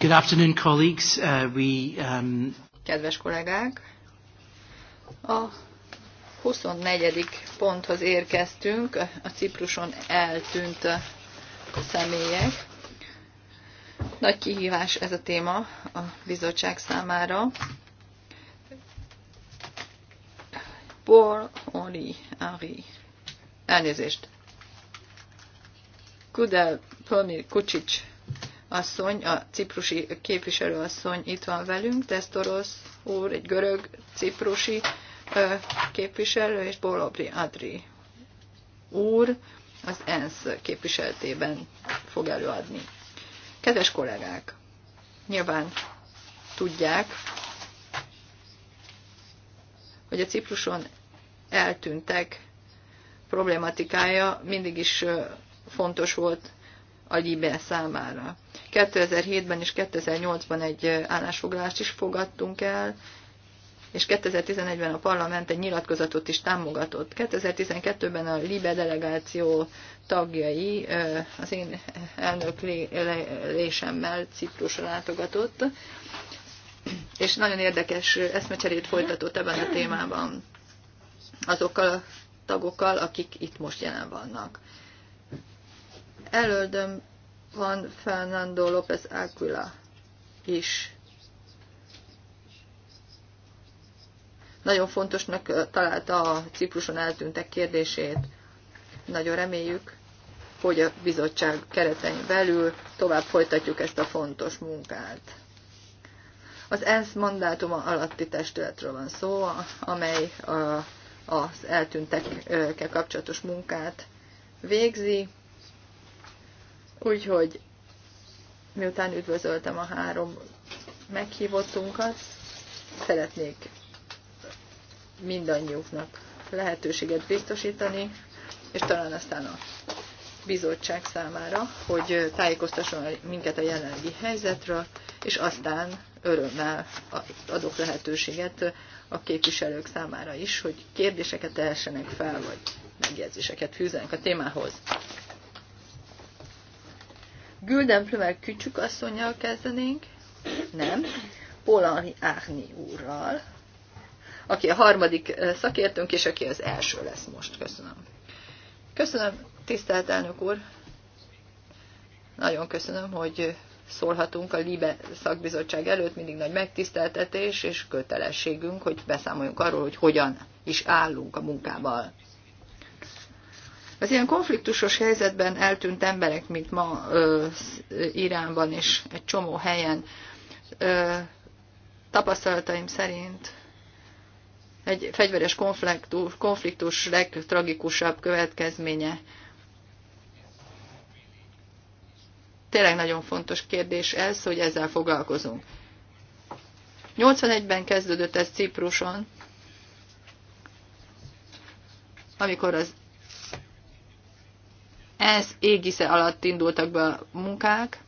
Good afternoon, colleagues. Uh, we, um... Kedves kollégák, a 24. ponthoz érkeztünk, a Cipruson eltűnt személyek. Nagy kihívás ez a téma a bizottság számára. Paul Henri, Henri. Elnézést. Kudel Pömir Kucsics asszony, a ciprusi képviselő asszony itt van velünk, Tesztorosz úr, egy görög ciprusi képviselő, és Bolobri Adri úr az ENSZ képviseltében fog előadni. Kedves kollégák, nyilván tudják, hogy a Cipruson eltűntek problématikája mindig is fontos volt a Libe számára. 2007-ben és 2008-ban egy állásfoglalást is fogadtunk el, és 2011-ben a parlament egy nyilatkozatot is támogatott. 2012-ben a LIBE delegáció tagjai az én elnöklésemmel Ciprusra látogatott, és nagyon érdekes eszmecserét folytatott ebben a témában azokkal a tagokkal, akik itt most jelen vannak. Elöldöm van Fernando López Aquila is. Nagyon fontosnak találta a Cipruson eltűntek kérdését. Nagyon reméljük, hogy a bizottság keretein belül tovább folytatjuk ezt a fontos munkát. Az ENSZ mandátuma alatti testületről van szó, amely az eltűntekkel kapcsolatos munkát végzi. Úgyhogy miután üdvözöltem a három meghívottunkat, szeretnék mindannyiuknak lehetőséget biztosítani, és talán aztán a bizottság számára, hogy tájékoztasson minket a jelenlegi helyzetről, és aztán örömmel adok lehetőséget a képviselők számára is, hogy kérdéseket tehessenek fel, vagy megjegyzéseket fűzenek a témához. Güldenflöver Plömer Kücsük asszonynal kezdenénk. Nem. Polani Árni úrral, aki a harmadik szakértőnk, és aki az első lesz most. Köszönöm. Köszönöm, tisztelt elnök úr. Nagyon köszönöm, hogy szólhatunk a LIBE szakbizottság előtt, mindig nagy megtiszteltetés és kötelességünk, hogy beszámoljunk arról, hogy hogyan is állunk a munkával. Az ilyen konfliktusos helyzetben eltűnt emberek, mint ma ö, Iránban és egy csomó helyen, ö, tapasztalataim szerint egy fegyveres konfliktus, konfliktus legtragikusabb következménye. Tényleg nagyon fontos kérdés ez, hogy ezzel foglalkozunk. 81-ben kezdődött ez Cipruson, amikor az ez égisze alatt indultak be a munkák.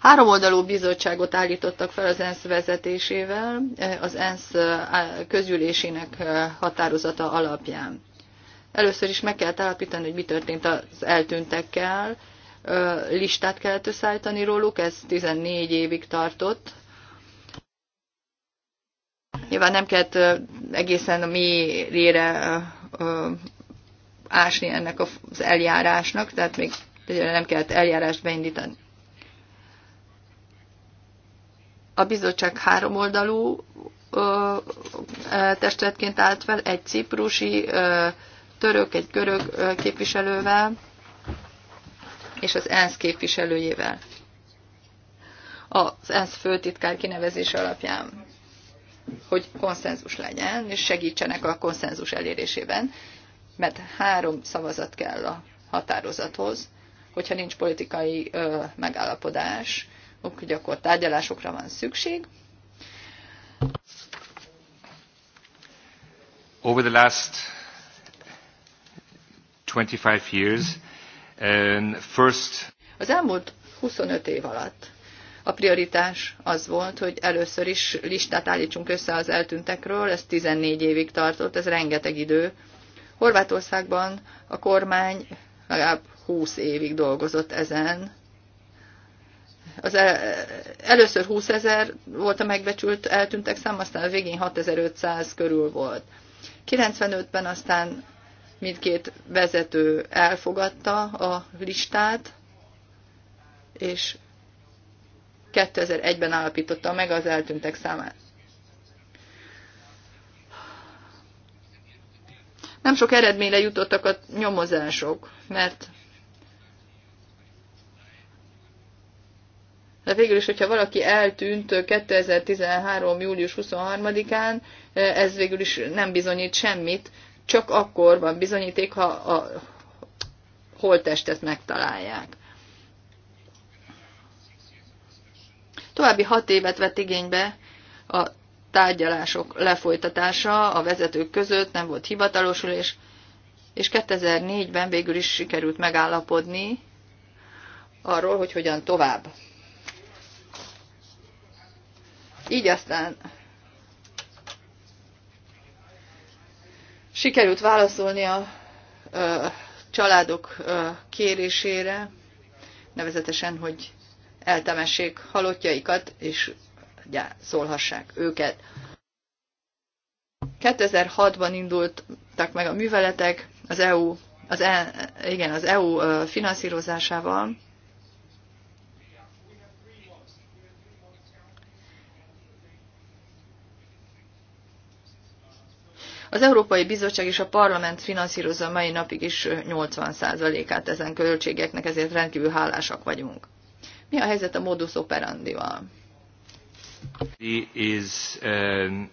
Háromoldalú bizottságot állítottak fel az ENSZ vezetésével, az ENSZ eh, közgyűlésének eh, határozata alapján. Először is meg kell állapítani, hogy mi történt az eltűntekkel, listát kellett összeállítani róluk, ez 14 évig tartott. Nyilván nem kellett egészen a mélyére ásni ennek az eljárásnak, tehát még nem kellett eljárást beindítani. A bizottság háromoldalú testületként állt fel, egy ciprusi, török, egy görög képviselővel, és az ENSZ képviselőjével az ENSZ főtitkár kinevezése alapján, hogy konszenzus legyen, és segítsenek a konszenzus elérésében, mert három szavazat kell a határozathoz, hogyha nincs politikai ö, megállapodás, úgy, akkor tárgyalásokra van szükség. Over the last 25 years, First... Az elmúlt 25 év alatt a prioritás az volt, hogy először is listát állítsunk össze az eltűntekről, ez 14 évig tartott, ez rengeteg idő. Horvátországban a kormány legalább 20 évig dolgozott ezen. Az el, először 20 ezer volt a megbecsült eltűntek szám, aztán a végén 6500 körül volt. 95-ben aztán mindkét vezető elfogadta a listát, és 2001-ben állapította meg az eltűntek számát. Nem sok eredményre jutottak a nyomozások, mert de végül is, hogyha valaki eltűnt 2013. július 23-án, ez végül is nem bizonyít semmit, csak akkor van bizonyíték, ha a holttestet megtalálják. További hat évet vett igénybe a tárgyalások lefolytatása a vezetők között, nem volt hivatalosulés, és 2004-ben végül is sikerült megállapodni arról, hogy hogyan tovább. Így aztán Sikerült válaszolni a ö, családok ö, kérésére, nevezetesen, hogy eltemessék halottjaikat, és ugye, szólhassák őket. 2006-ban indultak meg a műveletek az EU, az, e, igen, az EU finanszírozásával, Az Európai Bizottság és a Parlament finanszírozza mai napig is 80%-át ezen költségeknek, ezért rendkívül hálásak vagyunk. Mi a helyzet a modus operandival? Is, is um,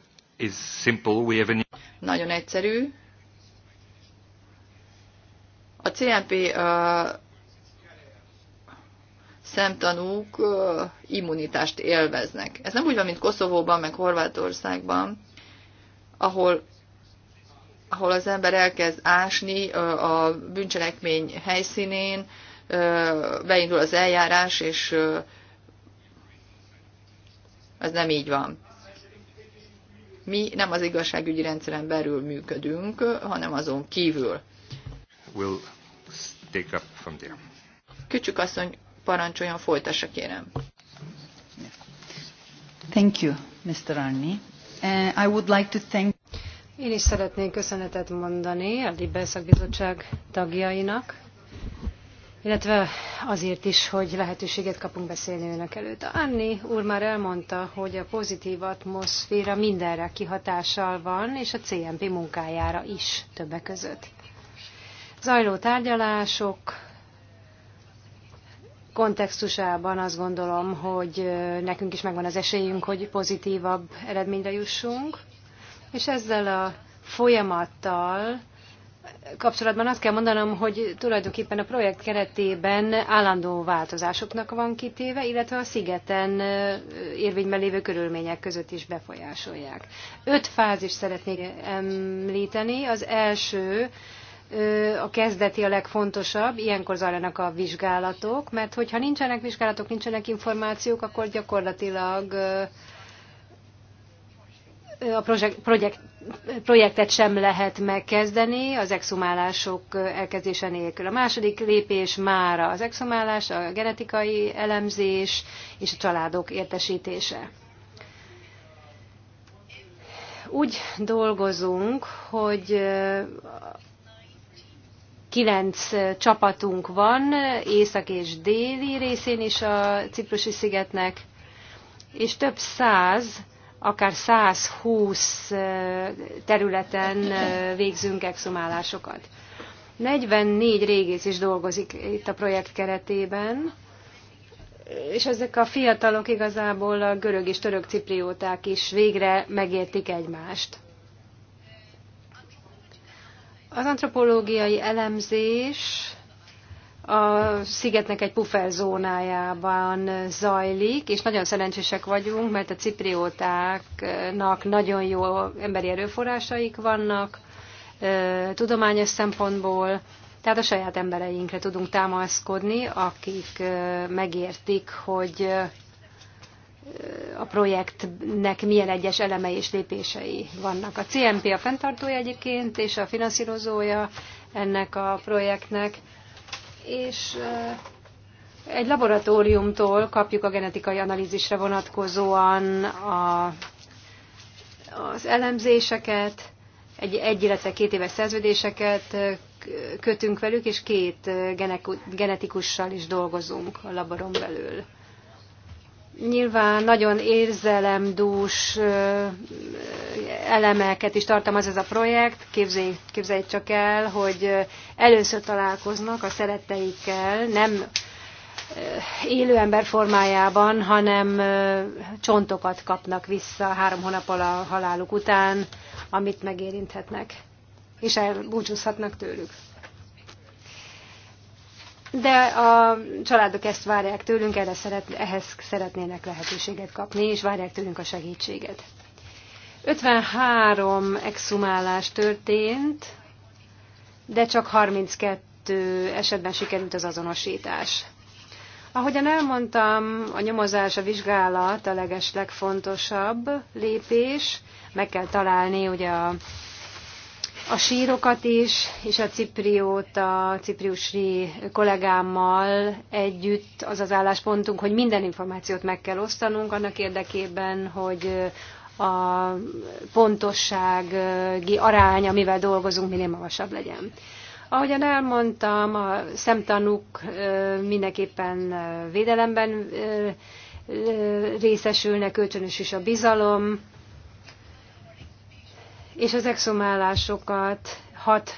simple. We have a... Nagyon egyszerű. A CNP uh, szemtanúk uh, immunitást élveznek. Ez nem úgy van, mint Koszovóban, meg Horvátországban, ahol ahol az ember elkezd ásni a bűncselekmény helyszínén, beindul az eljárás, és ez nem így van. Mi nem az igazságügyi rendszeren belül működünk, hanem azon kívül. We'll take up from there. Kücsük asszony, parancsoljon, folytassa kérem. Thank you, Mr. Arni. Uh, I would like to thank én is szeretnék köszönetet mondani a Libe szakbizottság tagjainak, illetve azért is, hogy lehetőséget kapunk beszélni önök előtt. Anni úr már elmondta, hogy a pozitív atmoszféra mindenre kihatással van, és a CMP munkájára is többek között. Zajló tárgyalások kontextusában azt gondolom, hogy nekünk is megvan az esélyünk, hogy pozitívabb eredményre jussunk és ezzel a folyamattal kapcsolatban azt kell mondanom, hogy tulajdonképpen a projekt keretében állandó változásoknak van kitéve, illetve a szigeten érvényben lévő körülmények között is befolyásolják. Öt fázis szeretnék említeni. Az első a kezdeti a legfontosabb, ilyenkor zajlanak a vizsgálatok, mert hogyha nincsenek vizsgálatok, nincsenek információk, akkor gyakorlatilag a projekt, projekt, projektet sem lehet megkezdeni az exhumálások elkezdése nélkül. A második lépés már az exhumálás, a genetikai elemzés és a családok értesítése. Úgy dolgozunk, hogy kilenc csapatunk van, észak és déli részén is a Ciprusi szigetnek, és több száz akár 120 területen végzünk exhumálásokat. 44 régész is dolgozik itt a projekt keretében, és ezek a fiatalok igazából a görög és török ciprióták is végre megértik egymást. Az antropológiai elemzés a szigetnek egy pufferzónájában zajlik, és nagyon szerencsések vagyunk, mert a cipriótáknak nagyon jó emberi erőforrásaik vannak, tudományos szempontból, tehát a saját embereinkre tudunk támaszkodni, akik megértik, hogy a projektnek milyen egyes elemei és lépései vannak. A CMP a fenntartója egyébként, és a finanszírozója ennek a projektnek, és egy laboratóriumtól kapjuk a genetikai analízisre vonatkozóan a, az elemzéseket, egy, egy illetve két éves szerződéseket kötünk velük, és két genetikussal is dolgozunk a laboron belül. Nyilván nagyon érzelemdús elemeket is tartalmaz ez a projekt. Képzelj, képzelj csak el, hogy először találkoznak a szeretteikkel, nem élő ember formájában, hanem csontokat kapnak vissza három hónap a haláluk után, amit megérinthetnek, és elbúcsúzhatnak tőlük de a családok ezt várják tőlünk, erre szeret, ehhez szeretnének lehetőséget kapni, és várják tőlünk a segítséget. 53 exhumálás történt, de csak 32 esetben sikerült az azonosítás. Ahogyan elmondtam, a nyomozás, a vizsgálat a leges legfontosabb lépés. Meg kell találni ugye a a sírokat is, és a Cipriót, a cipriusi kollégámmal együtt az az álláspontunk, hogy minden információt meg kell osztanunk annak érdekében, hogy a pontossági arány, amivel dolgozunk, minél magasabb legyen. Ahogyan elmondtam, a szemtanúk mindenképpen védelemben részesülnek, kölcsönös is a bizalom, és az exhumálásokat hat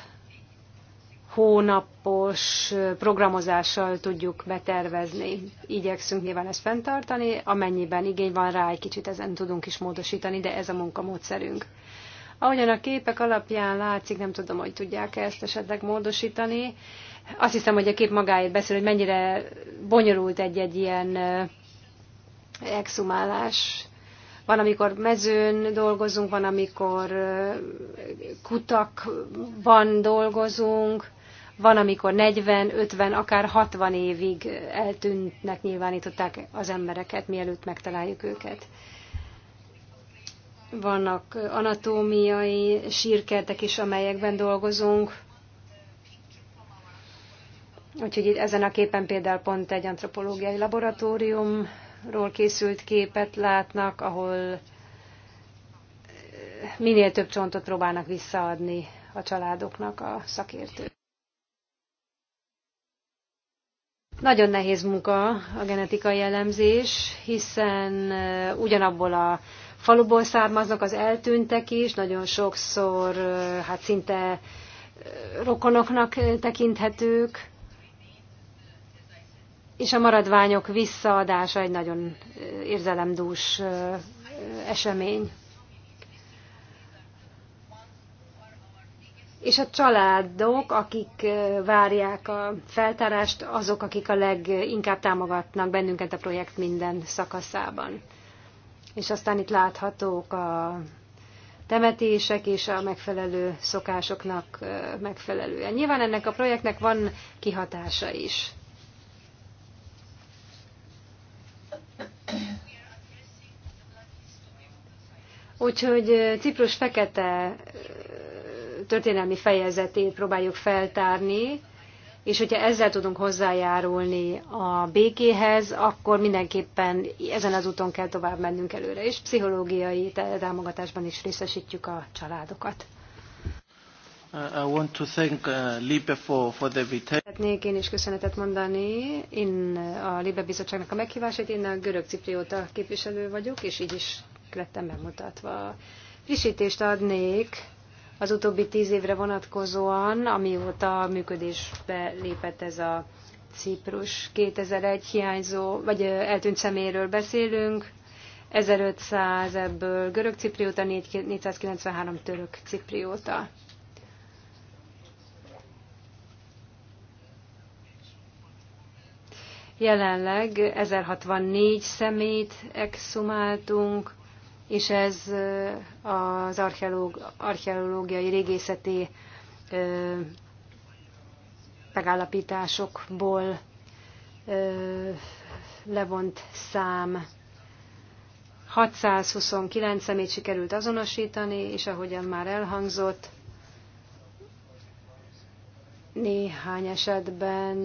hónapos programozással tudjuk betervezni. Igyekszünk nyilván ezt fenntartani, amennyiben igény van rá, egy kicsit ezen tudunk is módosítani, de ez a munkamódszerünk. Ahogyan a képek alapján látszik, nem tudom, hogy tudják -e ezt esetleg módosítani. Azt hiszem, hogy a kép magáért beszél, hogy mennyire bonyolult egy-egy ilyen exhumálás. Van, amikor mezőn dolgozunk, van, amikor kutakban dolgozunk, van, amikor 40, 50, akár 60 évig eltűntnek nyilvánították az embereket, mielőtt megtaláljuk őket. Vannak anatómiai sírkertek is, amelyekben dolgozunk. Úgyhogy itt ezen a képen például pont egy antropológiai laboratórium ról készült képet látnak, ahol eh, minél több csontot próbálnak visszaadni a családoknak a szakértők. Nagyon nehéz munka a genetikai elemzés, hiszen eh, ugyanabból a faluból származnak az eltűntek is, nagyon sokszor eh, hát szinte rokonoknak tekinthetők, és a maradványok visszaadása egy nagyon érzelemdús esemény. És a családok, akik várják a feltárást, azok, akik a leginkább támogatnak bennünket a projekt minden szakaszában. És aztán itt láthatók a temetések és a megfelelő szokásoknak megfelelően. Nyilván ennek a projektnek van kihatása is. Úgyhogy Ciprus fekete történelmi fejezetét próbáljuk feltárni, és hogyha ezzel tudunk hozzájárulni a békéhez, akkor mindenképpen ezen az úton kell tovább mennünk előre, és pszichológiai támogatásban is részesítjük a családokat. Uh, I want to thank uh, Libe for, for the Szeretnék én is köszönetet mondani. Én a Libe bizottságnak a meghívását, én a görög cipriota képviselő vagyok, és így is lettem bemutatva. Frissítést adnék az utóbbi tíz évre vonatkozóan, amióta működésbe lépett ez a Ciprus 2001 hiányzó, vagy eltűnt szeméről beszélünk, 1500 ebből görög ciprióta, 493 török ciprióta. Jelenleg 1064 szemét exhumáltunk, és ez az archeológiai régészeti megállapításokból levont szám. 629 szemét sikerült azonosítani, és ahogyan már elhangzott, néhány esetben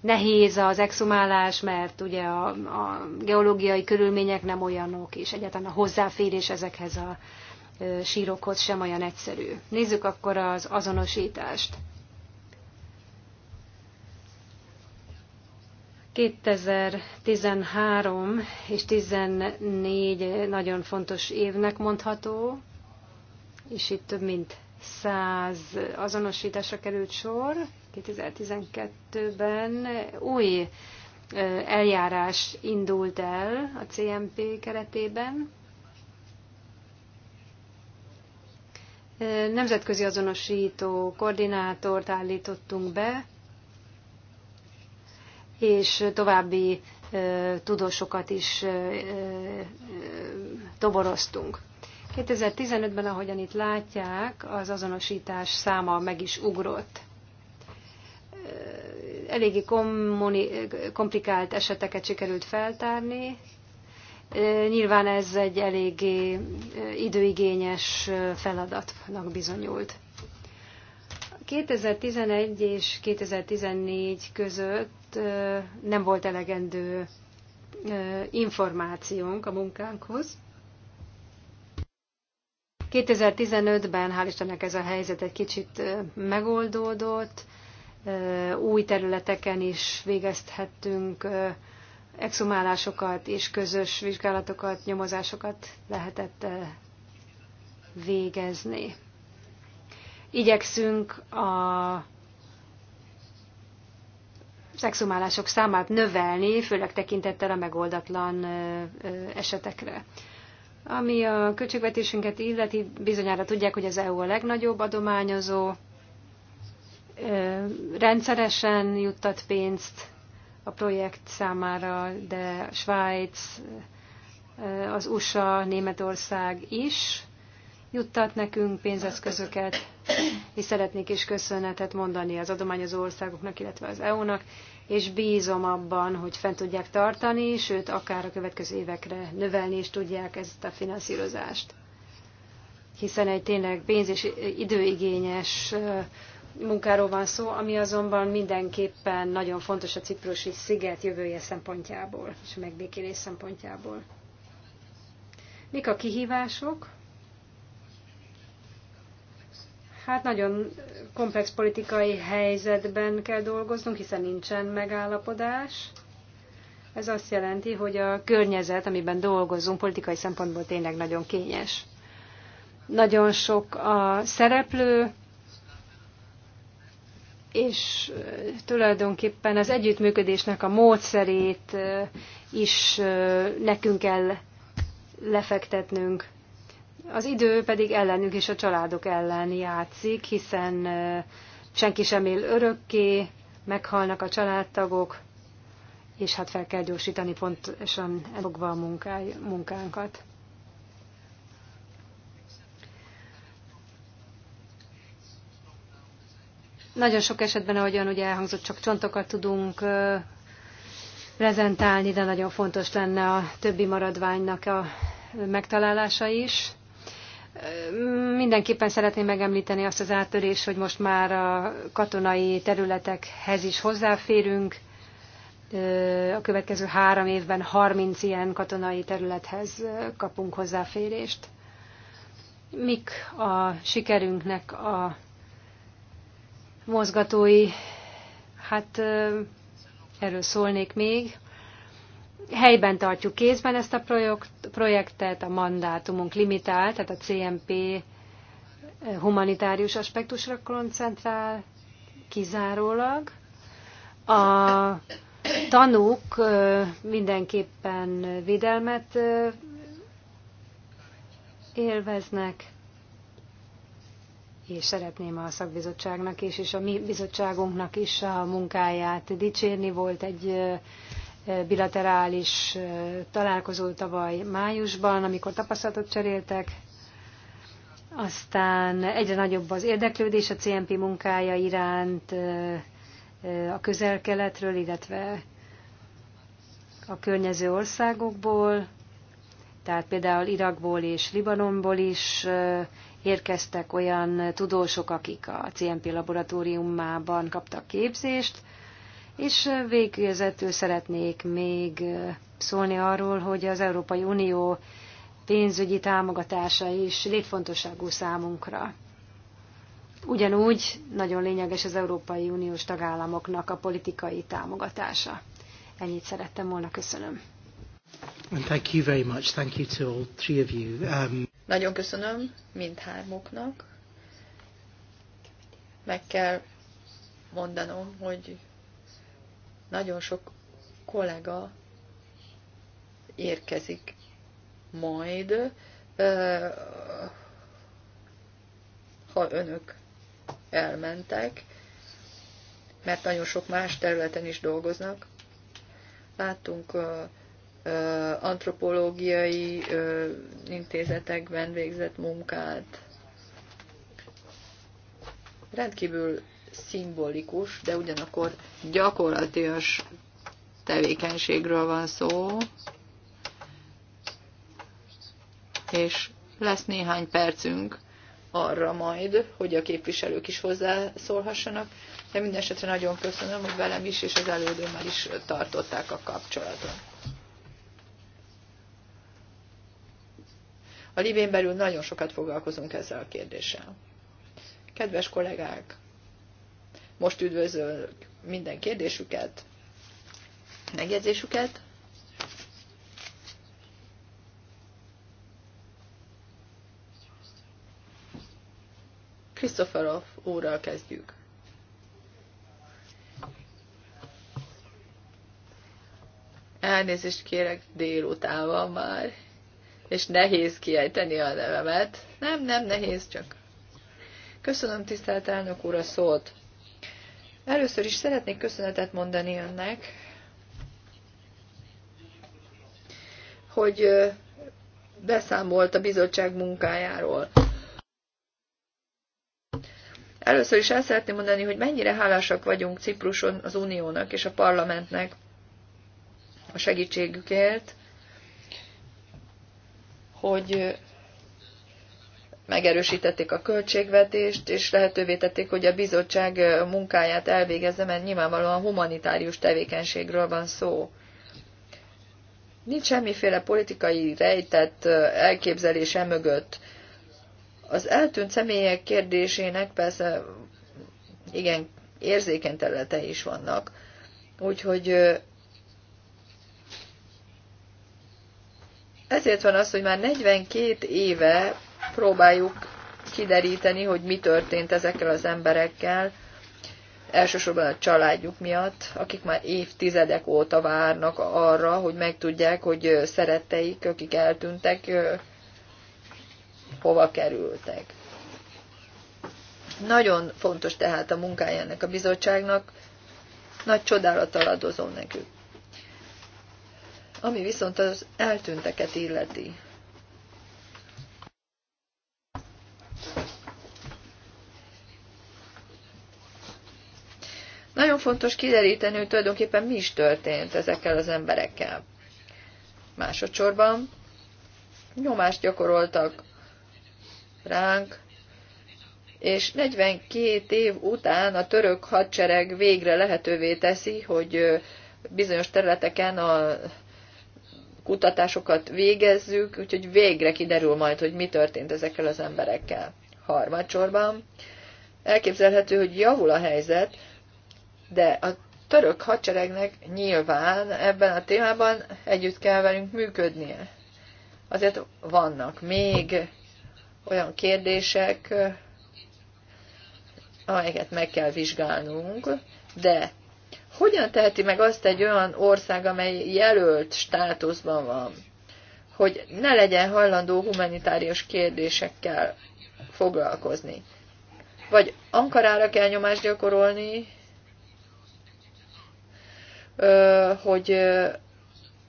nehéz az exhumálás, mert ugye a, a geológiai körülmények nem olyanok, és egyáltalán a hozzáférés ezekhez a sírokhoz sem olyan egyszerű. Nézzük akkor az azonosítást. 2013 és 14 nagyon fontos évnek mondható, és itt több mint 100 azonosításra került sor. 2012-ben új eljárás indult el a CMP keretében. Nemzetközi azonosító koordinátort állítottunk be, és további tudósokat is toboroztunk. 2015-ben, ahogyan itt látják, az azonosítás száma meg is ugrott eléggé komplikált eseteket sikerült feltárni. Nyilván ez egy eléggé időigényes feladatnak bizonyult. 2011 és 2014 között nem volt elegendő információnk a munkánkhoz. 2015-ben, hál' Istennek ez a helyzet egy kicsit megoldódott, új területeken is végezthettünk exhumálásokat és közös vizsgálatokat, nyomozásokat lehetett végezni. Igyekszünk a szexumálások számát növelni, főleg tekintettel a megoldatlan esetekre. Ami a költségvetésünket illeti, bizonyára tudják, hogy az EU a legnagyobb adományozó, rendszeresen juttat pénzt a projekt számára, de Svájc, az USA, Németország is juttat nekünk pénzeszközöket, és szeretnék is köszönetet mondani az adományozó országoknak, illetve az EU-nak, és bízom abban, hogy fent tudják tartani, sőt, akár a következő évekre növelni is tudják ezt a finanszírozást. Hiszen egy tényleg pénz és időigényes munkáról van szó, ami azonban mindenképpen nagyon fontos a ciprusi sziget jövője szempontjából és a megbékélés szempontjából. Mik a kihívások? Hát nagyon komplex politikai helyzetben kell dolgoznunk, hiszen nincsen megállapodás. Ez azt jelenti, hogy a környezet, amiben dolgozunk, politikai szempontból tényleg nagyon kényes. Nagyon sok a szereplő, és tulajdonképpen az együttműködésnek a módszerét is nekünk kell lefektetnünk. Az idő pedig ellenünk és a családok ellen játszik, hiszen senki sem él örökké, meghalnak a családtagok, és hát fel kell gyorsítani pontosan elfogva a munkánkat. Nagyon sok esetben, ahogyan ugye elhangzott, csak csontokat tudunk prezentálni, de nagyon fontos lenne a többi maradványnak a megtalálása is. Mindenképpen szeretném megemlíteni azt az áttörést, hogy most már a katonai területekhez is hozzáférünk. A következő három évben 30 ilyen katonai területhez kapunk hozzáférést. Mik a sikerünknek a mozgatói, hát erről szólnék még. Helyben tartjuk kézben ezt a projektet, a mandátumunk limitált, tehát a CMP humanitárius aspektusra koncentrál kizárólag. A tanúk mindenképpen védelmet élveznek, és szeretném a szakbizottságnak is, és a mi bizottságunknak is a munkáját dicsérni. Volt egy bilaterális találkozó tavaly májusban, amikor tapasztalatot cseréltek. Aztán egyre nagyobb az érdeklődés a CMP munkája iránt a közel-keletről, illetve a környező országokból, tehát például Irakból és Libanonból is érkeztek olyan tudósok, akik a CMP laboratóriumában kaptak képzést, és végezetül szeretnék még szólni arról, hogy az Európai Unió pénzügyi támogatása is létfontosságú számunkra. Ugyanúgy nagyon lényeges az Európai Uniós tagállamoknak a politikai támogatása. Ennyit szerettem volna, köszönöm. And thank you very much. Thank you to all three of you. Um... Nagyon köszönöm mindhármoknak. Meg kell mondanom, hogy nagyon sok kollega érkezik majd, ha önök elmentek, mert nagyon sok más területen is dolgoznak. Láttunk antropológiai intézetekben végzett munkát. Rendkívül szimbolikus, de ugyanakkor gyakorlatilag tevékenységről van szó, és lesz néhány percünk arra majd, hogy a képviselők is hozzászólhassanak, de minden esetre nagyon köszönöm, hogy velem is és az elődőmmel is tartották a kapcsolatot. A Libén belül nagyon sokat foglalkozunk ezzel a kérdéssel. Kedves kollégák, most üdvözöl minden kérdésüket, megjegyzésüket. Krisztoforov úrral kezdjük. Elnézést kérek, délután van már és nehéz kiejteni a nevemet. Nem, nem nehéz, csak. Köszönöm, tisztelt elnök úr, a szót. Először is szeretnék köszönetet mondani önnek, hogy beszámolt a bizottság munkájáról. Először is el szeretném mondani, hogy mennyire hálásak vagyunk Cipruson az Uniónak és a parlamentnek a segítségükért, hogy megerősítették a költségvetést, és lehetővé tették, hogy a bizottság munkáját elvégezze, mert nyilvánvalóan humanitárius tevékenységről van szó. Nincs semmiféle politikai rejtett elképzelése mögött. Az eltűnt személyek kérdésének persze igen érzékeny területe is vannak, úgyhogy Ezért van az, hogy már 42 éve próbáljuk kideríteni, hogy mi történt ezekkel az emberekkel, elsősorban a családjuk miatt, akik már évtizedek óta várnak arra, hogy megtudják, hogy szeretteik, akik eltűntek, hova kerültek. Nagyon fontos tehát a munkája ennek a bizottságnak, nagy csodálat adozom nekünk. Ami viszont az eltűnteket illeti. Nagyon fontos kideríteni, hogy tulajdonképpen mi is történt ezekkel az emberekkel. Másodszorban nyomást gyakoroltak ránk, és 42 év után a török hadsereg végre lehetővé teszi, hogy bizonyos területeken a kutatásokat végezzük, úgyhogy végre kiderül majd, hogy mi történt ezekkel az emberekkel. Harmadsorban elképzelhető, hogy javul a helyzet, de a török hadseregnek nyilván ebben a témában együtt kell velünk működnie. Azért vannak még olyan kérdések, amelyeket meg kell vizsgálnunk, de hogyan teheti meg azt egy olyan ország, amely jelölt státuszban van, hogy ne legyen hajlandó humanitárius kérdésekkel foglalkozni? Vagy Ankarára kell nyomást gyakorolni, hogy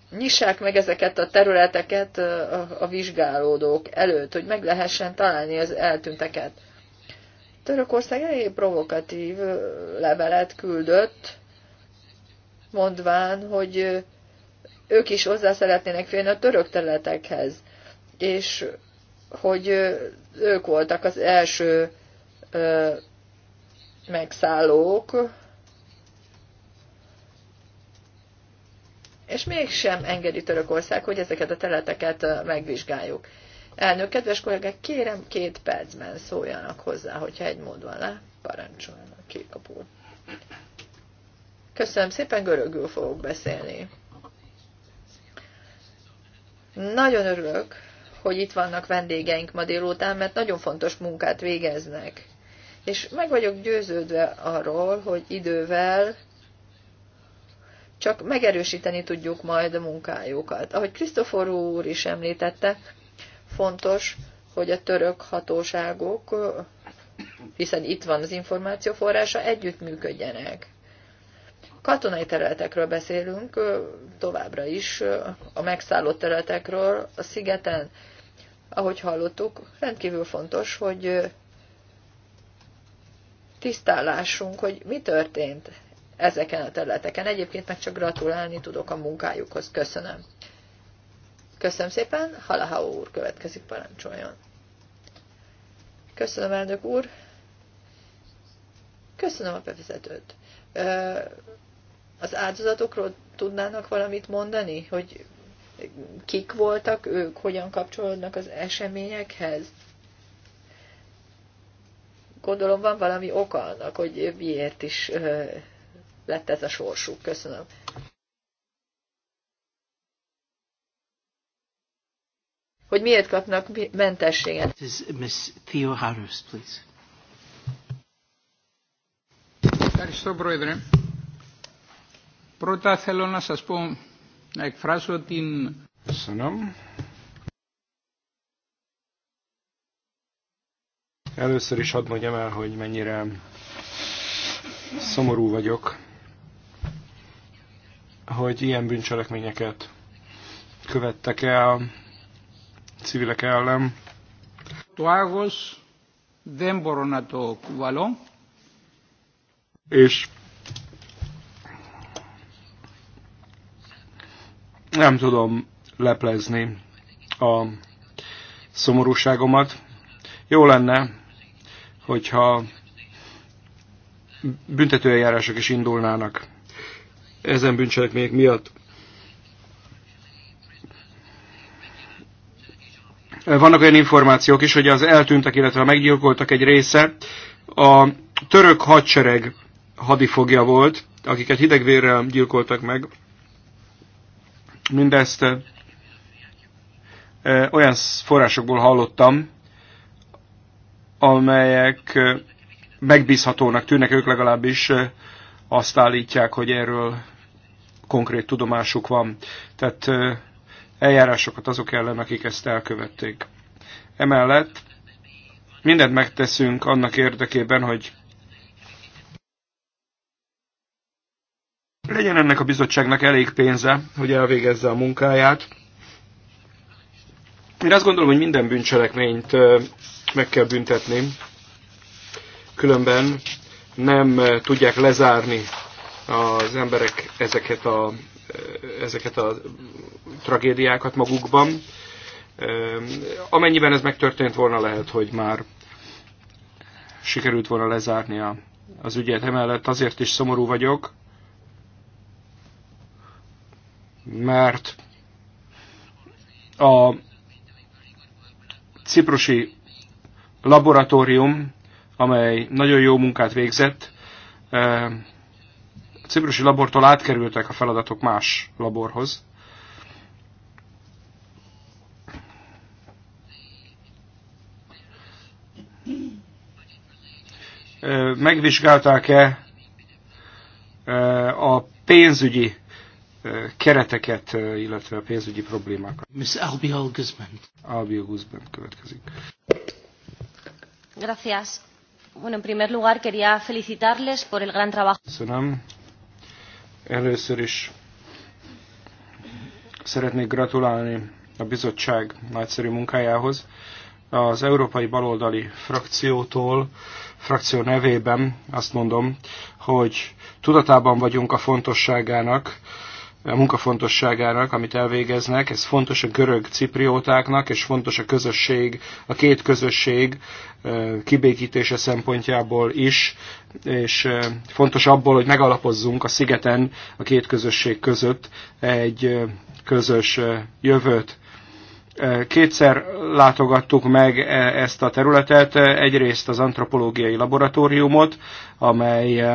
nyissák meg ezeket a területeket a vizsgálódók előtt, hogy meg lehessen találni az eltünteket. Törökország elég provokatív levelet küldött, mondván, hogy ők is hozzá szeretnének félni a török területekhez, és hogy ők voltak az első megszállók, és mégsem engedi Törökország, hogy ezeket a területeket megvizsgáljuk. Elnök, kedves kollégák, kérem két percben szóljanak hozzá, hogyha egy mód van le, parancsoljanak ki a Köszönöm szépen, görögül fogok beszélni. Nagyon örülök, hogy itt vannak vendégeink ma délután, mert nagyon fontos munkát végeznek. És meg vagyok győződve arról, hogy idővel csak megerősíteni tudjuk majd a munkájukat. Ahogy Krisztofor úr is említette, fontos, hogy a török hatóságok, hiszen itt van az információforrása, együttműködjenek katonai területekről beszélünk továbbra is, a megszállott területekről a szigeten. Ahogy hallottuk, rendkívül fontos, hogy tisztálásunk, hogy mi történt ezeken a területeken. Egyébként meg csak gratulálni tudok a munkájukhoz. Köszönöm. Köszönöm szépen. Halahau úr következik, parancsoljon. Köszönöm, elnök úr. Köszönöm a bevezetőt. Az áldozatokról tudnának valamit mondani, hogy kik voltak ők, hogyan kapcsolódnak az eseményekhez? Gondolom van valami oka annak, hogy miért is lett ez a sorsuk. Köszönöm. Hogy miért kapnak mentességet? This is Miss Theo Harris, please. Ευχαριστώ, Πρώτα θέλω να σας πω, να εκφράσω την... Köszönöm. Először is hadd mondjam el, hogy mennyire szomorú vagyok, hogy ilyen bűncselekményeket követtek el civilek ellen. Το nem borona μπορώ És nem tudom leplezni a szomorúságomat. Jó lenne, hogyha büntetőeljárások is indulnának ezen bűncselekmények miatt. Vannak olyan információk is, hogy az eltűntek, illetve a meggyilkoltak egy része a török hadsereg hadifogja volt, akiket hidegvérrel gyilkoltak meg, Mindezt olyan forrásokból hallottam, amelyek megbízhatónak tűnnek, ők legalábbis azt állítják, hogy erről konkrét tudomásuk van. Tehát eljárásokat azok ellen, akik ezt elkövették. Emellett mindent megteszünk annak érdekében, hogy legyen ennek a bizottságnak elég pénze, hogy elvégezze a munkáját. Én azt gondolom, hogy minden bűncselekményt meg kell büntetni, különben nem tudják lezárni az emberek ezeket a, ezeket a tragédiákat magukban. Amennyiben ez megtörtént volna, lehet, hogy már sikerült volna lezárni az ügyet. Emellett azért is szomorú vagyok, mert a ciprusi laboratórium, amely nagyon jó munkát végzett, a ciprusi labortól átkerültek a feladatok más laborhoz. Megvizsgálták-e a pénzügyi kereteket, illetve a pénzügyi problémákat. Miss Albiol Guzman. Albiol Guzman következik. Gracias. Bueno, en primer lugar quería felicitarles por el gran trabajo. Köszönöm. Először is szeretnék gratulálni a bizottság nagyszerű munkájához. Az Európai Baloldali frakciótól, frakció nevében azt mondom, hogy tudatában vagyunk a fontosságának, a munkafontosságának, amit elvégeznek. Ez fontos a görög cipriótáknak, és fontos a közösség, a két közösség kibékítése szempontjából is, és fontos abból, hogy megalapozzunk a szigeten a két közösség között egy közös jövőt. Kétszer látogattuk meg ezt a területet, egyrészt az antropológiai laboratóriumot, amely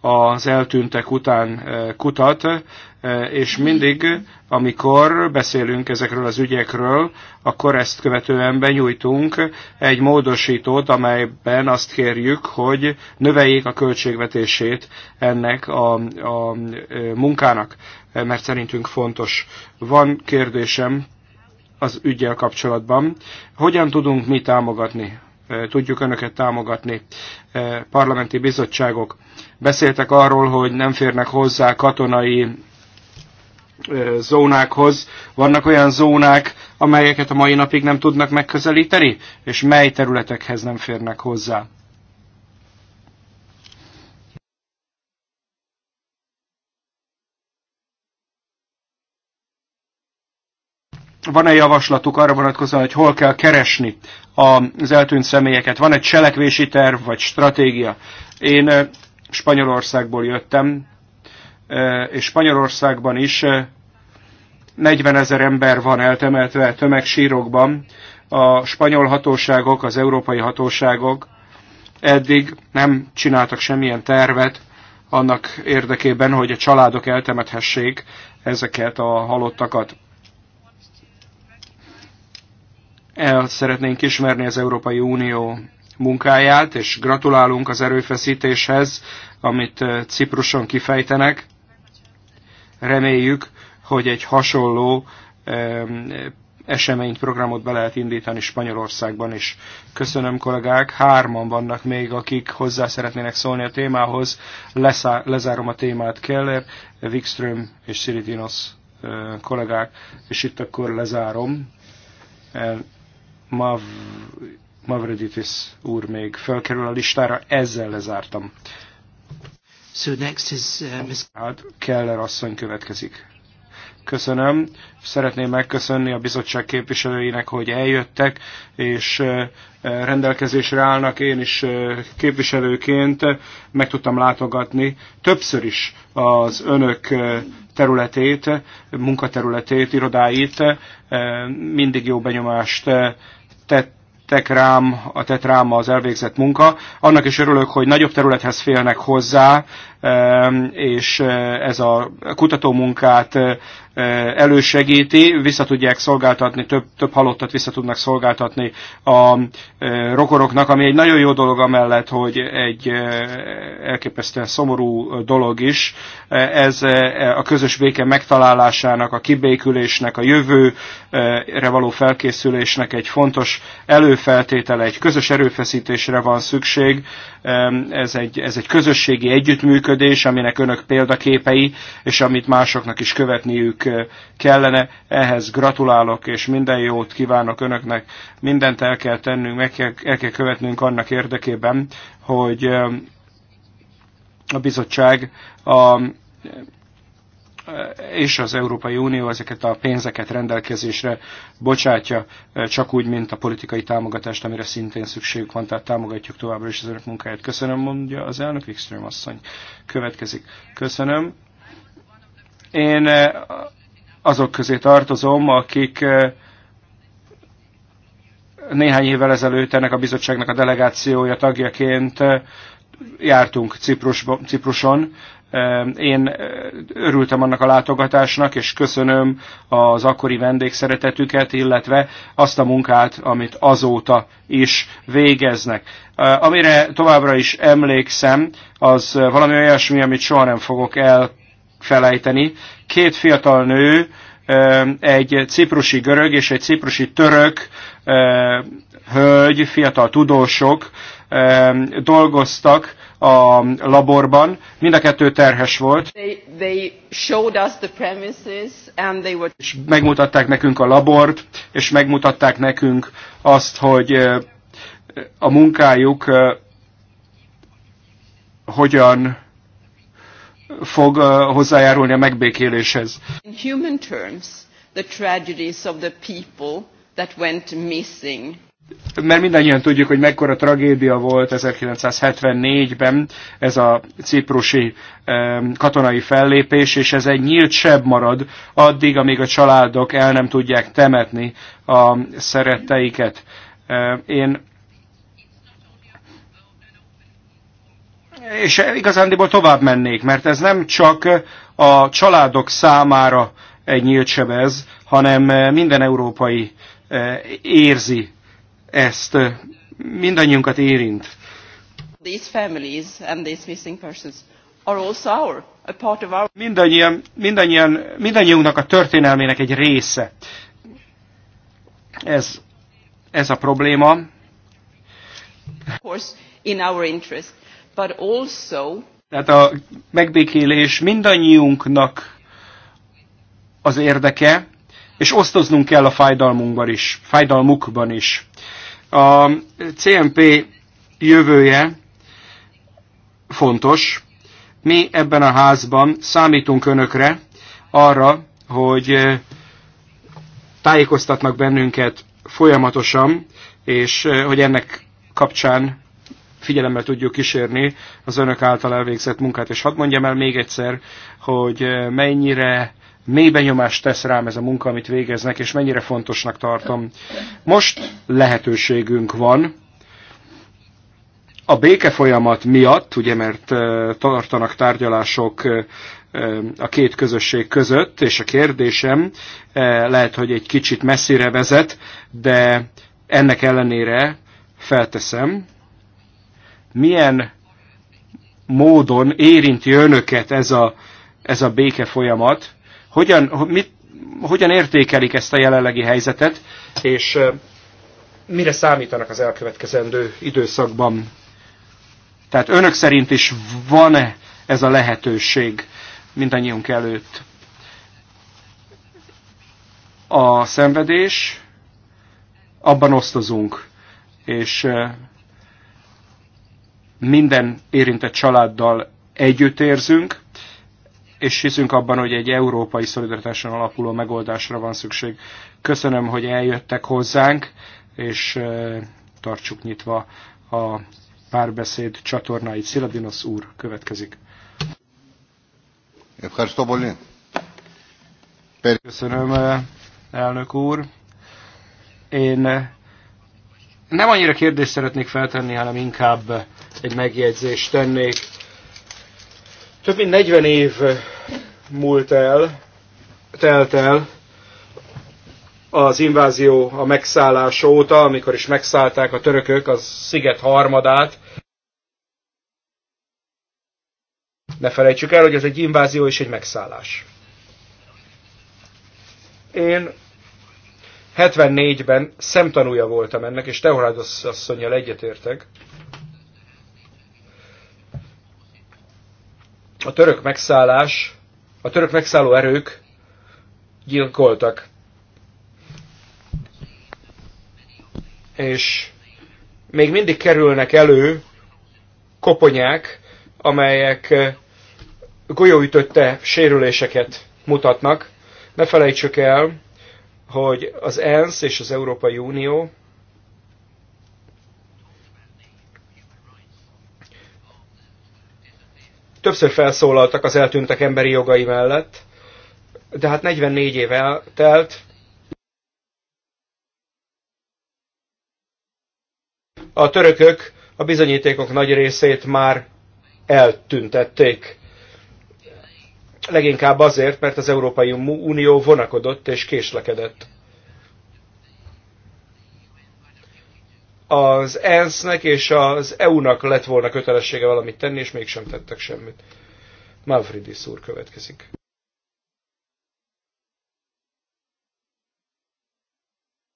az eltűntek után kutat, E, és mindig, amikor beszélünk ezekről az ügyekről, akkor ezt követően benyújtunk egy módosítót, amelyben azt kérjük, hogy növeljék a költségvetését ennek a, a e, munkának, e, mert szerintünk fontos. Van kérdésem az ügyel kapcsolatban. Hogyan tudunk mi támogatni? Tudjuk önöket támogatni, parlamenti bizottságok beszéltek arról, hogy nem férnek hozzá katonai zónákhoz. Vannak olyan zónák, amelyeket a mai napig nem tudnak megközelíteni, és mely területekhez nem férnek hozzá. van-e javaslatuk arra vonatkozóan, hogy hol kell keresni az eltűnt személyeket? Van egy cselekvési terv vagy stratégia? Én Spanyolországból jöttem, Eh, és Spanyolországban is 40 eh, ezer ember van eltemetve tömegsírokban. A spanyol hatóságok, az európai hatóságok eddig nem csináltak semmilyen tervet annak érdekében, hogy a családok eltemethessék ezeket a halottakat. El szeretnénk ismerni az Európai Unió munkáját, és gratulálunk az erőfeszítéshez, amit eh, Cipruson kifejtenek. Reméljük, hogy egy hasonló eseményt, programot be lehet indítani Spanyolországban is. Köszönöm kollégák, hárman vannak még, akik hozzá szeretnének szólni a témához. Leszá, lezárom a témát Keller, Wikström és Siritinos kollégák, és itt akkor lezárom. Mav, Mavreditis úr még felkerül a listára, ezzel lezártam So next is, uh, Ms. Hát Keller asszony következik. Köszönöm. Szeretném megköszönni a bizottság képviselőinek, hogy eljöttek, és uh, uh, rendelkezésre állnak. Én is uh, képviselőként meg tudtam látogatni többször is az önök területét, munkaterületét, irodáit. Mindig jó benyomást tett tettek rám, tett rám az elvégzett munka. Annak is örülök, hogy nagyobb területhez félnek hozzá, és eh, ez a kutatómunkát eh, elősegíti, vissza tudják szolgáltatni, több, több halottat vissza tudnak szolgáltatni a eh, rokoroknak, ami egy nagyon jó dolog amellett, hogy egy elképesztően szomorú dolog is. Ez a közös béke megtalálásának, a kibékülésnek, a jövőre való felkészülésnek egy fontos előfeltétele, egy közös erőfeszítésre van szükség. Ez egy, ez egy közösségi együttműködés, működés, aminek önök példaképei, és amit másoknak is követniük eh, kellene. Ehhez gratulálok, és minden jót kívánok önöknek. Mindent el kell tennünk, meg kell, el kell követnünk annak érdekében, hogy eh, a bizottság a és az Európai Unió ezeket a pénzeket rendelkezésre bocsátja, eh, csak úgy, mint a politikai támogatást, amire szintén szükségük van, tehát támogatjuk továbbra is az önök munkáját. Köszönöm, mondja az elnök Wikström asszony. Következik. Köszönöm. Én eh, azok közé tartozom, akik eh, néhány évvel ezelőtt ennek a bizottságnak a delegációja tagjaként jártunk Ciprusba, Cipruson, én örültem annak a látogatásnak, és köszönöm az akkori vendégszeretetüket, illetve azt a munkát, amit azóta is végeznek. Amire továbbra is emlékszem, az valami olyasmi, amit soha nem fogok elfelejteni. Két fiatal nő, egy ciprusi görög és egy ciprusi török eh, hölgy, fiatal tudósok eh, dolgoztak a laborban. Mind a kettő terhes volt. They, they the and they were... És megmutatták nekünk a labort, és megmutatták nekünk azt, hogy a munkájuk hogyan fog hozzájárulni a megbékéléshez. In human terms, the tragedies of the people that went missing mert mindannyian tudjuk, hogy mekkora tragédia volt 1974-ben ez a ciprusi katonai fellépés, és ez egy nyílt sebb marad addig, amíg a családok el nem tudják temetni a szeretteiket. Én és igazándiból tovább mennék, mert ez nem csak a családok számára egy nyílt sebez, hanem eh, minden európai eh, érzi ezt mindannyiunkat érint. These families and these missing persons are also our, a part of our... Mindannyian, mindannyian, mindannyiunknak a történelmének egy része. Ez, ez a probléma. Of course, in our interest, but also... Tehát a megbékélés mindannyiunknak az érdeke, és osztoznunk kell a fájdalmunkban is, fájdalmukban is. A CMP jövője fontos. Mi ebben a házban számítunk önökre arra, hogy eh, tájékoztatnak bennünket folyamatosan, és eh, hogy ennek kapcsán figyelemmel tudjuk kísérni az önök által elvégzett munkát. És hadd mondjam el még egyszer, hogy eh, mennyire mély benyomást tesz rám ez a munka, amit végeznek, és mennyire fontosnak tartom. Most lehetőségünk van, a béke folyamat miatt, ugye mert tartanak tárgyalások a két közösség között, és a kérdésem lehet, hogy egy kicsit messzire vezet, de ennek ellenére felteszem, milyen módon érinti önöket ez a, ez a béke folyamat, hogyan, mit, hogyan értékelik ezt a jelenlegi helyzetet, és mire számítanak az elkövetkezendő időszakban? Tehát önök szerint is van-e ez a lehetőség mindannyiunk előtt? A szenvedés, abban osztozunk, és minden érintett családdal együtt érzünk, és hiszünk abban, hogy egy európai szolidaritáson alapuló megoldásra van szükség. Köszönöm, hogy eljöttek hozzánk, és tartsuk nyitva a párbeszéd csatornáit. Sziladinosz úr következik. Köszönöm, elnök úr. Én nem annyira kérdést szeretnék feltenni, hanem inkább egy megjegyzést tennék több mint 40 év múlt el, telt el az invázió, a megszállás óta, amikor is megszállták a törökök a sziget harmadát. Ne felejtsük el, hogy ez egy invázió és egy megszállás. Én 74-ben szemtanúja voltam ennek, és Teorádosz asszonyjal egyetértek, a török megszállás, a török megszálló erők gyilkoltak. És még mindig kerülnek elő koponyák, amelyek eh, golyóütötte sérüléseket mutatnak. Ne felejtsük el, hogy az ENSZ és az Európai Unió többször felszólaltak az eltűntek emberi jogai mellett, de hát 44 év eltelt, a törökök a bizonyítékok nagy részét már eltüntették. Leginkább azért, mert az Európai Unió vonakodott és késlekedett. az ENSZ-nek és az EU-nak lett volna kötelessége valamit tenni, és mégsem tettek semmit. Malfridis úr következik.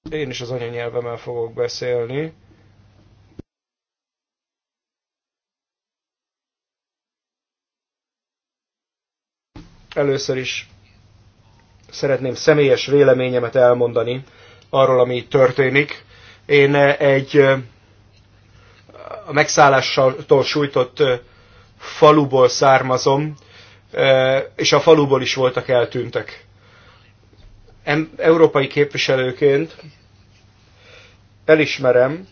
Én is az anyanyelvemmel fogok beszélni. Először is szeretném személyes véleményemet elmondani arról, ami történik én eh, egy eh, a megszállástól sújtott eh, faluból származom, és a faluból is voltak eltűntek. Európai képviselőként elismerem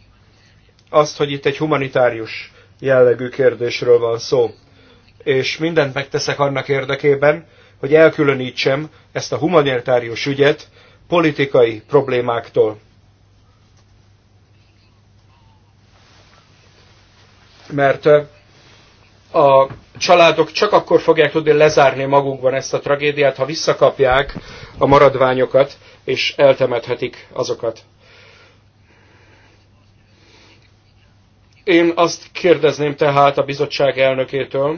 azt, hogy itt egy humanitárius jellegű kérdésről van szó. És mindent megteszek annak érdekében, hogy elkülönítsem ezt a humanitárius ügyet politikai problémáktól. mert a családok csak akkor fogják tudni lezárni magukban ezt a tragédiát, ha visszakapják a maradványokat, és eltemethetik azokat. Én azt kérdezném tehát a bizottság elnökétől,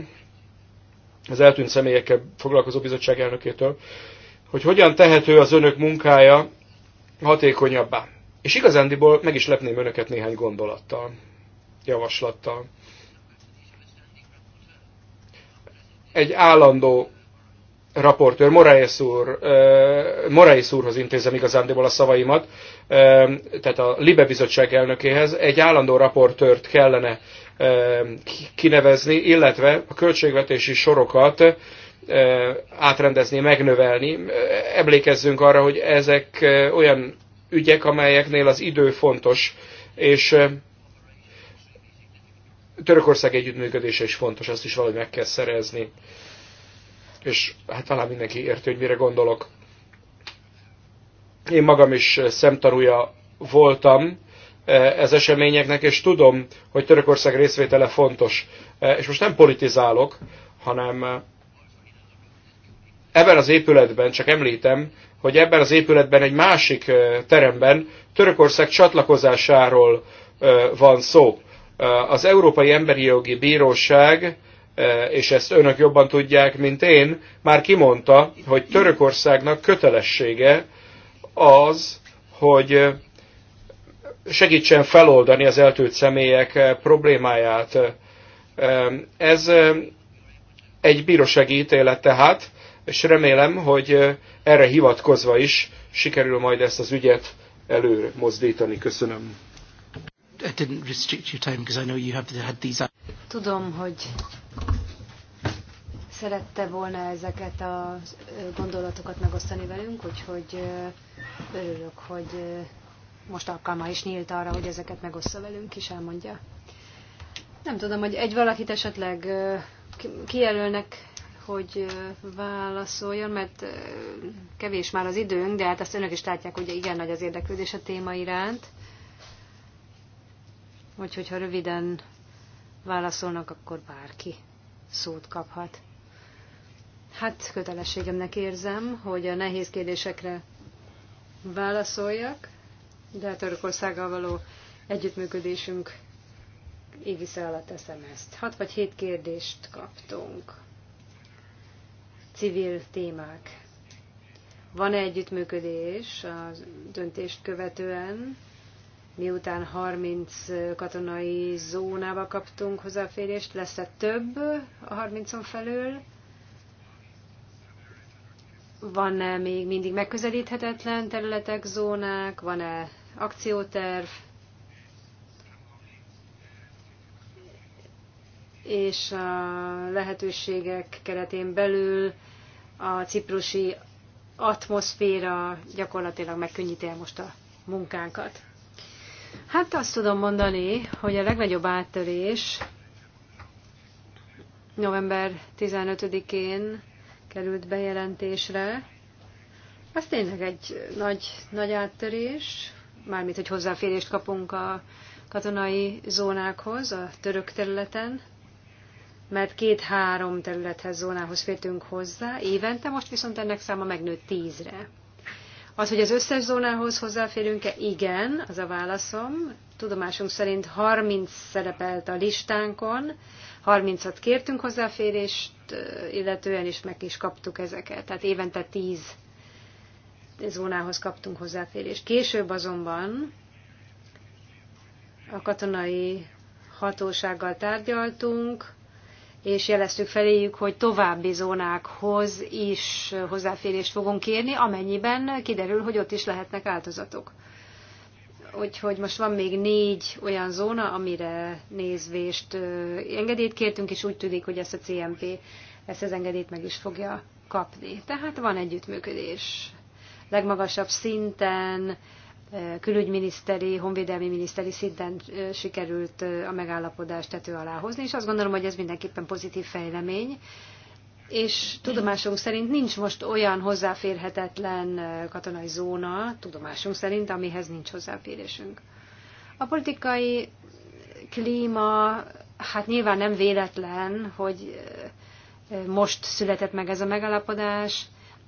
az eltűnt személyekkel foglalkozó bizottság elnökétől, hogy hogyan tehető az önök munkája hatékonyabbá. És igazándiból meg is lepném önöket néhány gondolattal javaslattal. Egy állandó raportőr, Moraes, úr, Moraes úrhoz intézem igazándiból a szavaimat, tehát a Libe bizottság elnökéhez, egy állandó raportőrt kellene kinevezni, illetve a költségvetési sorokat átrendezni, megnövelni. Emlékezzünk arra, hogy ezek olyan ügyek, amelyeknél az idő fontos, és Törökország együttműködése is fontos, azt is valahogy meg kell szerezni. És hát talán mindenki érti, hogy mire gondolok. Én magam is szemtanúja voltam e, ez eseményeknek, és tudom, hogy Törökország részvétele fontos. E, és most nem politizálok, hanem e, ebben az épületben, csak említem, hogy ebben az épületben egy másik teremben Törökország csatlakozásáról van szó. Az Európai Emberi Jogi Bíróság, e, és ezt önök jobban tudják, mint én, már kimondta, hogy Törökországnak kötelessége az, hogy e, segítsen feloldani az eltűnt személyek e, problémáját. Ez egy bírósági ítélet tehát, és remélem, hogy erre hivatkozva is sikerül majd ezt az ügyet előre Köszönöm. I didn't restrict your time because I know you have had these. Tudom, hogy szerette volna ezeket a gondolatokat megosztani velünk, úgyhogy örülök, hogy most alkalma is nyílt arra, hogy ezeket megossza velünk, és elmondja. Nem tudom, hogy egy valakit esetleg kijelölnek, hogy válaszoljon, mert kevés már az időnk, de hát azt önök is látják, hogy igen nagy az érdeklődés a téma iránt vagy hogyha röviden válaszolnak, akkor bárki szót kaphat. Hát kötelességemnek érzem, hogy a nehéz kérdésekre válaszoljak, de a hát Törökországgal való együttműködésünk égisze alatt teszem ezt. Hat vagy hét kérdést kaptunk. Civil témák. Van-e együttműködés a döntést követően miután 30 katonai zónába kaptunk hozzáférést, lesz -e több a 30-on felül? Van-e még mindig megközelíthetetlen területek, zónák? Van-e akcióterv? És a lehetőségek keretén belül a ciprusi atmoszféra gyakorlatilag megkönnyíti el most a munkánkat. Hát azt tudom mondani, hogy a legnagyobb áttörés november 15-én került bejelentésre. Az tényleg egy nagy, nagy áttörés, mármint, hogy hozzáférést kapunk a katonai zónákhoz, a török területen, mert két-három területhez, zónához fértünk hozzá évente, most viszont ennek száma megnőtt tízre. Az, hogy az összes zónához hozzáférünk-e, igen, az a válaszom. Tudomásunk szerint 30 szerepelt a listánkon, 30-at kértünk hozzáférést, illetően is meg is kaptuk ezeket. Tehát évente 10 zónához kaptunk hozzáférést. Később azonban a katonai hatósággal tárgyaltunk, és jeleztük feléjük, hogy további zónákhoz is hozzáférést fogunk kérni, amennyiben kiderül, hogy ott is lehetnek áldozatok. Úgyhogy most van még négy olyan zóna, amire nézvést engedélyt kértünk, és úgy tűnik, hogy ezt a CMP ezt az engedélyt meg is fogja kapni. Tehát van együttműködés. Legmagasabb szinten, külügyminiszteri, honvédelmi miniszteri szinten sikerült a megállapodást tető alá hozni, és azt gondolom, hogy ez mindenképpen pozitív fejlemény. És tudomásunk szerint nincs most olyan hozzáférhetetlen katonai zóna, tudomásunk szerint, amihez nincs hozzáférésünk. A politikai klíma, hát nyilván nem véletlen, hogy most született meg ez a megállapodás,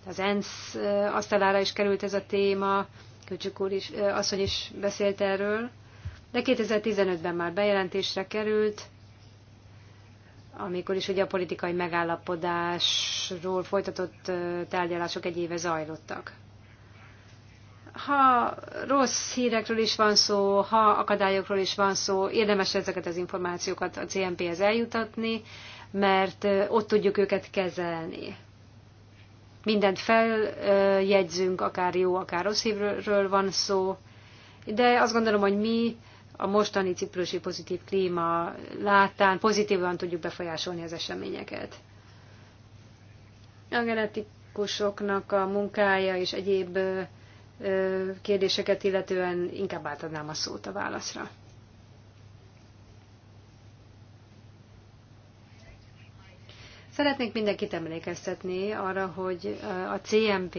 az ENSZ asztalára is került ez a téma, Kölcsök úr is, asszony is beszélt erről, de 2015-ben már bejelentésre került, amikor is ugye a politikai megállapodásról folytatott tárgyalások egy éve zajlottak. Ha rossz hírekről is van szó, ha akadályokról is van szó, érdemes ezeket az információkat a CMP-hez eljutatni, mert ott tudjuk őket kezelni mindent feljegyzünk, akár jó, akár rossz hívről van szó, de azt gondolom, hogy mi a mostani ciprusi pozitív klíma látán pozitívan tudjuk befolyásolni az eseményeket. A genetikusoknak a munkája és egyéb kérdéseket illetően inkább átadnám a szót a válaszra. Szeretnék mindenkit emlékeztetni arra, hogy a CMP,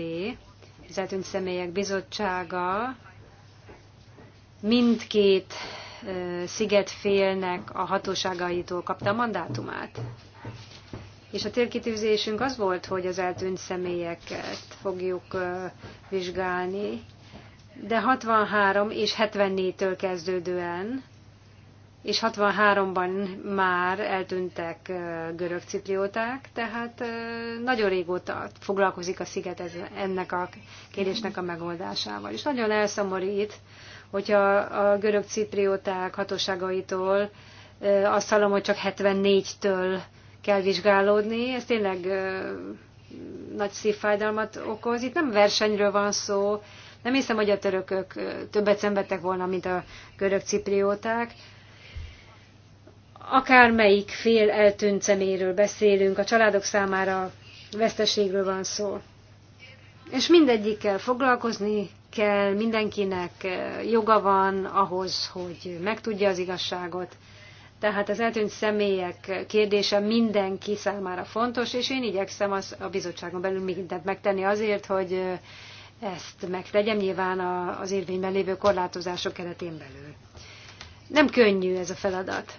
az eltűnt személyek bizottsága mindkét szigetfélnek a hatóságaitól kapta a mandátumát. És a célkitűzésünk az volt, hogy az eltűnt személyeket fogjuk vizsgálni, de 63 és 74-től kezdődően és 63-ban már eltűntek görög ciprióták, tehát nagyon régóta foglalkozik a sziget ennek a kérdésnek a megoldásával. És nagyon elszomorít, hogyha a görög ciprióták hatóságaitól azt hallom, hogy csak 74-től kell vizsgálódni, ez tényleg nagy szívfájdalmat okoz. Itt nem versenyről van szó, nem hiszem, hogy a törökök többet szenvedtek volna, mint a görög ciprióták, akármelyik fél eltűnt szeméről beszélünk, a családok számára veszteségről van szó. És mindegyikkel foglalkozni kell, mindenkinek eh, joga van ahhoz, hogy megtudja az igazságot. Tehát az eltűnt személyek kérdése mindenki számára fontos, és én igyekszem az a bizottságon belül mindent megtenni azért, hogy eh, ezt megtegyem nyilván az érvényben lévő korlátozások keretén belül. Nem könnyű ez a feladat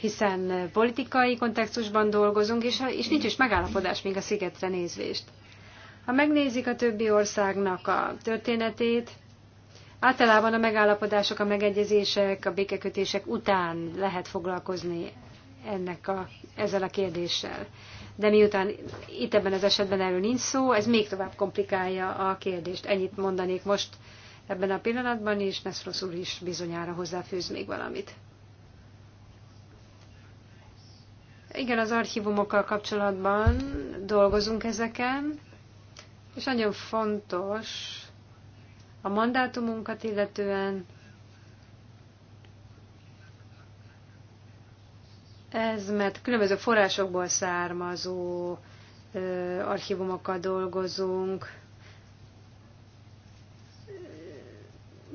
hiszen politikai kontextusban dolgozunk, és, és nincs is megállapodás még a szigetre nézvést. Ha megnézik a többi országnak a történetét, általában a megállapodások, a megegyezések, a békekötések után lehet foglalkozni ennek a, ezzel a kérdéssel. De miután itt ebben az esetben erről nincs szó, ez még tovább komplikálja a kérdést. Ennyit mondanék most ebben a pillanatban, és Neszrosz úr is bizonyára hozzáfűz még valamit. Igen, az archívumokkal kapcsolatban dolgozunk ezeken, és nagyon fontos a mandátumunkat illetően ez, mert különböző forrásokból származó archívumokkal dolgozunk.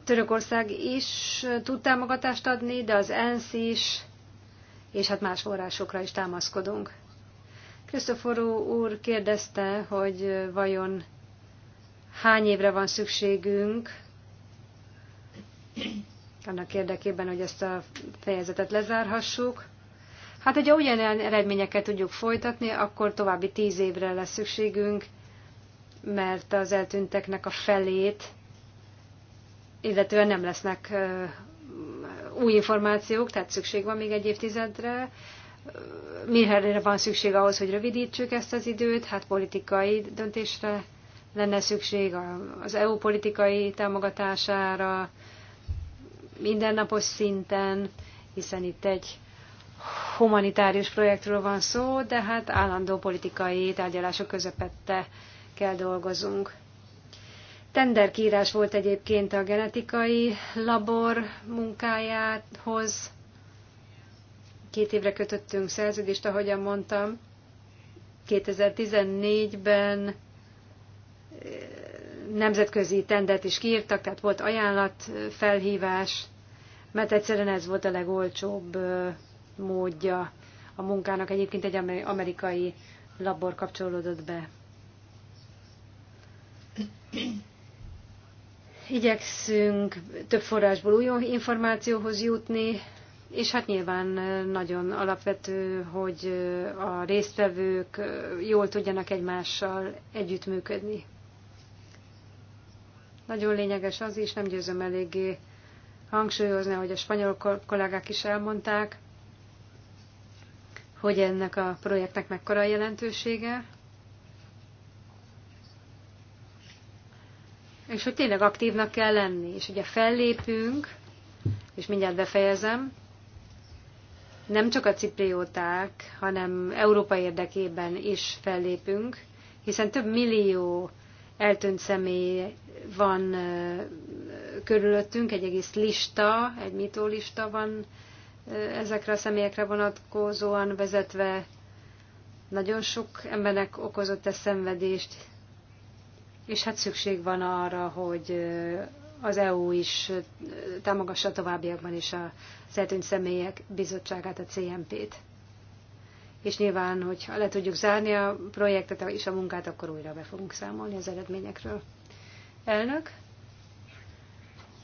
Törökország is tud támogatást adni, de az ENSZ is, és hát más forrásokra is támaszkodunk. Krisztoforú úr kérdezte, hogy vajon hány évre van szükségünk annak érdekében, hogy ezt a fejezetet lezárhassuk. Hát, hogyha olyan eredményeket tudjuk folytatni, akkor további tíz évre lesz szükségünk, mert az eltűnteknek a felét, illetően nem lesznek új információk, tehát szükség van még egy évtizedre, mire van szükség ahhoz, hogy rövidítsük ezt az időt, hát politikai döntésre lenne szükség, az EU politikai támogatására, mindennapos szinten, hiszen itt egy humanitárius projektről van szó, de hát állandó politikai tárgyalások közepette kell dolgozunk. Tenderkírás volt egyébként a genetikai labor munkájához. Két évre kötöttünk szerződést, ahogyan mondtam. 2014-ben eh, nemzetközi tendet is kiírtak, tehát volt ajánlat, eh, felhívás, mert egyszerűen ez volt a legolcsóbb eh, módja a munkának. Egyébként egy amerikai labor kapcsolódott be igyekszünk több forrásból új információhoz jutni, és hát nyilván nagyon alapvető, hogy a résztvevők jól tudjanak egymással együttműködni. Nagyon lényeges az is, nem győzöm eléggé hangsúlyozni, hogy a spanyol kollégák is elmondták, hogy ennek a projektnek mekkora a jelentősége, és hogy tényleg aktívnak kell lenni. És ugye fellépünk, és mindjárt befejezem, nem csak a ciprióták, hanem Európa érdekében is fellépünk, hiszen több millió eltűnt személy van körülöttünk, egy egész lista, egy mitólista van ezekre a személyekre vonatkozóan vezetve. Nagyon sok embernek okozott ez szenvedést, és hát szükség van arra, hogy az EU is támogassa továbbiakban is a eltűnt személyek bizottságát, a CMP-t. És nyilván, hogyha le tudjuk zárni a projektet és a munkát, akkor újra be fogunk számolni az eredményekről. Elnök,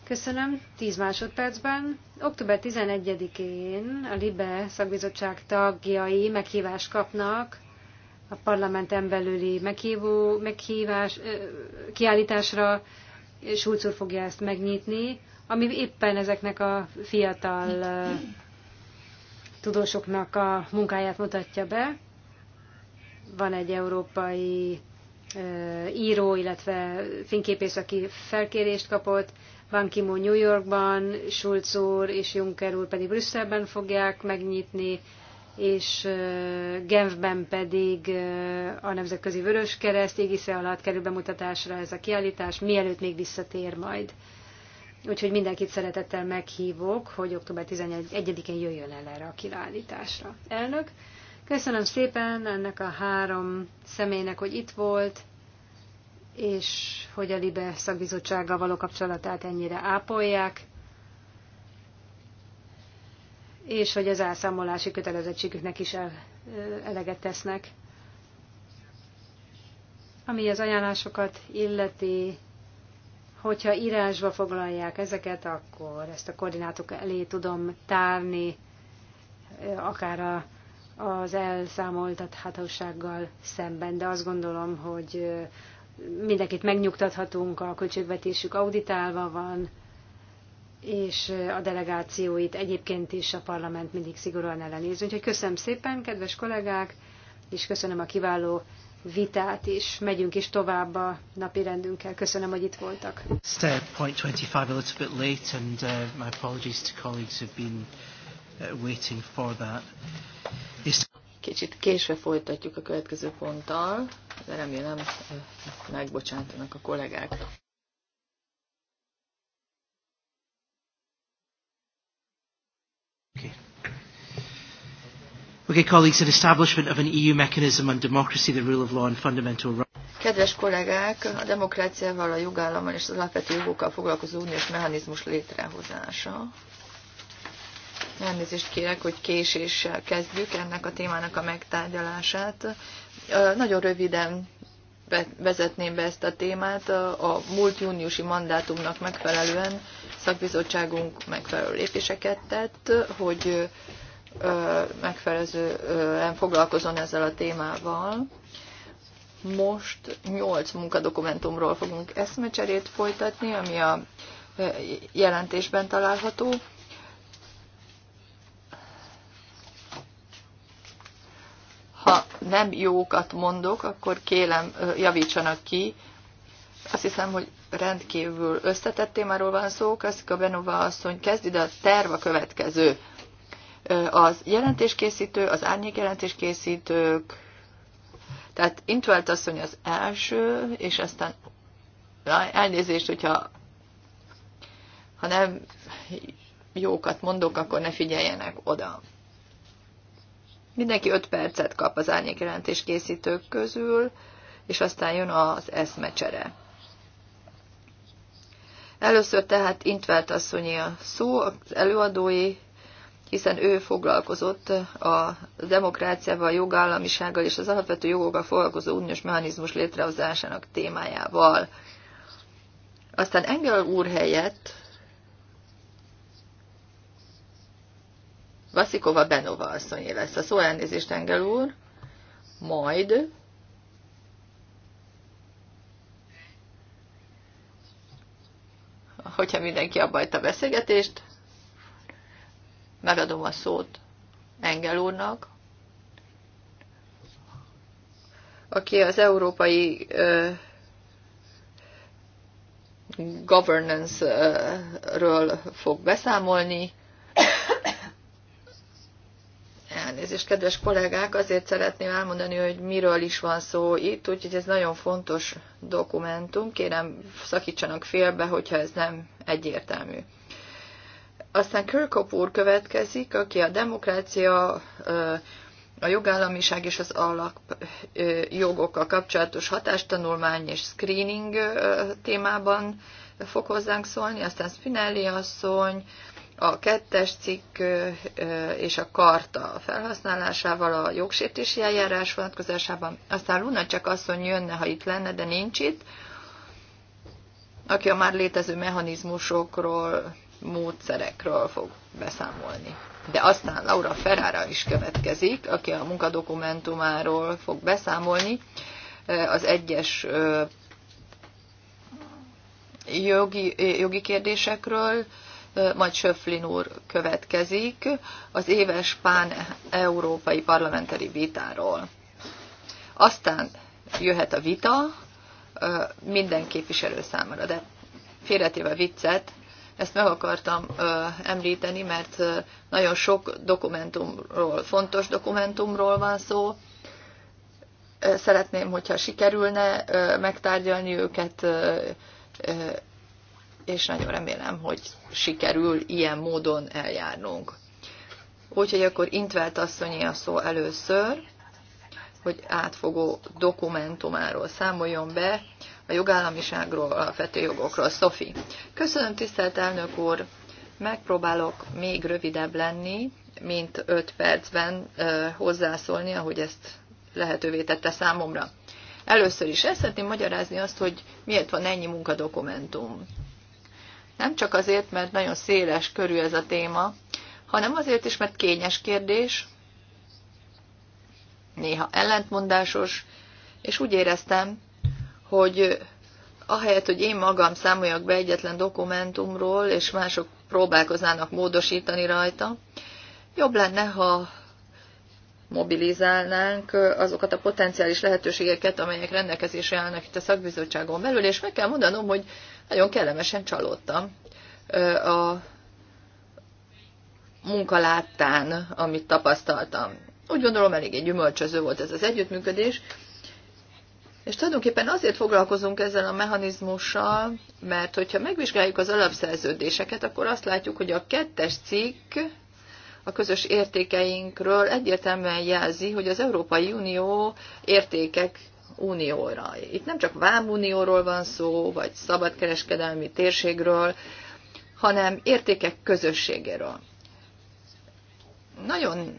köszönöm. 10 másodpercben. Október 11-én a LIBE szakbizottság tagjai meghívást kapnak a parlamenten belüli meghívó, meghívás, kiállításra Schulz úr fogja ezt megnyitni, ami éppen ezeknek a fiatal tudósoknak a munkáját mutatja be. Van egy európai író, illetve fényképész, aki felkérést kapott, Van kimó New Yorkban, Schulz úr és Juncker úr pedig Brüsszelben fogják megnyitni és Genfben pedig a Nemzetközi Vörös Kereszt égisze alatt kerül bemutatásra ez a kiállítás, mielőtt még visszatér majd. Úgyhogy mindenkit szeretettel meghívok, hogy október 11-én jöjjön el erre a kiállításra. Elnök, köszönöm szépen ennek a három személynek, hogy itt volt, és hogy a LIBE szakbizottsággal való kapcsolatát ennyire ápolják és hogy az elszámolási kötelezettségüknek is el, eleget tesznek. Ami az ajánlásokat illeti, hogyha írásba foglalják ezeket, akkor ezt a koordinátok elé tudom tárni, akár a, az elszámoltathatósággal szemben, de azt gondolom, hogy mindenkit megnyugtathatunk, a költségvetésük auditálva van, és a delegációit egyébként is a parlament mindig szigorúan ellenőrzi. Úgyhogy köszönöm szépen, kedves kollégák, és köszönöm a kiváló vitát is. Megyünk is tovább a napi rendünkkel. Köszönöm, hogy itt voltak. Point 25 a little bit late, and uh, my apologies to colleagues been uh, waiting for that. Kicsit késve folytatjuk a következő ponttal, de remélem megbocsántanak a kollégák. Okay, colleagues, an establishment of an EU mechanism on democracy, the rule of law and fundamental rights. Kedves kollégák, a demokráciával, a jogállammal és az alapvető jogokkal foglalkozó uniós mechanizmus létrehozása. Elnézést kérek, hogy késéssel kezdjük ennek a témának a megtárgyalását. Nagyon röviden vezetném be ezt a témát a múlt júniusi mandátumnak megfelelően szakbizottságunk megfelelő lépéseket tett, hogy megfelelően foglalkozon ezzel a témával. Most nyolc munkadokumentumról fogunk eszmecserét folytatni, ami a jelentésben található. Ha nem jókat mondok, akkor kélem, javítsanak ki. Azt hiszem, hogy rendkívül összetett témáról van szó. Klasszika Benova asszony kezd, ide a terv a következő az jelentéskészítő, az árnyék jelentéskészítők, tehát Intvelt asszony az első, és aztán elnézést, hogyha ha nem jókat mondok, akkor ne figyeljenek oda. Mindenki 5 percet kap az árnyék jelentéskészítők közül, és aztán jön az eszmecsere. Először tehát Intvelt asszonyi a szó, az előadói hiszen ő foglalkozott a demokráciával, jogállamisággal és az alapvető jogokkal foglalkozó uniós mechanizmus létrehozásának témájával. Aztán Engel úr helyett Vasikova Benova asszonyé lesz. A szó elnézést, Engel úr. Majd hogyha mindenki abbajta a beszélgetést, megadom a szót Engel úrnak, aki az európai uh, governance-ről fog beszámolni. Elnézést, kedves kollégák, azért szeretném elmondani, hogy miről is van szó itt, úgyhogy ez nagyon fontos dokumentum. Kérem, szakítsanak félbe, hogyha ez nem egyértelmű. Aztán Kirkhope úr következik, aki a demokrácia, a jogállamiság és az alapjogokkal kapcsolatos hatástanulmány és screening témában fog hozzánk szólni, aztán Spinelli asszony, a kettes cikk és a karta felhasználásával a jogsértési eljárás vonatkozásában. Aztán Luna csak asszony jönne, ha itt lenne, de nincs itt, aki a már létező mechanizmusokról módszerekről fog beszámolni. De aztán Laura Ferrara is következik, aki a munkadokumentumáról fog beszámolni, az egyes jogi, jogi kérdésekről, majd Söflin úr következik az éves pán-európai parlamenteri vitáról. Aztán jöhet a vita minden képviselő számára, de félretéve viccet, ezt meg akartam ö, említeni, mert ö, nagyon sok dokumentumról, fontos dokumentumról van szó. Szeretném, hogyha sikerülne ö, megtárgyalni őket, ö, ö, és nagyon remélem, hogy sikerül ilyen módon eljárnunk. Úgyhogy akkor Intvelt asszonyi a szó először, hogy átfogó dokumentumáról számoljon be, a jogállamiságról, alapvető jogokról. Szofi. Köszönöm, tisztelt elnök úr! Megpróbálok még rövidebb lenni, mint 5 percben ö, hozzászólni, ahogy ezt lehetővé tette számomra. Először is ezt szeretném magyarázni azt, hogy miért van ennyi munkadokumentum. Nem csak azért, mert nagyon széles körű ez a téma, hanem azért is, mert kényes kérdés, néha ellentmondásos, és úgy éreztem, hogy ahelyett, hogy én magam számoljak be egyetlen dokumentumról, és mások próbálkoznának módosítani rajta, jobb lenne, ha mobilizálnánk azokat a potenciális lehetőségeket, amelyek rendelkezésre állnak itt a szakbizottságon belül, és meg kell mondanom, hogy nagyon kellemesen csalódtam a munkaláttán, amit tapasztaltam. Úgy gondolom, elég egy gyümölcsöző volt ez az együttműködés, és tulajdonképpen azért foglalkozunk ezzel a mechanizmussal, mert hogyha megvizsgáljuk az alapszerződéseket, akkor azt látjuk, hogy a kettes cikk a közös értékeinkről egyértelműen jelzi, hogy az Európai Unió értékek unióra. Itt nem csak vámunióról van szó, vagy szabadkereskedelmi térségről, hanem értékek közösségéről. Nagyon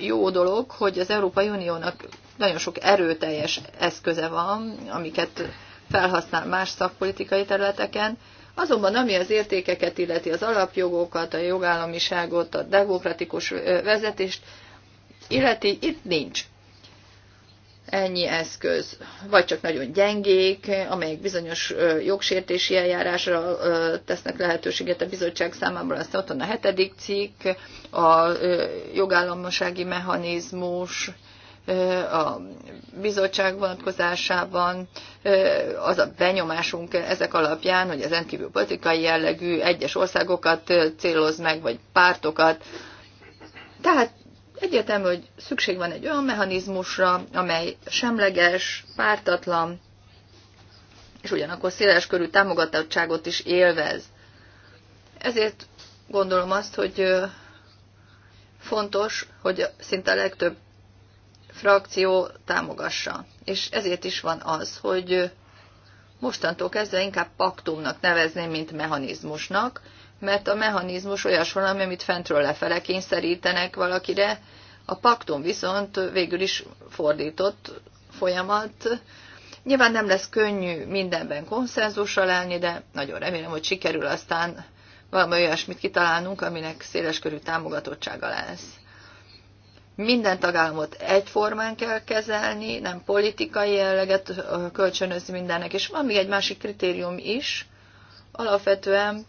jó dolog, hogy az Európai Uniónak nagyon sok erőteljes eszköze van, amiket felhasznál más szakpolitikai területeken, azonban ami az értékeket illeti, az alapjogokat, a jogállamiságot, a demokratikus vezetést illeti, itt nincs ennyi eszköz, vagy csak nagyon gyengék, amelyek bizonyos jogsértési eljárásra tesznek lehetőséget a bizottság számából, aztán ott van a hetedik cikk, a jogállamosági mechanizmus, a bizottság vonatkozásában az a benyomásunk ezek alapján, hogy az rendkívül politikai jellegű egyes országokat céloz meg, vagy pártokat. Tehát egyértelmű, hogy szükség van egy olyan mechanizmusra, amely semleges, pártatlan, és ugyanakkor széles körű támogatottságot is élvez. Ezért gondolom azt, hogy fontos, hogy szinte a legtöbb frakció támogassa. És ezért is van az, hogy mostantól kezdve inkább paktumnak nevezném, mint mechanizmusnak, mert a mechanizmus olyas valami, amit fentről lefele kényszerítenek valakire, a paktum viszont végül is fordított folyamat. Nyilván nem lesz könnyű mindenben konszenzussal állni, de nagyon remélem, hogy sikerül aztán valami olyasmit kitalálnunk, aminek széleskörű támogatottsága lesz minden tagállamot egyformán kell kezelni, nem politikai jelleget kölcsönöz mindennek. És van még egy másik kritérium is, alapvetően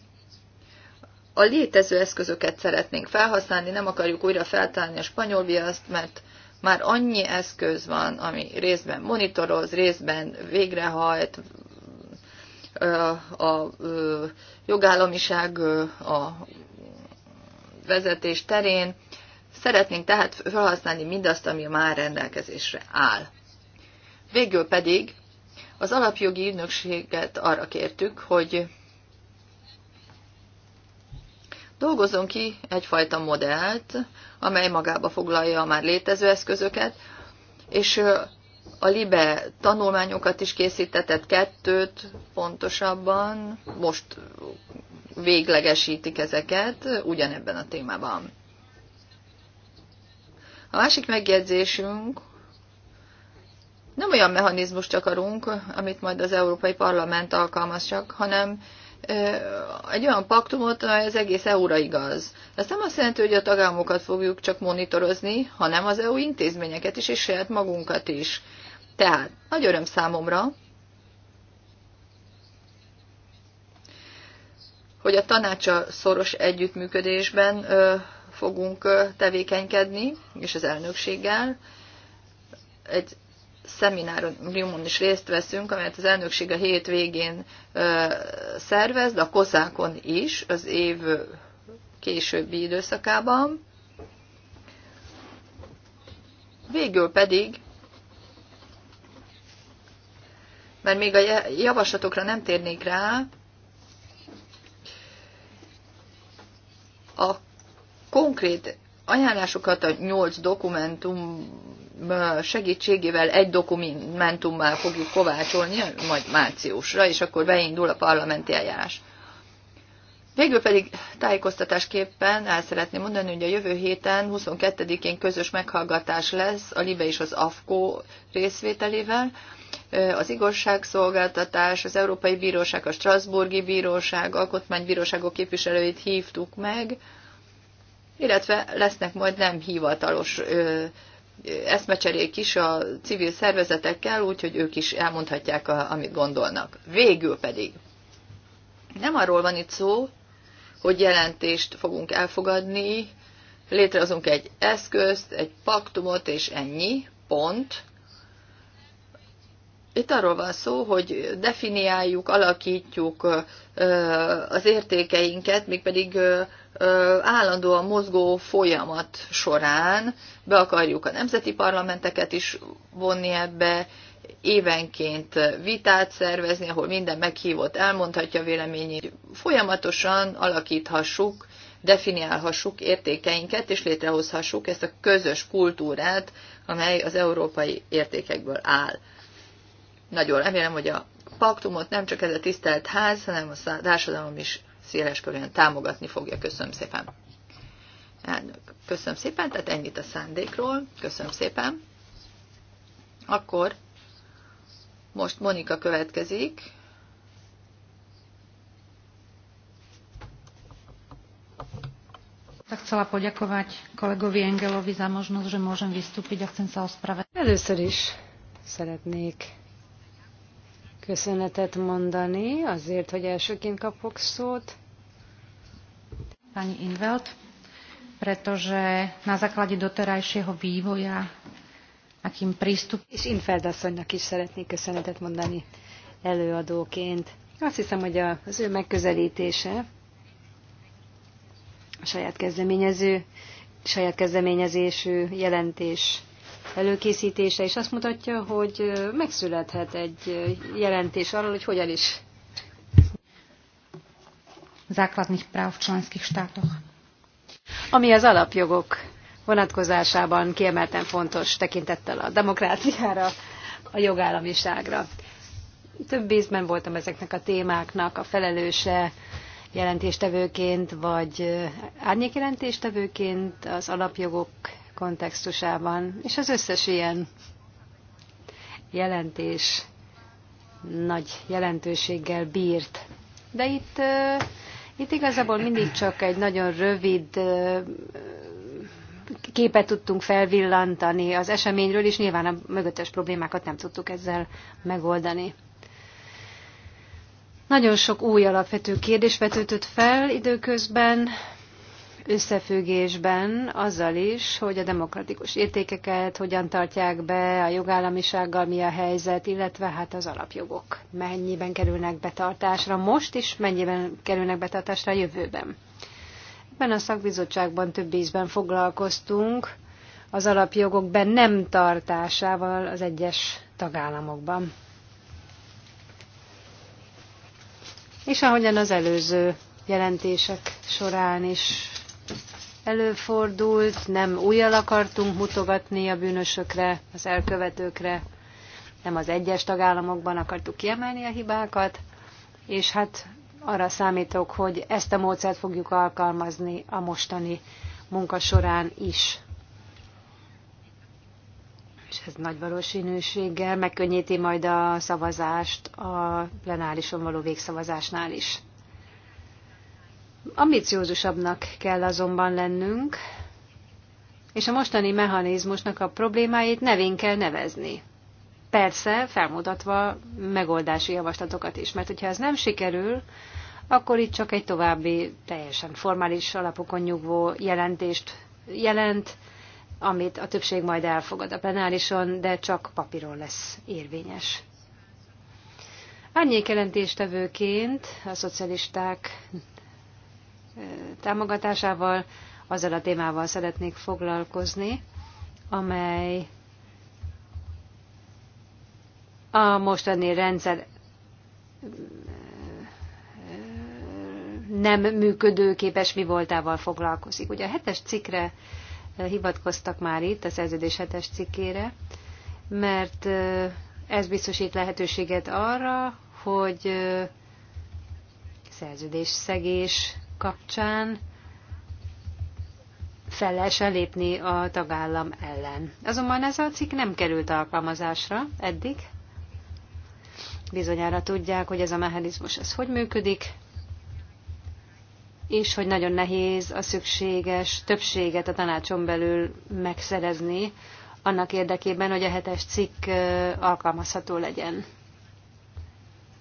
a létező eszközöket szeretnénk felhasználni, nem akarjuk újra feltárni a spanyol viaszt, mert már annyi eszköz van, ami részben monitoroz, részben végrehajt, a jogállamiság a vezetés terén, Szeretnénk tehát felhasználni mindazt, ami már rendelkezésre áll. Végül pedig az alapjogi ügynökséget arra kértük, hogy dolgozzon ki egyfajta modellt, amely magába foglalja a már létező eszközöket, és a LIBE tanulmányokat is készítetett, kettőt pontosabban, most véglegesítik ezeket ugyanebben a témában. A másik megjegyzésünk, nem olyan mechanizmust akarunk, amit majd az Európai Parlament alkalmaz csak, hanem egy olyan paktumot, amely az egész EU-ra igaz. Ez nem azt jelenti, hogy a tagállamokat fogjuk csak monitorozni, hanem az EU intézményeket is, és saját magunkat is. Tehát nagy öröm számomra, hogy a tanácsa szoros együttműködésben fogunk tevékenykedni, és az elnökséggel. Egy szemináron is részt veszünk, amelyet az elnökség a hét végén szervez, de a kozákon is az év későbbi időszakában. Végül pedig, mert még a javaslatokra nem térnék rá, a konkrét ajánlásokat a nyolc dokumentum segítségével egy dokumentummal fogjuk kovácsolni, majd márciusra, és akkor beindul a parlamenti eljárás. Végül pedig tájékoztatásképpen el szeretném mondani, hogy a jövő héten 22-én közös meghallgatás lesz a LIBE és az AFKO részvételével. Az igazságszolgáltatás, az Európai Bíróság, a Strasburgi Bíróság, alkotmánybíróságok képviselőit hívtuk meg, illetve lesznek majd nem hivatalos ö, eszmecserék is a civil szervezetekkel, úgyhogy ők is elmondhatják, a, amit gondolnak. Végül pedig nem arról van itt szó, hogy jelentést fogunk elfogadni, létrehozunk egy eszközt, egy paktumot, és ennyi, pont, itt arról van szó, hogy definiáljuk, alakítjuk az értékeinket, mégpedig állandóan mozgó folyamat során be akarjuk a nemzeti parlamenteket is vonni ebbe, évenként vitát szervezni, ahol minden meghívott elmondhatja véleményét. Folyamatosan alakíthassuk, definiálhassuk értékeinket, és létrehozhassuk ezt a közös kultúrát, amely az európai értékekből áll. Nagyon remélem, hogy a paktumot nem csak ez a tisztelt ház, hanem a társadalom is széles körülön támogatni fogja. Köszönöm szépen. Elnök, köszönöm szépen, tehát ennyit a szándékról. Köszönöm szépen. Akkor most Monika következik. Tak chcela poďakovať kolegovi Engelovi za možnosť, že môžem vystúpiť a chcem sa ospravedlniť. Először is szeretnék köszönetet mondani azért, hogy elsőként kapok szót. Pani Invelt, pretože na základe doterajšieho vývoja, akým prístup... És Infeld asszonynak is szeretnék köszönetet mondani előadóként. Azt hiszem, hogy az ő megközelítése, a saját kezdeményező, saját kezdeményezésű jelentés előkészítése, és azt mutatja, hogy megszülethet egy jelentés arról, hogy hogyan is. Základných práv v členských štátoch. Ami az alapjogok vonatkozásában kiemelten fontos tekintettel a demokráciára, a jogállamiságra. Több ízben voltam ezeknek a témáknak a felelőse jelentéstevőként, vagy jelentéstevőként az alapjogok kontextusában, és az összes ilyen jelentés nagy jelentőséggel bírt. De itt, itt igazából mindig csak egy nagyon rövid képet tudtunk felvillantani az eseményről, és nyilván a mögöttes problémákat nem tudtuk ezzel megoldani. Nagyon sok új alapvető kérdés vetődött fel időközben, összefüggésben azzal is, hogy a demokratikus értékeket hogyan tartják be, a jogállamisággal mi a helyzet, illetve hát az alapjogok mennyiben kerülnek betartásra most is, mennyiben kerülnek betartásra a jövőben. Ebben a szakbizottságban több ízben foglalkoztunk az alapjogok be nem tartásával az egyes tagállamokban. És ahogyan az előző jelentések során is előfordult, nem újjal akartunk mutogatni a bűnösökre, az elkövetőkre, nem az egyes tagállamokban akartuk kiemelni a hibákat, és hát arra számítok, hogy ezt a módszert fogjuk alkalmazni a mostani munka során is. És ez nagy valószínűséggel megkönnyíti majd a szavazást a plenárison való végszavazásnál is. Ambiciózusabbnak kell azonban lennünk, és a mostani mechanizmusnak a problémáit nevén kell nevezni. Persze felmutatva megoldási javaslatokat is, mert hogyha ez nem sikerül, akkor itt csak egy további teljesen formális alapokon nyugvó jelentést jelent, amit a többség majd elfogad a plenárison, de csak papíron lesz érvényes. Árnyék jelentéstevőként a szocialisták támogatásával azzal a témával szeretnék foglalkozni, amely a mostani rendszer nem működőképes mi voltával foglalkozik. Ugye a hetes cikkre hivatkoztak már itt, a szerződés hetes cikkére, mert ez biztosít lehetőséget arra, hogy szerződésszegés kapcsán fel lehessen lépni a tagállam ellen. Azonban ez a cikk nem került alkalmazásra eddig. Bizonyára tudják, hogy ez a mechanizmus ez hogy működik, és hogy nagyon nehéz a szükséges többséget a tanácson belül megszerezni, annak érdekében, hogy a hetes cikk alkalmazható legyen,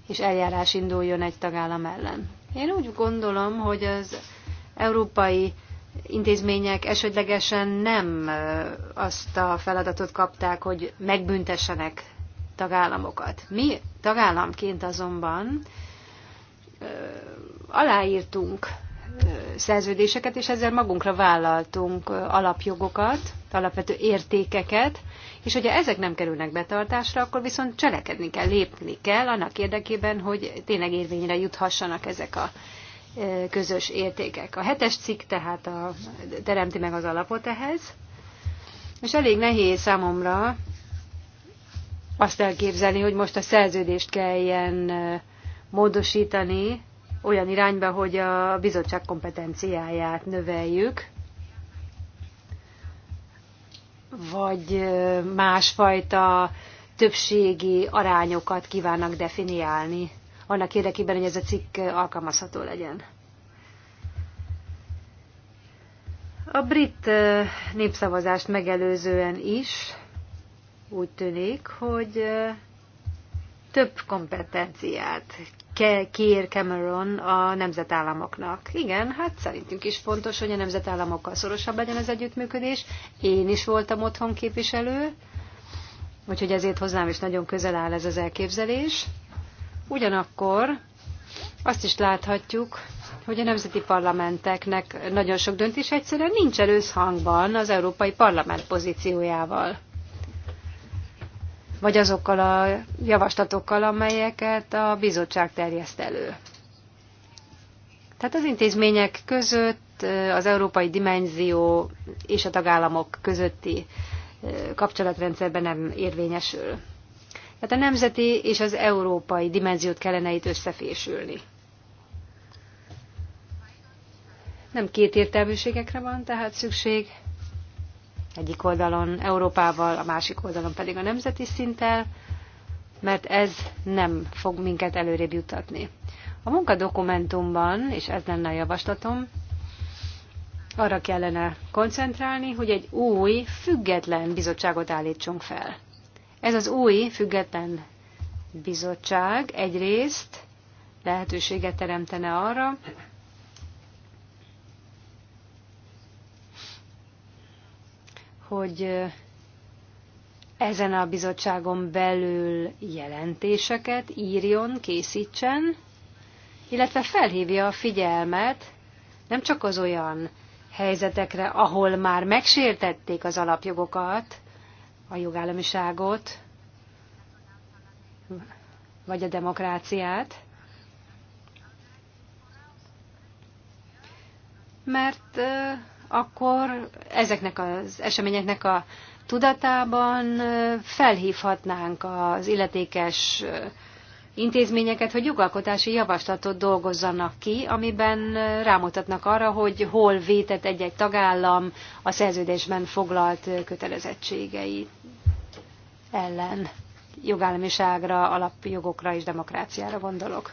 és eljárás induljon egy tagállam ellen. Én úgy gondolom, hogy az európai intézmények esetlegesen nem azt a feladatot kapták, hogy megbüntessenek tagállamokat. Mi tagállamként azonban aláírtunk szerződéseket, és ezzel magunkra vállaltunk alapjogokat, alapvető értékeket, és hogyha ezek nem kerülnek betartásra, akkor viszont cselekedni kell, lépni kell annak érdekében, hogy tényleg érvényre juthassanak ezek a közös értékek. A hetes cikk tehát a, teremti meg az alapot ehhez, és elég nehéz számomra azt elképzelni, hogy most a szerződést kelljen módosítani, olyan irányba, hogy a bizottság kompetenciáját növeljük, vagy másfajta többségi arányokat kívánnak definiálni, annak érdekében, hogy ez a cikk alkalmazható legyen. A brit népszavazást megelőzően is úgy tűnik, hogy több kompetenciát kér Cameron a nemzetállamoknak. Igen, hát szerintünk is fontos, hogy a nemzetállamokkal szorosabb legyen az együttműködés. Én is voltam otthon képviselő, úgyhogy ezért hozzám is nagyon közel áll ez az elképzelés. Ugyanakkor azt is láthatjuk, hogy a nemzeti parlamenteknek nagyon sok döntés egyszerűen nincs összhangban az Európai Parlament pozíciójával vagy azokkal a javaslatokkal, amelyeket a bizottság terjeszt elő. Tehát az intézmények között az európai dimenzió és a tagállamok közötti eh, kapcsolatrendszerben nem érvényesül. Tehát a nemzeti és az európai dimenziót kellene itt összefésülni. Nem két értelműségekre van tehát szükség, egyik oldalon Európával, a másik oldalon pedig a nemzeti szinttel, mert ez nem fog minket előrébb jutatni. A munkadokumentumban, és ez lenne a javaslatom, arra kellene koncentrálni, hogy egy új, független bizottságot állítsunk fel. Ez az új, független bizottság egyrészt lehetőséget teremtene arra, hogy ezen a bizottságon belül jelentéseket írjon, készítsen, illetve felhívja a figyelmet nem csak az olyan helyzetekre, ahol már megsértették az alapjogokat, a jogállamiságot, vagy a demokráciát, mert akkor ezeknek az eseményeknek a tudatában felhívhatnánk az illetékes intézményeket, hogy jogalkotási javaslatot dolgozzanak ki, amiben rámutatnak arra, hogy hol vétett egy-egy tagállam a szerződésben foglalt kötelezettségei ellen. Jogállamiságra, alapjogokra és demokráciára gondolok.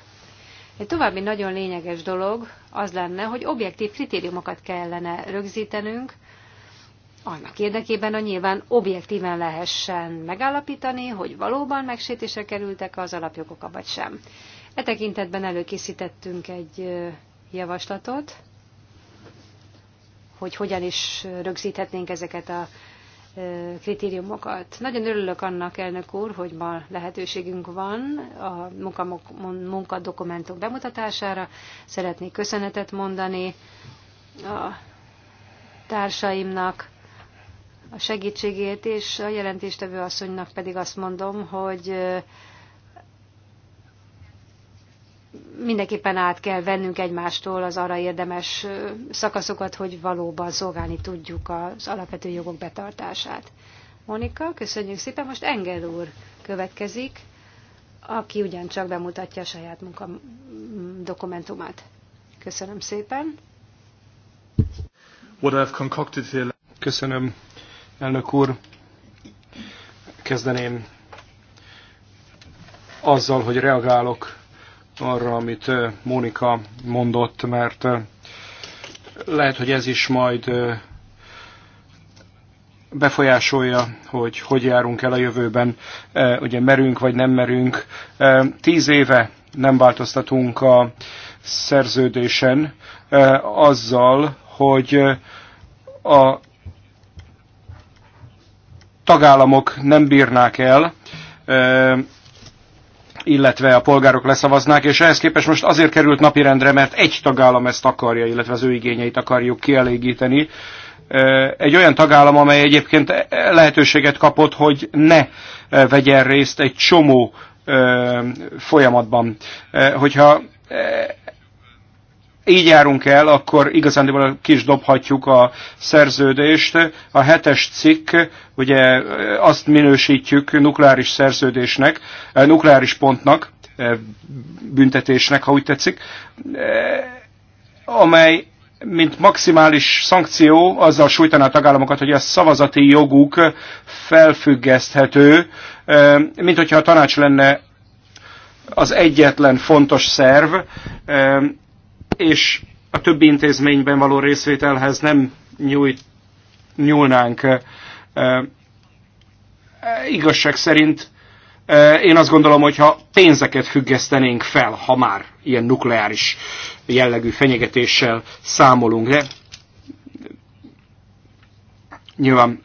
Egy további nagyon lényeges dolog az lenne, hogy objektív kritériumokat kellene rögzítenünk, annak érdekében, hogy nyilván objektíven lehessen megállapítani, hogy valóban megsértésre kerültek az alapjogok, vagy sem. E tekintetben előkészítettünk egy javaslatot, hogy hogyan is rögzíthetnénk ezeket a kritériumokat. Nagyon örülök annak, elnök úr, hogy ma lehetőségünk van a munkadokumentum bemutatására. Szeretnék köszönetet mondani a társaimnak a segítségét, és a jelentéstevő asszonynak pedig azt mondom, hogy mindenképpen át kell vennünk egymástól az arra érdemes szakaszokat, hogy valóban szolgálni tudjuk az alapvető jogok betartását. Monika, köszönjük szépen. Most Engel úr következik, aki ugyancsak bemutatja a saját munka dokumentumát. Köszönöm szépen. What I've concocted here. Köszönöm, elnök úr. Kezdeném azzal, hogy reagálok arra, amit Mónika mondott, mert lehet, hogy ez is majd befolyásolja, hogy hogy járunk el a jövőben, ugye merünk vagy nem merünk. Tíz éve nem változtatunk a szerződésen azzal, hogy a tagállamok nem bírnák el illetve a polgárok leszavaznák, és ehhez képest most azért került napirendre, mert egy tagállam ezt akarja, illetve az ő igényeit akarjuk kielégíteni. Egy olyan tagállam, amely egyébként lehetőséget kapott, hogy ne vegyen részt egy csomó folyamatban. Hogyha így járunk el, akkor igazán ki is dobhatjuk a szerződést. A hetes cikk, ugye azt minősítjük nukleáris szerződésnek, eh, nukleáris pontnak, eh, büntetésnek, ha úgy tetszik, eh, amely mint maximális szankció azzal sújtaná a tagállamokat, hogy a szavazati joguk felfüggeszthető, mint hogyha a tanács lenne az egyetlen fontos szerv, és a többi intézményben való részvételhez nem nyújt, nyúlnánk. Igazság szerint én azt gondolom, hogy ha pénzeket függesztenénk fel, ha már ilyen nukleáris jellegű fenyegetéssel számolunk, de nyilván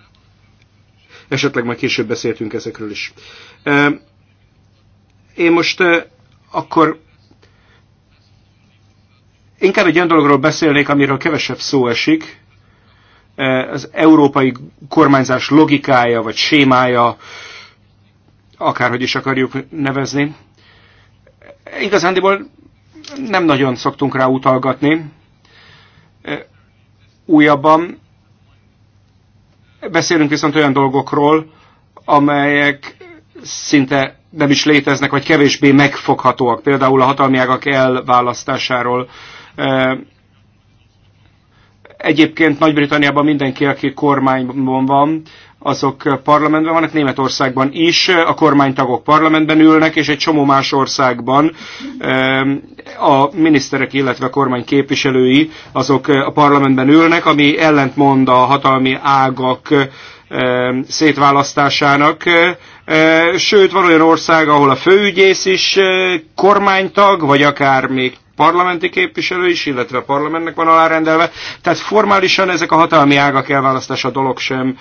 esetleg majd később beszéltünk ezekről is. Én most akkor Inkább egy olyan dologról beszélnék, amiről kevesebb szó esik, e, az európai kormányzás logikája vagy sémája, akárhogy is akarjuk nevezni. Igazándiból nem nagyon szoktunk rá utalgatni. E, újabban beszélünk viszont olyan dolgokról, amelyek szinte nem is léteznek, vagy kevésbé megfoghatóak. Például a hatalmiágak elválasztásáról Egyébként Nagy-Britanniában mindenki, aki kormányban van, azok parlamentben vannak, Németországban is, a kormánytagok parlamentben ülnek, és egy csomó más országban a miniszterek, illetve a kormány képviselői azok a parlamentben ülnek, ami ellentmond a hatalmi ágak szétválasztásának. Sőt, van olyan ország, ahol a főügyész is kormánytag, vagy akár még parlamenti képviselő is, illetve a parlamentnek van alárendelve. Tehát formálisan ezek a hatalmi ágak elválasztása dolog sem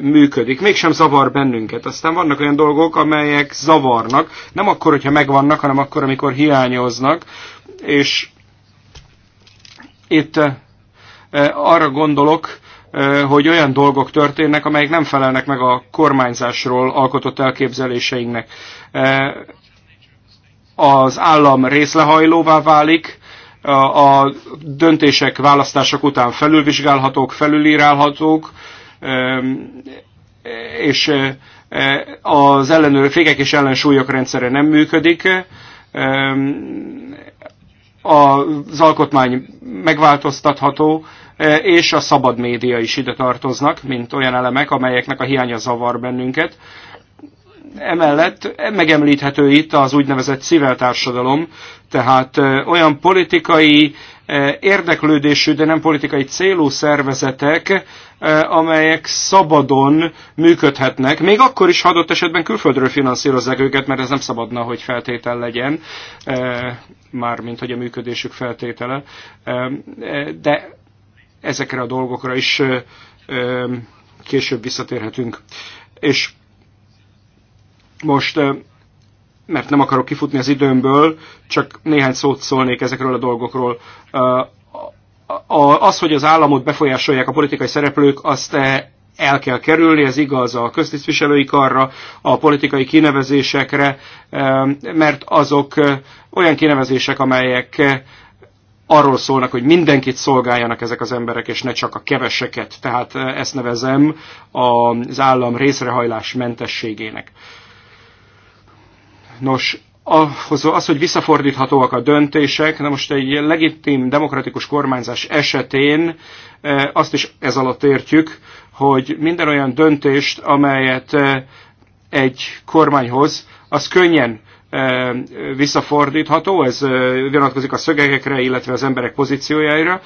működik. Mégsem zavar bennünket. Aztán vannak olyan dolgok, amelyek zavarnak. Nem akkor, hogyha megvannak, hanem akkor, amikor hiányoznak. És itt arra gondolok, hogy olyan dolgok történnek, amelyek nem felelnek meg a kormányzásról alkotott elképzeléseinknek az állam részlehajlóvá válik, a döntések választások után felülvizsgálhatók, felülírálhatók, és e, az ellenőr, fékek és ellensúlyok rendszere nem működik. Az alkotmány megváltoztatható, e, és a szabad média is ide tartoznak, mint olyan elemek, amelyeknek a hiánya zavar bennünket. Emellett megemlíthető itt az úgynevezett civil társadalom, tehát olyan politikai érdeklődésű, de nem politikai célú szervezetek, amelyek szabadon működhetnek, még akkor is adott esetben külföldről finanszírozzák őket, mert ez nem szabadna, hogy feltétel legyen, mármint hogy a működésük feltétele, de ezekre a dolgokra is később visszatérhetünk. És most, mert nem akarok kifutni az időmből, csak néhány szót szólnék ezekről a dolgokról az, hogy az államot befolyásolják a politikai szereplők, azt el kell kerülni, ez igaz a köztisztviselői karra, a politikai kinevezésekre, mert azok olyan kinevezések, amelyek arról szólnak, hogy mindenkit szolgáljanak ezek az emberek, és ne csak a keveseket. Tehát ezt nevezem az állam részrehajlás mentességének. Nos, ahhoz az, hogy visszafordíthatóak a döntések, na most egy legitim demokratikus kormányzás esetén eh, azt is ez alatt értjük, hogy minden olyan döntést, amelyet eh, egy kormányhoz, az könnyen eh, visszafordítható, ez vonatkozik a szögegekre, illetve az emberek pozíciójára,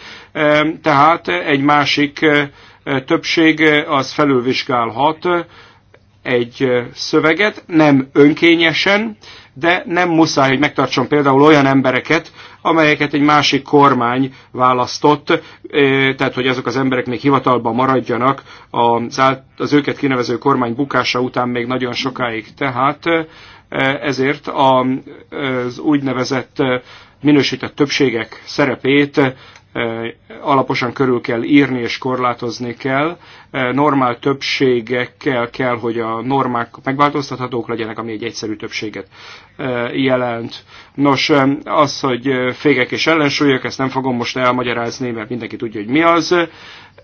tehát egy másik többség az felülvizsgálhat egy szöveget, nem önkényesen, de nem muszáj, hogy megtartson például olyan embereket, amelyeket egy másik kormány választott, tehát hogy azok az emberek még hivatalban maradjanak az, az őket kinevező kormány bukása után még nagyon sokáig. Tehát ezért az úgynevezett minősített többségek szerepét alaposan körül kell írni és korlátozni kell. Normál többségekkel kell, hogy a normák megváltoztathatók legyenek, ami egy egyszerű többséget jelent. Nos, az, hogy fégek és ellensúlyok, ezt nem fogom most elmagyarázni, mert mindenki tudja, hogy mi az.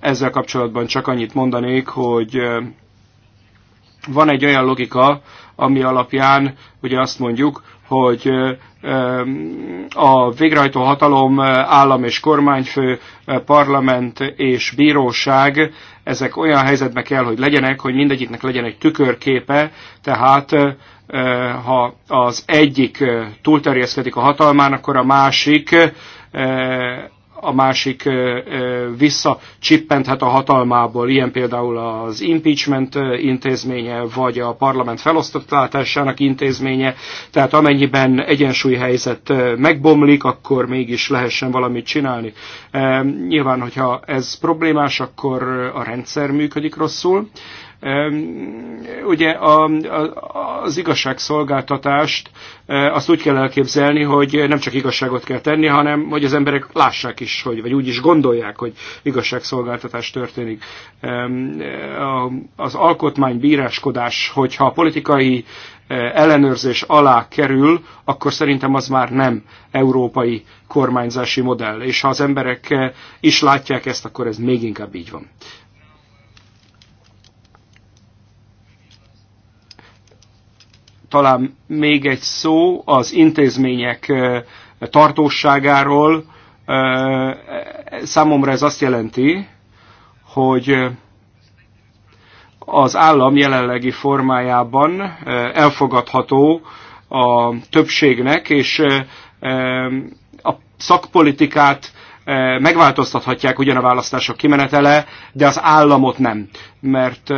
Ezzel kapcsolatban csak annyit mondanék, hogy van egy olyan logika, ami alapján ugye azt mondjuk, hogy a végrehajtó hatalom, állam és kormányfő, parlament és bíróság, ezek olyan helyzetben kell, hogy legyenek, hogy mindegyiknek legyen egy tükörképe, tehát ha az egyik túlterjeszkedik a hatalmán, akkor a másik a másik visszacsippenthet a hatalmából, ilyen például az impeachment intézménye, vagy a parlament felosztottátásának intézménye, tehát amennyiben egyensúlyhelyzet megbomlik, akkor mégis lehessen valamit csinálni. Nyilván, hogyha ez problémás, akkor a rendszer működik rosszul, Ugye az igazságszolgáltatást azt úgy kell elképzelni, hogy nem csak igazságot kell tenni, hanem hogy az emberek lássák is, hogy, vagy úgy is gondolják, hogy igazságszolgáltatás történik. Az alkotmánybíráskodás, hogyha a politikai ellenőrzés alá kerül, akkor szerintem az már nem európai kormányzási modell. És ha az emberek is látják ezt, akkor ez még inkább így van. Talán még egy szó az intézmények tartóságáról. Számomra ez azt jelenti, hogy az állam jelenlegi formájában elfogadható a többségnek, és a szakpolitikát megváltoztathatják ugyan a választások kimenetele, de az államot nem. Mert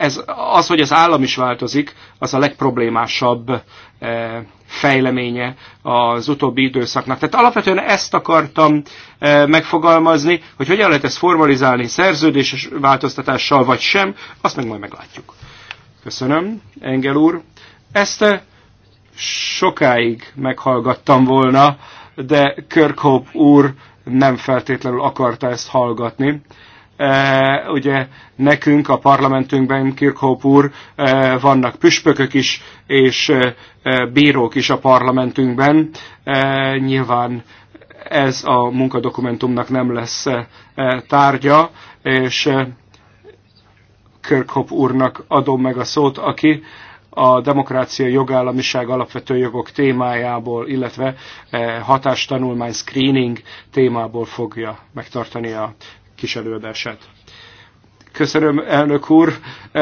ez, az, hogy az állam is változik, az a legproblémásabb eh, fejleménye az utóbbi időszaknak. Tehát alapvetően ezt akartam eh, megfogalmazni, hogy hogyan lehet ezt formalizálni szerződés változtatással vagy sem, azt meg majd meglátjuk. Köszönöm, Engel úr. Ezt eh, sokáig meghallgattam volna, de Kirkhope úr nem feltétlenül akarta ezt hallgatni. E, ugye nekünk a parlamentünkben, Kirchhoff úr, e, vannak püspökök is, és e, bírók is a parlamentünkben. Nyilván ez a munkadokumentumnak nem lesz tárgya, és Kirchhoff úrnak adom meg a szót, aki a demokrácia, jogállamiság, alapvető jogok témájából, illetve hatástanulmány screening témából fogja megtartani a kis előadását. Köszönöm, elnök úr. E,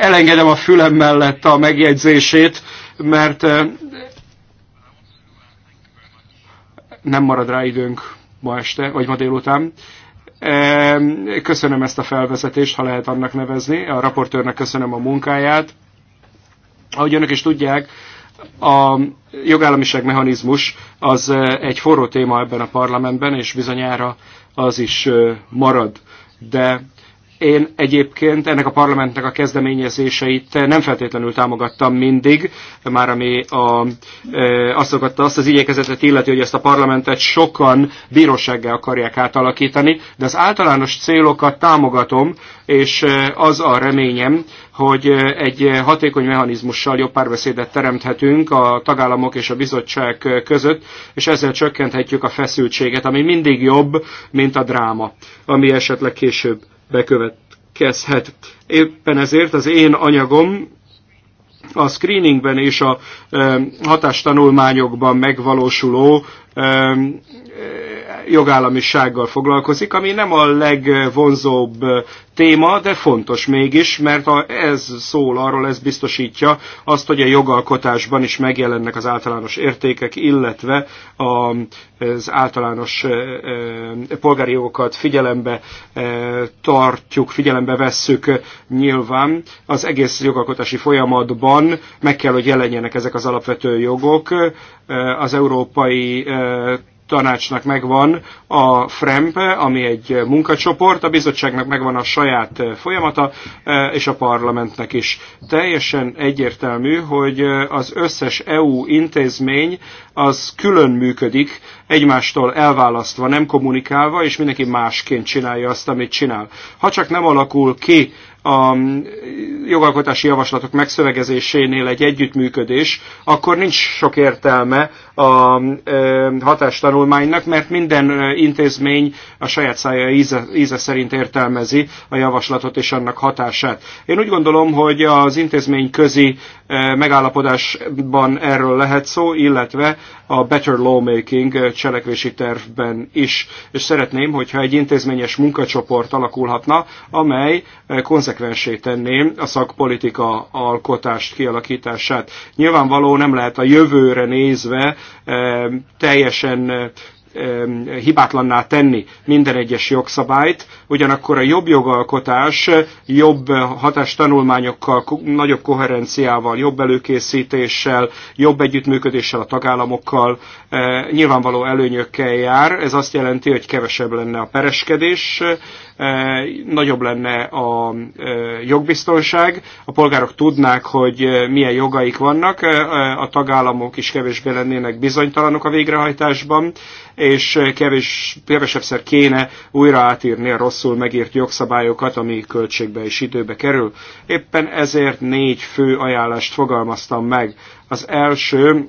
elengedem a fülem mellett a megjegyzését, mert e, nem marad rá időnk ma este, vagy ma délután. E, köszönöm ezt a felvezetést, ha lehet annak nevezni. A raportőrnek köszönöm a munkáját. Ahogy önök is tudják, a jogállamiság mechanizmus az egy forró téma ebben a parlamentben, és bizonyára az is marad. De én egyébként ennek a parlamentnek a kezdeményezéseit nem feltétlenül támogattam mindig, már ami a, azokat, azt az igyekezetet illeti, hogy ezt a parlamentet sokan bírósággá akarják átalakítani, de az általános célokat támogatom, és az a reményem, hogy egy hatékony mechanizmussal jobb párbeszédet teremthetünk a tagállamok és a bizottság között, és ezzel csökkenthetjük a feszültséget, ami mindig jobb, mint a dráma, ami esetleg később bekövetkezhet. Éppen ezért az én anyagom a screeningben és a eh, hatástanulmányokban megvalósuló eh, jogállamisággal foglalkozik, ami nem a legvonzóbb téma, de fontos mégis, mert ez szól arról, ez biztosítja azt, hogy a jogalkotásban is megjelennek az általános értékek, illetve az általános polgári jogokat figyelembe tartjuk, figyelembe vesszük nyilván. Az egész jogalkotási folyamatban meg kell, hogy jelenjenek ezek az alapvető jogok. Az európai tanácsnak megvan a FREMP, ami egy munkacsoport, a bizottságnak megvan a saját eh, folyamata, eh, és a parlamentnek is. Teljesen egyértelmű, hogy eh, az összes EU intézmény az külön működik, egymástól elválasztva, nem kommunikálva, és mindenki másként csinálja azt, amit csinál. Ha csak nem alakul ki a mm, jogalkotási javaslatok megszövegezésénél egy együttműködés, akkor nincs sok értelme a hatástanulmánynak, mert minden intézmény a saját szája íze, íze szerint értelmezi a javaslatot és annak hatását. Én úgy gondolom, hogy az intézmény közi megállapodásban erről lehet szó, illetve a Better Lawmaking cselekvési tervben is. És szeretném, hogyha egy intézményes munkacsoport alakulhatna, amely konzekvensé tenné a szakpolitika alkotást, kialakítását. Nyilvánvaló nem lehet a jövőre nézve teljesen hibátlanná tenni minden egyes jogszabályt, ugyanakkor a jobb jogalkotás jobb hatástanulmányokkal, nagyobb koherenciával, jobb előkészítéssel, jobb együttműködéssel a tagállamokkal nyilvánvaló előnyökkel jár. Ez azt jelenti, hogy kevesebb lenne a pereskedés, E, nagyobb lenne a e, jogbiztonság, a polgárok tudnák, hogy e, milyen jogaik vannak, a tagállamok is kevésbé lennének bizonytalanok a végrehajtásban, és kevés, kevesebbszer kéne újra átírni a rosszul megírt jogszabályokat, ami költségbe és időbe kerül. Éppen ezért négy fő ajánlást fogalmaztam meg. Az első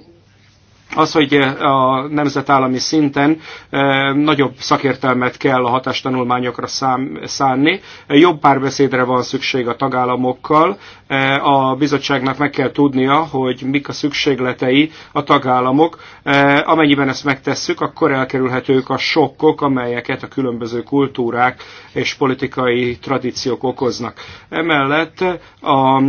az, hogy eh, a nemzetállami szinten eh, nagyobb szakértelmet kell a hatástanulmányokra szánni, jobb párbeszédre van szükség a tagállamokkal, eh, a bizottságnak meg kell tudnia, hogy mik a szükségletei a tagállamok. Amennyiben ezt megtesszük, akkor elkerülhetők a sokkok, amelyeket a különböző kultúrák és politikai tradíciók okoznak. Emellett a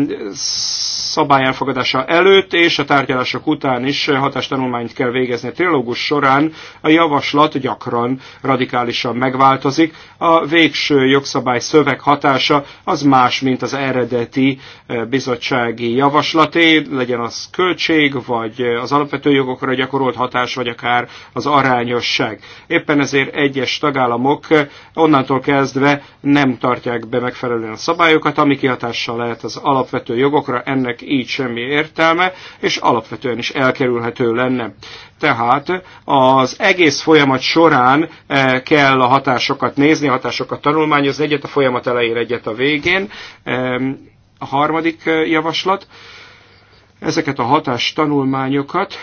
szabály elfogadása előtt és a tárgyalások után is hatástanulmányt kell végezni. A trilógus során a javaslat gyakran radikálisan megváltozik. A végső jogszabály szöveg hatása az más, mint az eredeti eh, bizottsági javaslaté, legyen az költség, vagy eh, az alapvető jogokra gyakorolt hatás, vagy akár az arányosság. Éppen ezért egyes tagállamok eh, onnantól kezdve nem tartják be megfelelően a szabályokat, ami kihatással lehet az alapvető jogokra, ennek így semmi értelme, és alapvetően is elkerülhető lenne. Tehát az egész folyamat során eh, kell a hatásokat nézni, a hatásokat tanulmányozni, egyet a folyamat elején, egyet a végén. Eh, a harmadik eh, javaslat, ezeket a hatástanulmányokat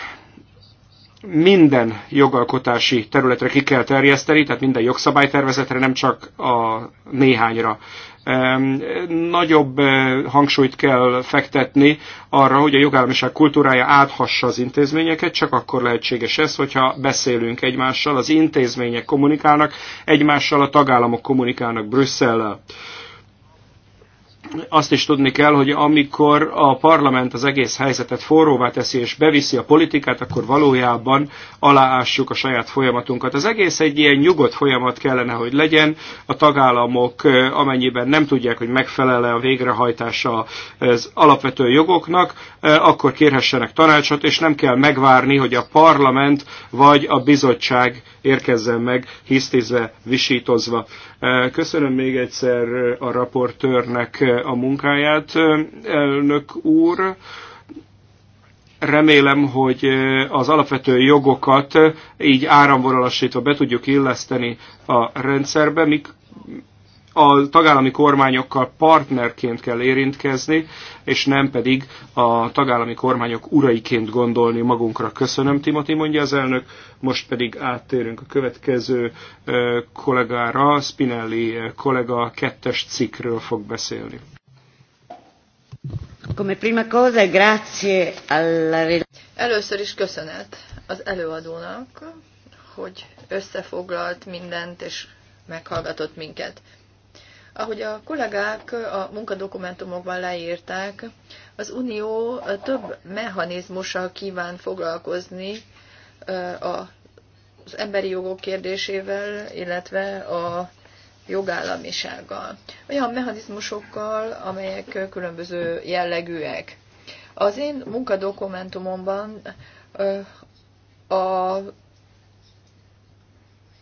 minden jogalkotási területre ki kell terjeszteni, tehát minden jogszabálytervezetre, nem csak a néhányra. Nagyobb eh, hangsúlyt kell fektetni arra, hogy a jogállamiság kultúrája áthassa az intézményeket, csak akkor lehetséges ez, hogyha beszélünk egymással, az intézmények kommunikálnak, egymással a tagállamok kommunikálnak Brüsszellel azt is tudni kell, hogy amikor a parlament az egész helyzetet forróvá teszi és beviszi a politikát, akkor valójában aláássuk a saját folyamatunkat. Az egész egy ilyen nyugodt folyamat kellene, hogy legyen. A tagállamok amennyiben nem tudják, hogy megfelele a végrehajtása az alapvető jogoknak, akkor kérhessenek tanácsot, és nem kell megvárni, hogy a parlament vagy a bizottság érkezzen meg, hisztizve, visítozva. Köszönöm még egyszer a raportőrnek a munkáját, elnök úr remélem, hogy az alapvető jogokat így áramvonalasítva be tudjuk illeszteni a rendszerbe, mik a tagállami kormányokkal partnerként kell érintkezni, és nem pedig a tagállami kormányok uraiként gondolni magunkra. Köszönöm, Timothy, mondja az elnök. Most pedig áttérünk a következő kollégára, Spinelli kollega kettes cikkről fog beszélni. Come prima cosa, grazie alla... Először is köszönet az előadónak, hogy összefoglalt mindent, és meghallgatott minket. Ahogy a kollégák a munkadokumentumokban leírták, az Unió több mechanizmussal kíván foglalkozni az emberi jogok kérdésével, illetve a jogállamisággal. Olyan mechanizmusokkal, amelyek különböző jellegűek. Az én munkadokumentumomban a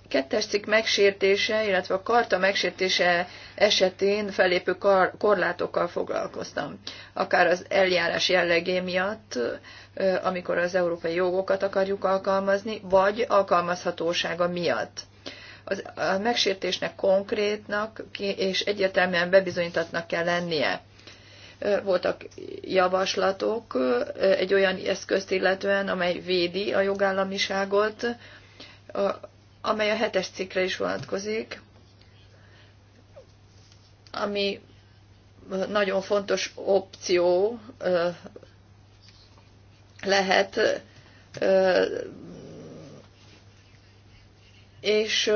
kettes cikk megsértése, illetve a karta megsértése esetén felépő korlátokkal foglalkoztam. Akár az eljárás jellegé miatt, amikor az európai jogokat akarjuk alkalmazni, vagy alkalmazhatósága miatt. Az, a megsértésnek konkrétnak és egyértelműen bebizonyítatnak kell lennie voltak javaslatok egy olyan eszközt illetően, amely védi a jogállamiságot, amely a hetes cikkre is vonatkozik, ami nagyon fontos opció lehet, és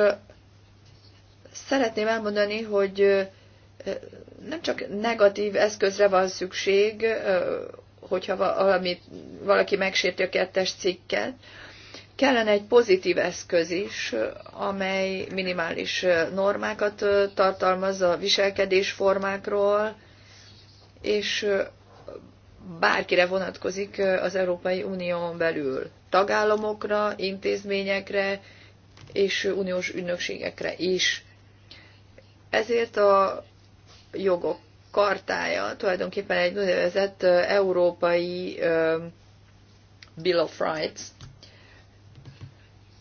szeretném elmondani, hogy nem csak negatív eszközre van szükség, hogyha valami, valaki megsérti a kettes cikket, Kellene egy pozitív eszköz is, amely minimális normákat tartalmaz a viselkedésformákról, és bárkire vonatkozik az Európai Unión belül. Tagállamokra, intézményekre és uniós ügynökségekre is. Ezért a jogok kartája tulajdonképpen egy úgynevezett európai Bill of Rights,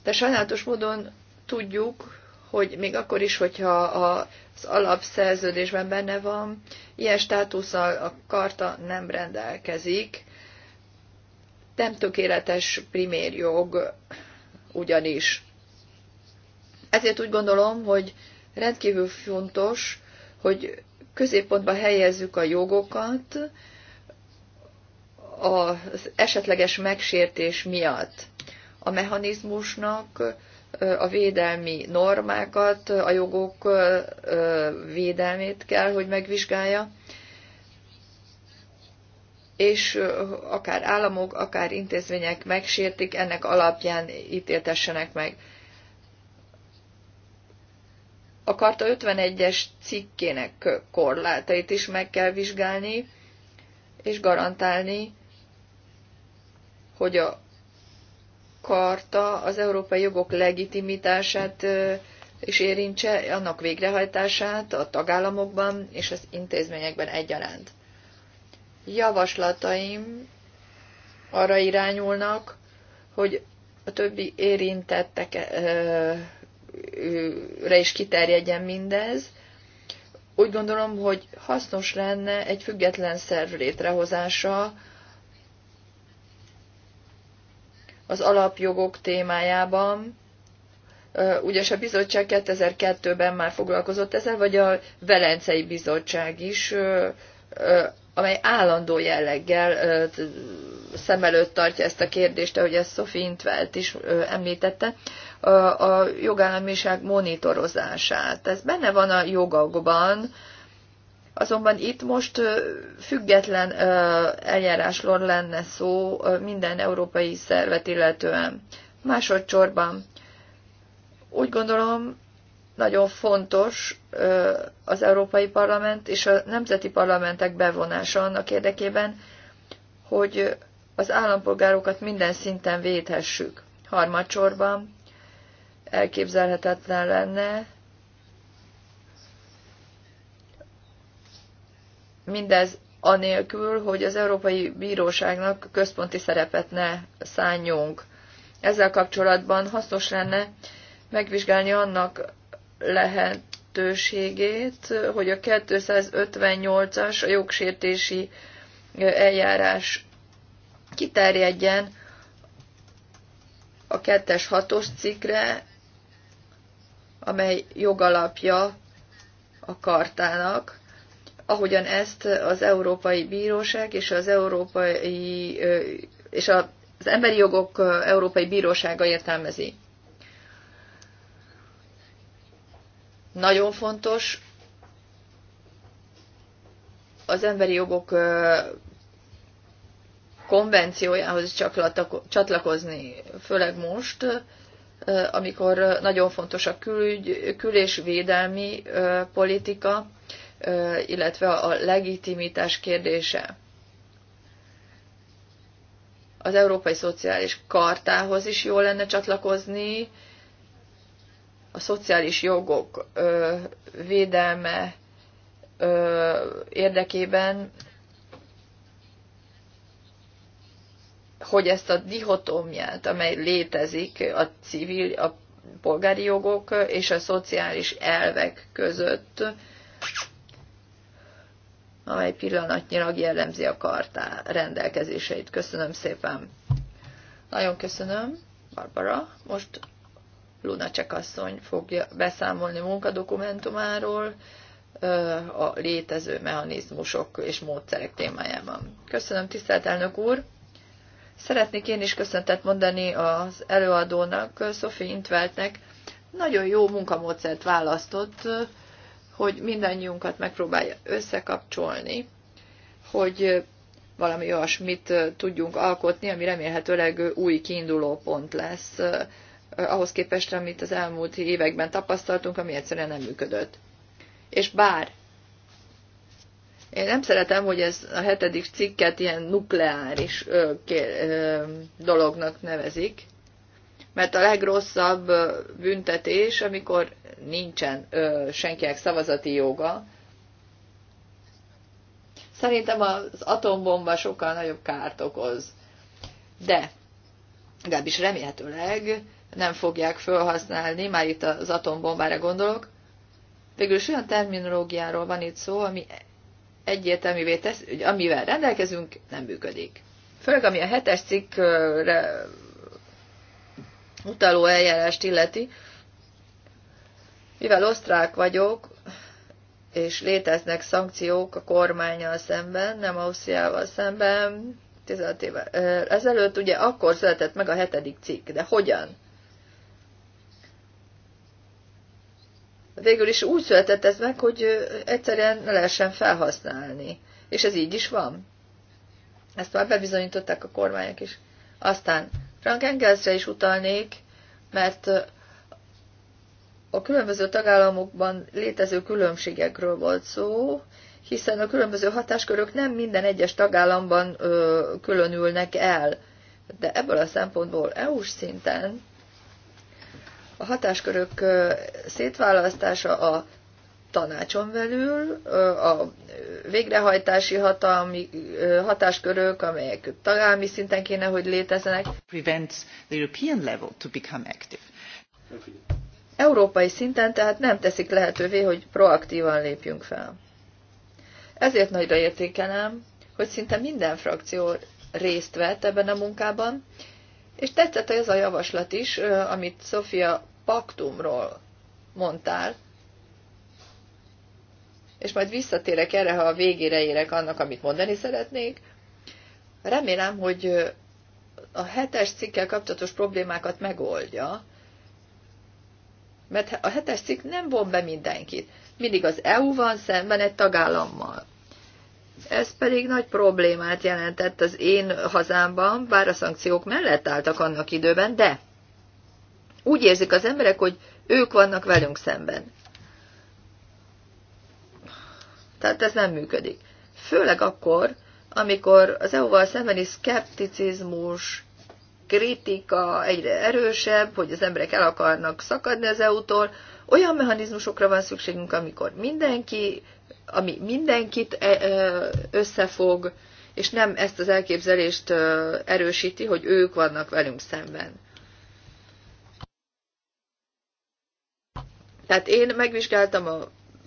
de sajnálatos módon tudjuk, hogy még akkor is, hogyha az alapszerződésben benne van, ilyen státusszal a karta nem rendelkezik, nem tökéletes primérjog ugyanis. Ezért úgy gondolom, hogy rendkívül fontos, hogy középpontba helyezzük a jogokat az esetleges megsértés miatt a mechanizmusnak, a védelmi normákat, a jogok védelmét kell, hogy megvizsgálja, és akár államok, akár intézmények megsértik, ennek alapján ítéltessenek meg. A Karta 51-es cikkének korlátait is meg kell vizsgálni, és garantálni, hogy a karta az európai jogok legitimitását és érintse annak végrehajtását a tagállamokban és az intézményekben egyaránt. Javaslataim arra irányulnak, hogy a többi érintettekre is kiterjedjen mindez. Úgy gondolom, hogy hasznos lenne egy független szerv létrehozása, az alapjogok témájában, ugyanis a bizottság 2002-ben már foglalkozott ezzel, vagy a Velencei Bizottság is, amely állandó jelleggel szem előtt tartja ezt a kérdést, ahogy ezt Sophie Intvelt is említette, a jogállamiság monitorozását. Ez benne van a jogokban, Azonban itt most független eljárásról lenne szó minden európai szervet illetően. Másodszorban úgy gondolom, nagyon fontos az Európai Parlament és a nemzeti parlamentek bevonása annak érdekében, hogy az állampolgárokat minden szinten védhessük. Harmadsorban elképzelhetetlen lenne, Mindez anélkül, hogy az Európai Bíróságnak központi szerepet ne szálljunk. Ezzel kapcsolatban hasznos lenne megvizsgálni annak lehetőségét, hogy a 258-as a jogsértési eljárás kiterjedjen a 2-es 6-os cikkre, amely jogalapja a kartának, ahogyan ezt az Európai Bíróság és az Európai és az Emberi Jogok Európai Bírósága értelmezi. Nagyon fontos az emberi jogok konvenciójához csatlakozni, főleg most, amikor nagyon fontos a kül- kül- és védelmi politika, illetve a legitimitás kérdése. Az Európai Szociális Kartához is jó lenne csatlakozni, a szociális jogok védelme érdekében, hogy ezt a dihotómiát, amely létezik a civil, a polgári jogok és a szociális elvek között, amely pillanatnyilag jellemzi a kartá rendelkezéseit. Köszönöm szépen. Nagyon köszönöm, Barbara. Most Luna Csekasszony fogja beszámolni munkadokumentumáról a létező mechanizmusok és módszerek témájában. Köszönöm, tisztelt elnök úr! Szeretnék én is köszöntet mondani az előadónak, Sophie Intveltnek. Nagyon jó munkamódszert választott, hogy mindannyiunkat megpróbálja összekapcsolni, hogy valami olyasmit tudjunk alkotni, ami remélhetőleg új kiinduló pont lesz ahhoz képest, amit az elmúlt években tapasztaltunk, ami egyszerűen nem működött. És bár én nem szeretem, hogy ez a hetedik cikket ilyen nukleáris dolognak nevezik, mert a legrosszabb büntetés, amikor nincsen ö, senkinek szavazati joga. Szerintem az atombomba sokkal nagyobb kárt okoz. De, legalábbis remélhetőleg nem fogják felhasználni, már itt az atombombára gondolok. Végül is olyan terminológiáról van itt szó, ami egyértelművé tesz, hogy amivel rendelkezünk, nem működik. Főleg ami a hetes cikkre utaló eljárást illeti, mivel osztrák vagyok, és léteznek szankciók a kormányjal szemben, nem Ausztriával szemben, 16 éve ezelőtt, ugye akkor született meg a hetedik cikk, de hogyan? Végül is úgy született ez meg, hogy egyszerűen ne lehessen felhasználni. És ez így is van. Ezt már bebizonyították a kormányok is. Aztán Frank Engelsre is utalnék, mert a különböző tagállamokban létező különbségekről volt szó, hiszen a különböző hatáskörök nem minden egyes tagállamban ö, különülnek el. De ebből a szempontból EU-s szinten a hatáskörök szétválasztása a tanácson belül a végrehajtási hatalmi, hatáskörök, amelyek tagállami szinten kéne, hogy létezzenek. Prevents the European level to become active. Európai szinten tehát nem teszik lehetővé, hogy proaktívan lépjünk fel. Ezért nagyra értékelem, hogy szinte minden frakció részt vett ebben a munkában, és tetszett ez a javaslat is, amit Sofia Paktumról mondtál, és majd visszatérek erre, ha a végére érek annak, amit mondani szeretnék. Remélem, hogy a hetes cikkel kapcsolatos problémákat megoldja, mert a hetes cikk nem von be mindenkit. Mindig az EU van szemben egy tagállammal. Ez pedig nagy problémát jelentett az én hazámban, bár a szankciók mellett álltak annak időben, de úgy érzik az emberek, hogy ők vannak velünk szemben. Tehát ez nem működik. Főleg akkor, amikor az EU-val szembeni szkepticizmus, kritika egyre erősebb, hogy az emberek el akarnak szakadni az EU-tól, olyan mechanizmusokra van szükségünk, amikor mindenki, ami mindenkit e, e, összefog, és nem ezt az elképzelést erősíti, hogy ők vannak velünk szemben. Tehát én megvizsgáltam a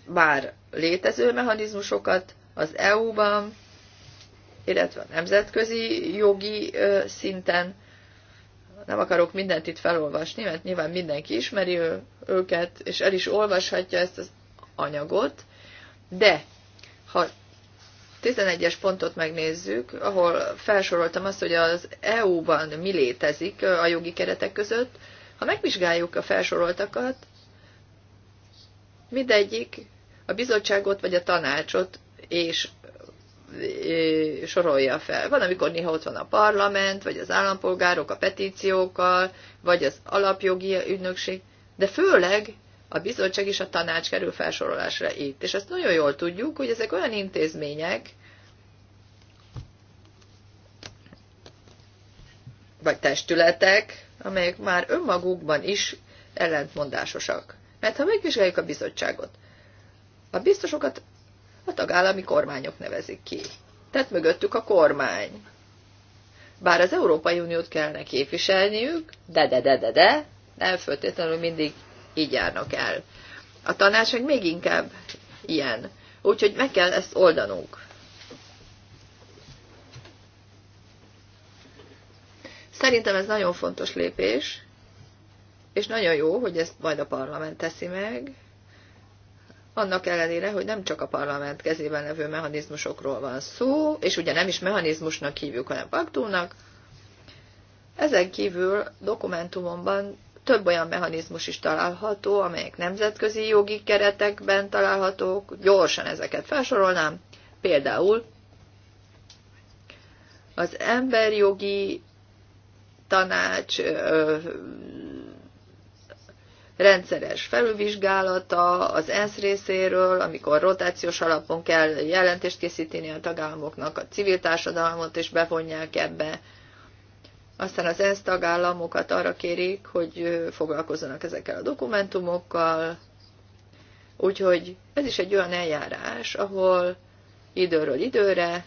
már létező mechanizmusokat az EU-ban, illetve a nemzetközi jogi szinten. Nem akarok mindent itt felolvasni, mert nyilván mindenki ismeri őket, és el is olvashatja ezt az anyagot, de ha 11-es pontot megnézzük, ahol felsoroltam azt, hogy az EU-ban mi létezik a jogi keretek között, ha megvizsgáljuk a felsoroltakat, mindegyik a bizottságot vagy a tanácsot és sorolja fel. Van, amikor néha ott van a parlament, vagy az állampolgárok a petíciókkal, vagy az alapjogi ügynökség, de főleg a bizottság és a tanács kerül felsorolásra itt. És ezt nagyon jól tudjuk, hogy ezek olyan intézmények, vagy testületek, amelyek már önmagukban is ellentmondásosak. Mert ha megvizsgáljuk a bizottságot, a biztosokat a tagállami kormányok nevezik ki. Tehát mögöttük a kormány. Bár az Európai Uniót kellene képviselniük, de de de de de, nem föltétlenül mindig így járnak el. A tanács meg még inkább ilyen. Úgyhogy meg kell ezt oldanunk. Szerintem ez nagyon fontos lépés, és nagyon jó, hogy ezt majd a parlament teszi meg, annak ellenére, hogy nem csak a parlament kezében levő mechanizmusokról van szó, és ugye nem is mechanizmusnak hívjuk, hanem paktumnak. Ezen kívül dokumentumomban több olyan mechanizmus is található, amelyek nemzetközi jogi keretekben találhatók, gyorsan ezeket felsorolnám, például az emberjogi tanács rendszeres felülvizsgálata az ENSZ részéről, amikor rotációs alapon kell jelentést készíteni a tagállamoknak, a civil társadalmat is bevonják ebbe. Aztán az ENSZ tagállamokat arra kérik, hogy foglalkozzanak ezekkel a dokumentumokkal. Úgyhogy ez is egy olyan eljárás, ahol időről időre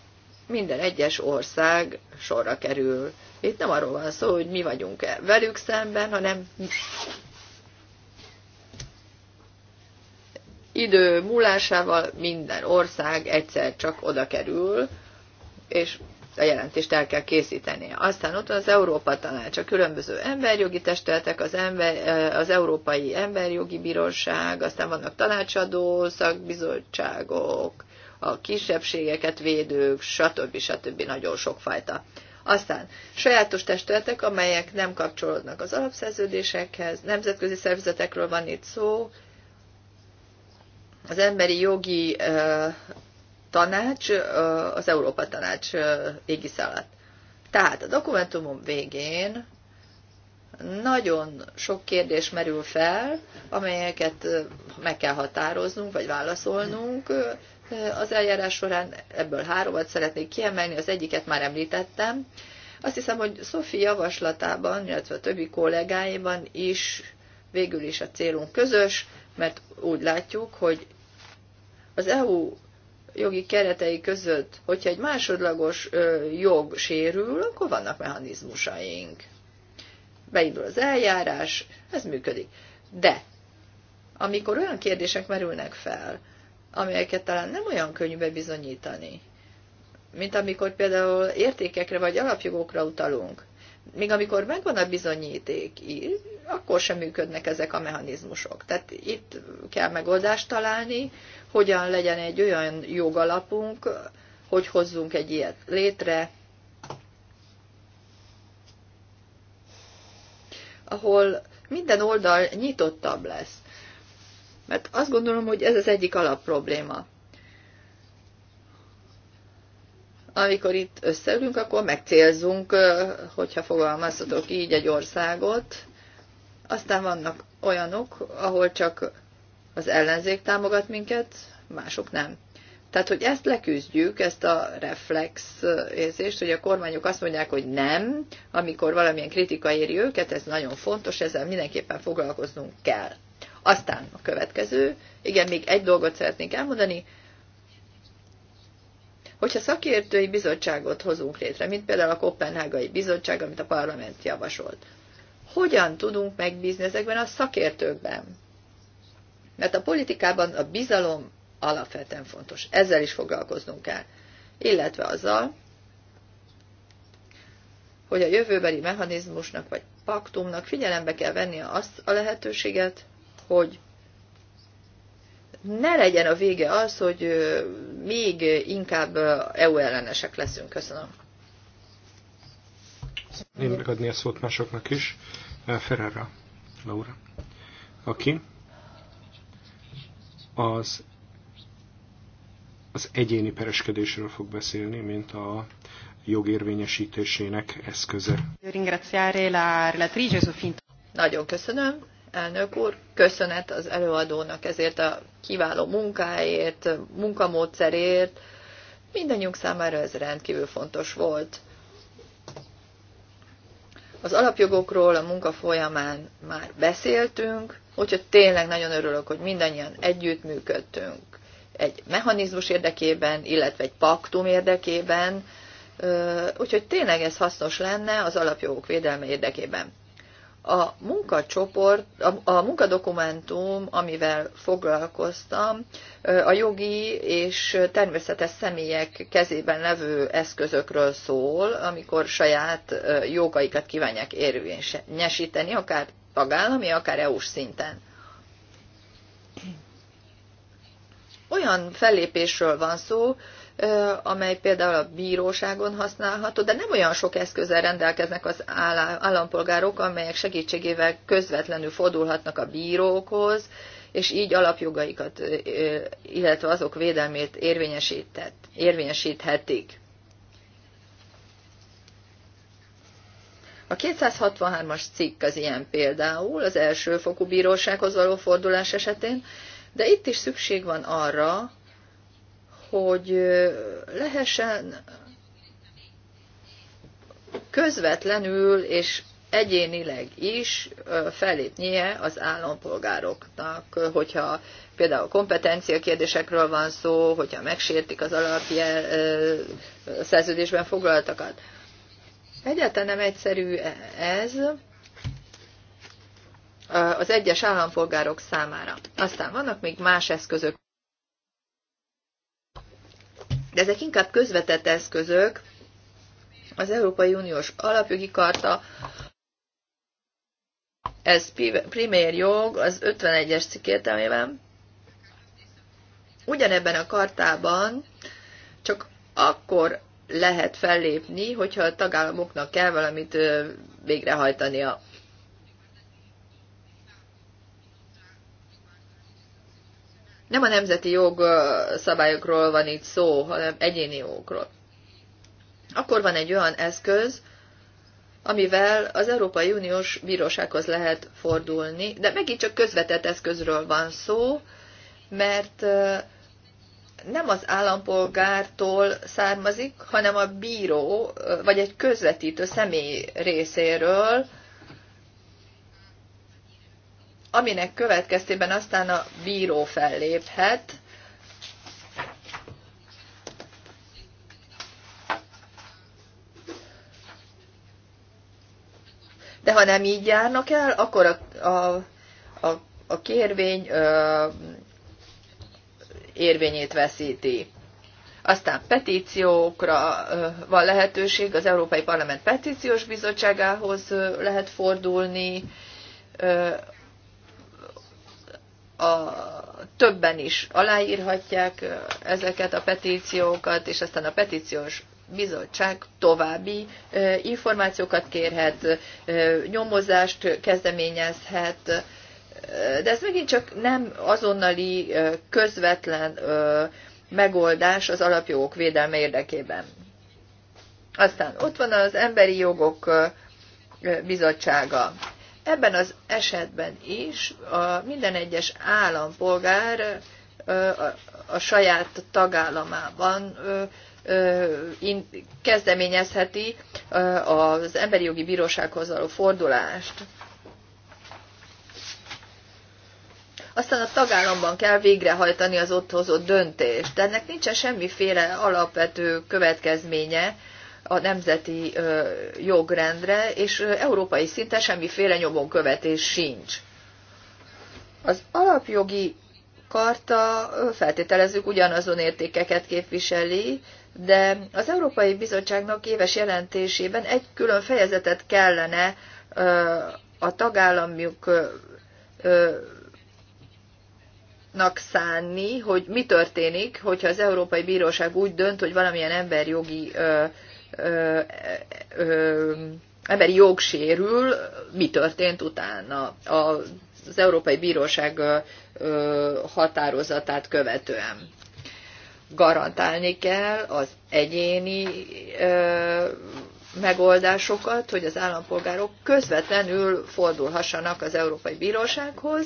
minden egyes ország sorra kerül. Itt nem arról van szó, hogy mi vagyunk -e velük szemben, hanem idő múlásával minden ország egyszer csak oda kerül, és a jelentést el kell készítenie. Aztán ott az Európa Tanács, a különböző emberjogi testületek, az, ember, eh, az Európai Emberjogi Bíróság, aztán vannak tanácsadó szakbizottságok, a kisebbségeket védők, stb. stb. nagyon sokfajta. Aztán sajátos testületek, amelyek nem kapcsolódnak az alapszerződésekhez, nemzetközi szervezetekről van itt szó, az emberi jogi tanács az Európa Tanács égiszállát. Tehát a dokumentumom végén nagyon sok kérdés merül fel, amelyeket meg kell határoznunk, vagy válaszolnunk az eljárás során. Ebből háromat szeretnék kiemelni, az egyiket már említettem. Azt hiszem, hogy Szofi javaslatában, illetve a többi kollégáiban is végül is a célunk közös, mert úgy látjuk, hogy az EU jogi keretei között, hogyha egy másodlagos jog sérül, akkor vannak mechanizmusaink. Beindul az eljárás, ez működik. De amikor olyan kérdések merülnek fel, amelyeket talán nem olyan könnyű bebizonyítani, mint amikor például értékekre vagy alapjogokra utalunk, még amikor megvan a bizonyíték, akkor sem működnek ezek a mechanizmusok. Tehát itt kell megoldást találni, hogyan legyen egy olyan jogalapunk, hogy hozzunk egy ilyet létre, ahol minden oldal nyitottabb lesz. Mert azt gondolom, hogy ez az egyik alapprobléma. amikor itt összeülünk, akkor megcélzünk, hogyha fogalmazhatok így egy országot. Aztán vannak olyanok, ahol csak az ellenzék támogat minket, mások nem. Tehát, hogy ezt leküzdjük, ezt a reflex érzést, hogy a kormányok azt mondják, hogy nem, amikor valamilyen kritika éri őket, ez nagyon fontos, ezzel mindenképpen foglalkoznunk kell. Aztán a következő, igen, még egy dolgot szeretnék elmondani, Hogyha szakértői bizottságot hozunk létre, mint például a Kopenhágai Bizottság, amit a parlament javasolt, hogyan tudunk megbízni ezekben a szakértőkben? Mert a politikában a bizalom alapvetően fontos. Ezzel is foglalkoznunk kell. Illetve azzal, hogy a jövőbeli mechanizmusnak vagy paktumnak figyelembe kell venni azt a lehetőséget, hogy ne legyen a vége az, hogy még inkább EU ellenesek leszünk. Köszönöm. Én megadni a szót másoknak is. Eh, Ferrara, Laura, aki az, az egyéni pereskedésről fog beszélni, mint a jogérvényesítésének eszköze. Nagyon köszönöm elnök úr. Köszönet az előadónak ezért a kiváló munkáért, munkamódszerért. Mindenjunk számára ez rendkívül fontos volt. Az alapjogokról a munka folyamán már beszéltünk, úgyhogy tényleg nagyon örülök, hogy mindannyian együttműködtünk egy mechanizmus érdekében, illetve egy paktum érdekében, úgyhogy tényleg ez hasznos lenne az alapjogok védelme érdekében. A munkacsoport, a, a munkadokumentum, amivel foglalkoztam, a jogi és természetes személyek kezében levő eszközökről szól, amikor saját jogaikat kívánják érvényesíteni, akár tagállami, akár EU-s szinten. Olyan fellépésről van szó, amely például a bíróságon használható, de nem olyan sok eszközzel rendelkeznek az állampolgárok, amelyek segítségével közvetlenül fordulhatnak a bírókhoz, és így alapjogaikat, illetve azok védelmét érvényesíthetik. A 263-as cikk az ilyen például az elsőfokú bírósághoz való fordulás esetén, de itt is szükség van arra, hogy lehessen közvetlenül és egyénileg is fellépnie az állampolgároknak, hogyha például kompetencia kérdésekről van szó, hogyha megsértik az alapjel szerződésben foglaltakat. Egyáltalán nem egyszerű ez az egyes állampolgárok számára. Aztán vannak még más eszközök, de ezek inkább közvetett eszközök, az Európai Uniós Alapjogi Karta, ez primér jog az 51-es cikk értelmében. Ugyanebben a kartában csak akkor lehet fellépni, hogyha a tagállamoknak kell valamit végrehajtania. nem a nemzeti jog szabályokról van itt szó, hanem egyéni jogokról. Akkor van egy olyan eszköz, amivel az Európai Uniós Bírósághoz lehet fordulni, de megint csak közvetett eszközről van szó, mert nem az állampolgártól származik, hanem a bíró, vagy egy közvetítő személy részéről, aminek következtében aztán a bíró felléphet, De ha nem így járnak el, akkor a, a, a, a kérvény ö, érvényét veszíti. Aztán petíciókra van lehetőség, az Európai Parlament Petíciós Bizottságához lehet fordulni, a többen is aláírhatják ezeket a petíciókat, és aztán a petíciós bizottság további információkat kérhet, nyomozást kezdeményezhet, de ez megint csak nem azonnali, közvetlen megoldás az alapjogok védelme érdekében. Aztán ott van az Emberi Jogok Bizottsága. Ebben az esetben is a minden egyes állampolgár a saját tagállamában kezdeményezheti az emberi jogi bírósághoz való fordulást. Aztán a tagállamban kell végrehajtani az ott hozott döntést, de ennek nincsen semmiféle alapvető következménye a nemzeti jogrendre, és európai szinten semmiféle nyomon követés sincs. Az alapjogi karta feltételezzük ugyanazon értékeket képviseli, de az Európai Bizottságnak éves jelentésében egy külön fejezetet kellene a tagállamjuknak szánni, hogy mi történik, hogyha az Európai Bíróság úgy dönt, hogy valamilyen emberjogi ö, ö, emberi jog sérül, mi történt utána az Európai Bíróság határozatát követően. Garantálni kell az egyéni megoldásokat, hogy az állampolgárok közvetlenül fordulhassanak az Európai Bírósághoz,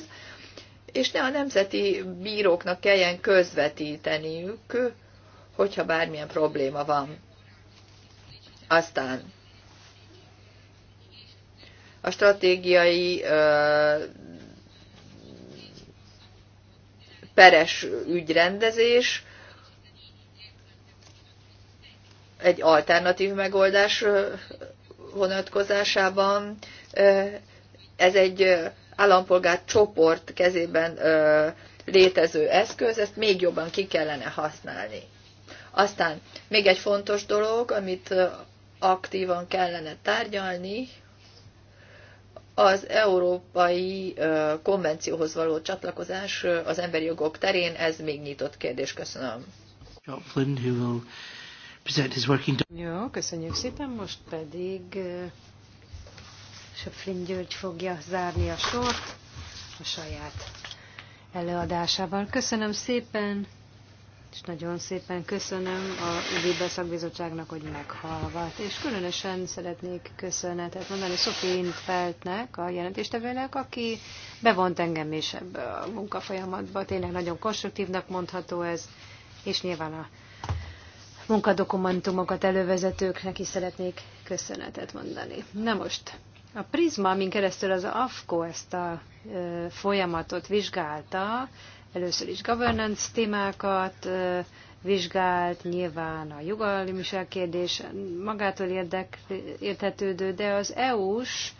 és ne a nemzeti bíróknak kelljen közvetíteniük, hogyha bármilyen probléma van. Aztán a stratégiai peres ügyrendezés egy alternatív megoldás vonatkozásában. Ez egy állampolgár csoport kezében létező eszköz, ezt még jobban ki kellene használni. Aztán még egy fontos dolog, amit aktívan kellene tárgyalni az Európai Konvencióhoz való csatlakozás az emberi jogok terén, ez még nyitott kérdés. Köszönöm. Joplin, who will present his working Jó, köszönjük szépen. Most pedig Söpflin György fogja zárni a sort a saját előadásával. Köszönöm szépen és nagyon szépen köszönöm a Libel szakbizottságnak, hogy meghallgat. És különösen szeretnék köszönetet mondani Sophie Intfeltnek, a jelentéstevőnek, aki bevont engem is ebbe a munkafolyamatba. Tényleg nagyon konstruktívnak mondható ez, és nyilván a munkadokumentumokat elővezetőknek is szeretnék köszönetet mondani. Na most, a Prisma, amin keresztül az AFKO ezt a folyamatot vizsgálta, Először is governance témákat vizsgált, nyilván a jogalimiság kérdés magától érdek, értetődő, de az EU-s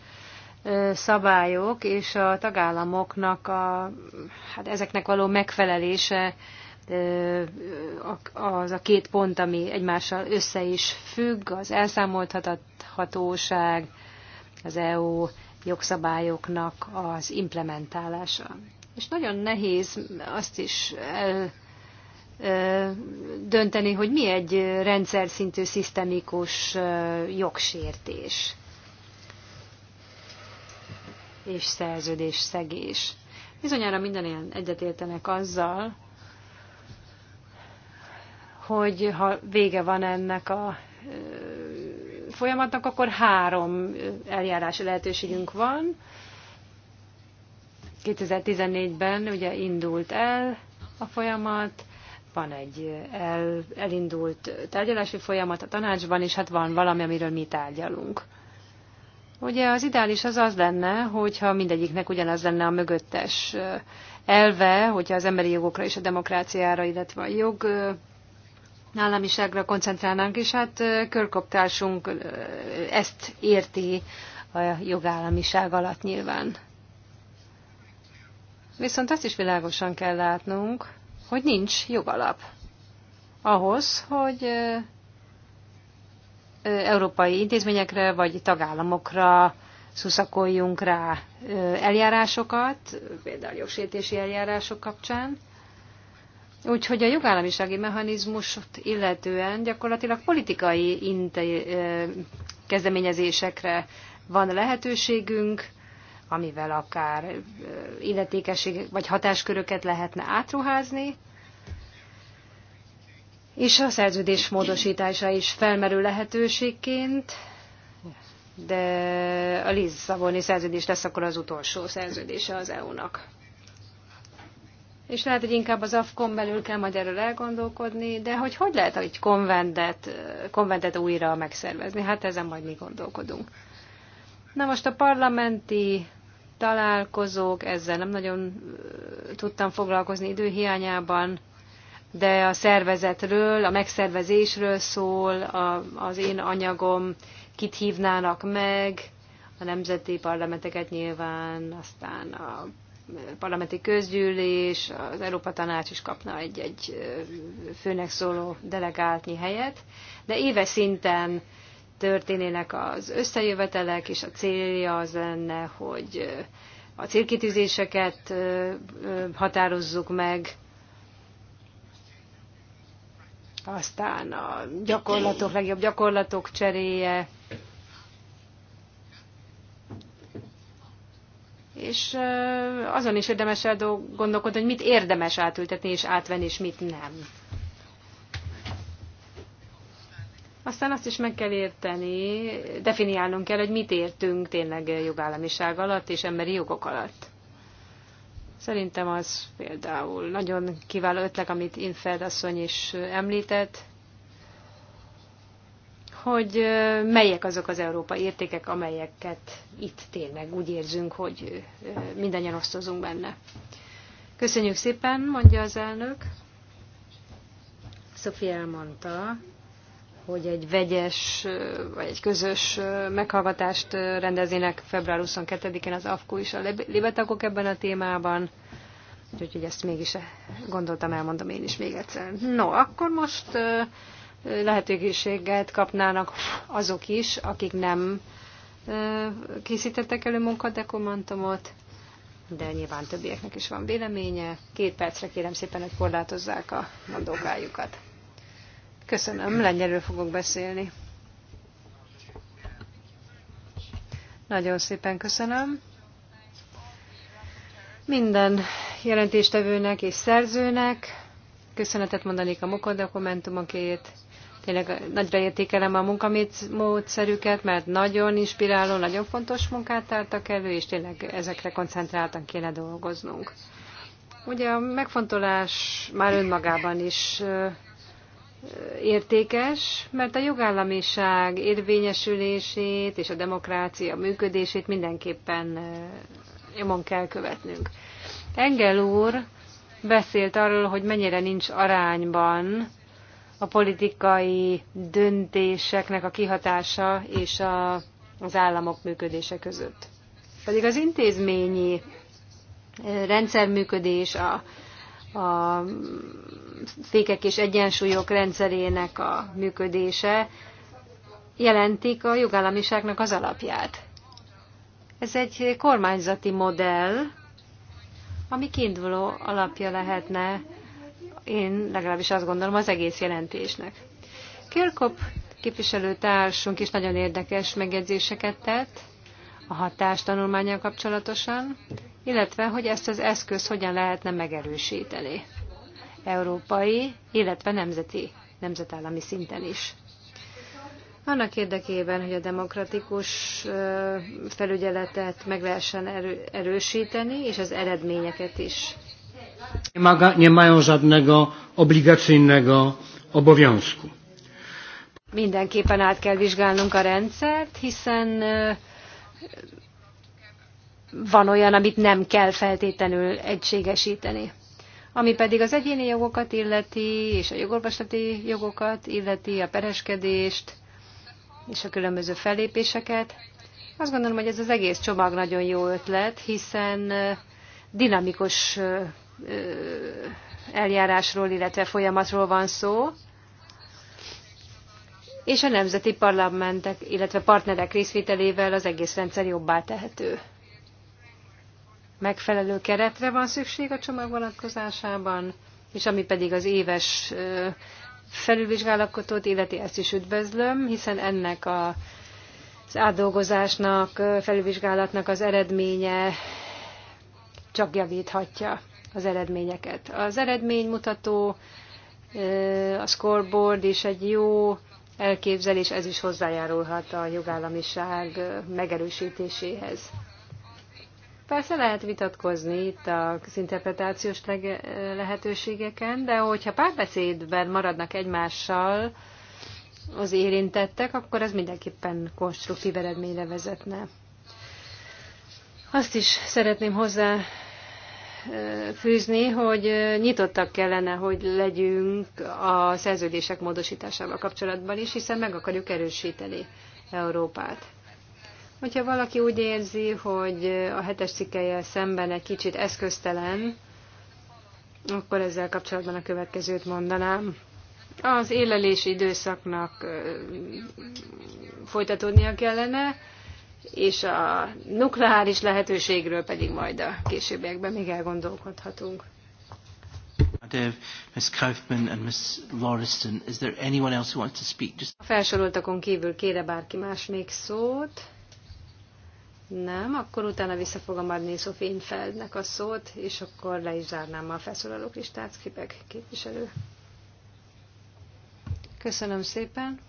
szabályok és a tagállamoknak a, hát ezeknek való megfelelése az a két pont, ami egymással össze is függ, az elszámolthatóság, az EU jogszabályoknak az implementálása. És nagyon nehéz azt is el, dönteni, hogy mi egy rendszer szintű szisztemikus jogsértés és szerződés szegés. Bizonyára ilyen egyetértenek azzal, hogy ha vége van ennek a folyamatnak, akkor három eljárási lehetőségünk van. 2014-ben ugye indult el a folyamat, van egy el, elindult tárgyalási folyamat a tanácsban, és hát van valami, amiről mi tárgyalunk. Ugye az ideális az az lenne, hogyha mindegyiknek ugyanaz lenne a mögöttes elve, hogyha az emberi jogokra és a demokráciára, illetve a jog államiságra koncentrálnánk, és hát körkoptársunk ezt érti a jogállamiság alatt nyilván. Viszont azt is világosan kell látnunk, hogy nincs jogalap ahhoz, hogy európai intézményekre vagy tagállamokra szuszakoljunk rá eljárásokat, például jogsértési eljárások kapcsán. Úgyhogy a jogállamisági mechanizmust illetően gyakorlatilag politikai kezdeményezésekre van lehetőségünk, amivel akár illetékesség vagy hatásköröket lehetne átruházni, és a szerződés módosítása is felmerül lehetőségként, de a Lisszaboni szerződés lesz akkor az utolsó szerződése az EU-nak. És lehet, hogy inkább az AFKon belül kell majd erről elgondolkodni, de hogy hogy lehet egy konventet, konventet újra megszervezni? Hát ezen majd mi gondolkodunk. Na most a parlamenti találkozók, ezzel nem nagyon tudtam foglalkozni időhiányában, de a szervezetről, a megszervezésről szól a, az én anyagom, kit hívnának meg, a nemzeti parlamenteket nyilván, aztán a parlamenti közgyűlés, az Európa Tanács is kapna egy-egy főnek szóló delegáltnyi helyet, de éves szinten történének az összejövetelek, és a célja az lenne, hogy a célkitűzéseket határozzuk meg, aztán a gyakorlatok, legjobb gyakorlatok cseréje, és azon is érdemes el gondolkodni, hogy mit érdemes átültetni és átvenni, és mit nem. Aztán azt is meg kell érteni, definiálnunk kell, hogy mit értünk tényleg jogállamiság alatt és emberi jogok alatt. Szerintem az például nagyon kiváló ötlet, amit Infeld asszony is említett, hogy melyek azok az európai értékek, amelyeket itt tényleg úgy érzünk, hogy mindannyian osztozunk benne. Köszönjük szépen, mondja az elnök. Sofia elmondta, hogy egy vegyes, vagy egy közös meghallgatást rendezének február 22-én az AFKU is a libetagok ebben a témában. Úgyhogy ezt mégis gondoltam, elmondom én is még egyszer. No, akkor most lehetőséget kapnának azok is, akik nem készítettek elő munkadekomantumot, de nyilván többieknek is van véleménye. Két percre kérem szépen, hogy korlátozzák a mondókájukat. Köszönöm, lengyelről fogok beszélni. Nagyon szépen köszönöm. Minden jelentéstevőnek és szerzőnek köszönetet mondanék a MOKO dokumentumokért. Tényleg nagyra értékelem a munkamódszerüket, mert nagyon inspiráló, nagyon fontos munkát tártak elő, és tényleg ezekre koncentráltan kéne dolgoznunk. Ugye a megfontolás már önmagában is értékes, mert a jogállamiság érvényesülését és a demokrácia működését mindenképpen nyomon kell követnünk. Engel úr beszélt arról, hogy mennyire nincs arányban a politikai döntéseknek a kihatása és a, az államok működése között. Pedig az intézményi rendszerműködés, a, a székek és egyensúlyok rendszerének a működése jelentik a jogállamiságnak az alapját. Ez egy kormányzati modell, ami kiinduló alapja lehetne, én legalábbis azt gondolom, az egész jelentésnek. Kirkop képviselőtársunk is nagyon érdekes megjegyzéseket tett a hatástanulmányjal kapcsolatosan, illetve hogy ezt az eszköz hogyan lehetne megerősíteni európai, illetve nemzeti, nemzetállami szinten is. Annak érdekében, hogy a demokratikus felügyeletet meg lehessen erő, erősíteni, és az eredményeket is. Nie mają żadnego obligacyjnego obowiązku. Mindenképpen át kell vizsgálnunk a rendszert, hiszen van olyan, amit nem kell feltétlenül egységesíteni. Ami pedig az egyéni jogokat illeti, és a jogorvoslati jogokat illeti, a pereskedést, és a különböző fellépéseket. Azt gondolom, hogy ez az egész csomag nagyon jó ötlet, hiszen dinamikus eljárásról, illetve folyamatról van szó, és a nemzeti parlamentek, illetve partnerek részvételével az egész rendszer jobbá tehető megfelelő keretre van szükség a csomag vonatkozásában, és ami pedig az éves felülvizsgálatot illeti, ezt is üdvözlöm, hiszen ennek a, az átdolgozásnak, felülvizsgálatnak az eredménye csak javíthatja az eredményeket. Az eredménymutató, a scoreboard is egy jó elképzelés, ez is hozzájárulhat a jogállamiság megerősítéséhez. Persze lehet vitatkozni itt az interpretációs lehetőségeken, de hogyha párbeszédben maradnak egymással az érintettek, akkor ez mindenképpen konstruktív eredményre vezetne. Azt is szeretném hozzá fűzni, hogy nyitottak kellene, hogy legyünk a szerződések módosításával kapcsolatban is, hiszen meg akarjuk erősíteni Európát. Hogyha valaki úgy érzi, hogy a hetes cikkelyel szemben egy kicsit eszköztelen, akkor ezzel kapcsolatban a következőt mondanám. Az élelési időszaknak folytatódnia kellene, és a nukleáris lehetőségről pedig majd a későbbiekben még elgondolkodhatunk. Ms. Kaufman and Ms. Lauriston, is there anyone else who wants to speak? A felsoroltakon kívül kére bárki más még szót? Nem, akkor utána vissza fogom adni Szofényfeldnek a szót, és akkor le is zárnám a felszólaló listát, Kipek képviselő. Köszönöm szépen.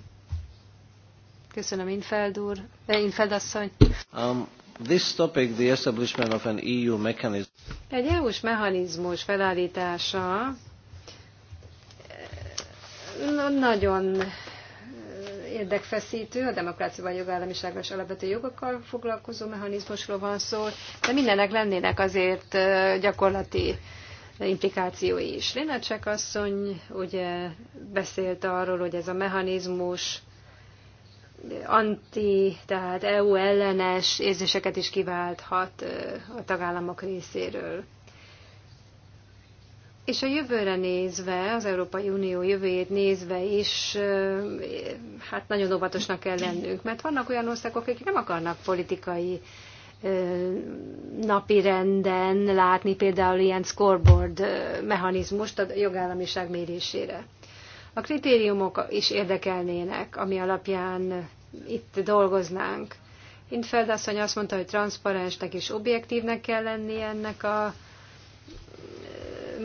Köszönöm, Infeld úr, eh, Infeld asszony. Um, this topic, the establishment of an EU mechanism. Egy EU-s mechanizmus felállítása eh, nagyon érdekfeszítő, a demokráciával, jogállamisággal és alapvető jogokkal foglalkozó mechanizmusról van szó, de mindennek lennének azért gyakorlati implikációi is. Lénacsek asszony ugye beszélt arról, hogy ez a mechanizmus anti, tehát EU ellenes érzéseket is kiválthat a tagállamok részéről. És a jövőre nézve, az Európai Unió jövőjét nézve is, eh, hát nagyon óvatosnak kell lennünk, mert vannak olyan országok, akik nem akarnak politikai eh, napi renden látni például ilyen scoreboard eh, mechanizmust a jogállamiság mérésére. A kritériumok is érdekelnének, ami alapján itt dolgoznánk. Intfeld asszony azt mondta, hogy transzparensnek és objektívnek kell lenni ennek a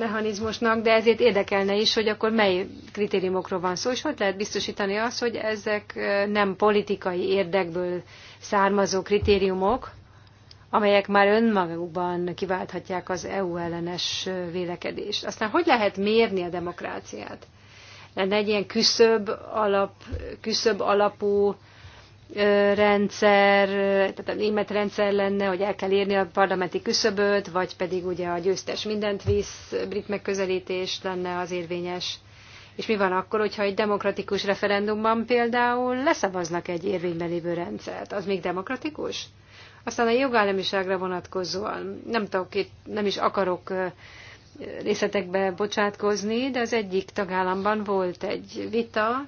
mechanizmusnak, de ezért érdekelne is, hogy akkor mely kritériumokról van szó, és hogy lehet biztosítani azt, hogy ezek nem politikai érdekből származó kritériumok, amelyek már önmagukban kiválthatják az EU ellenes vélekedést. Aztán hogy lehet mérni a demokráciát? Lenne egy ilyen küszöbb, alap, küszöbb alapú rendszer, tehát a német rendszer lenne, hogy el kell érni a parlamenti küszöböt, vagy pedig ugye a győztes mindent visz, brit megközelítés lenne az érvényes. És mi van akkor, hogyha egy demokratikus referendumban például leszavaznak egy érvényben lévő rendszert? Az még demokratikus? Aztán a jogállamiságra vonatkozóan, nem tudok, itt nem is akarok részletekbe bocsátkozni, de az egyik tagállamban volt egy vita,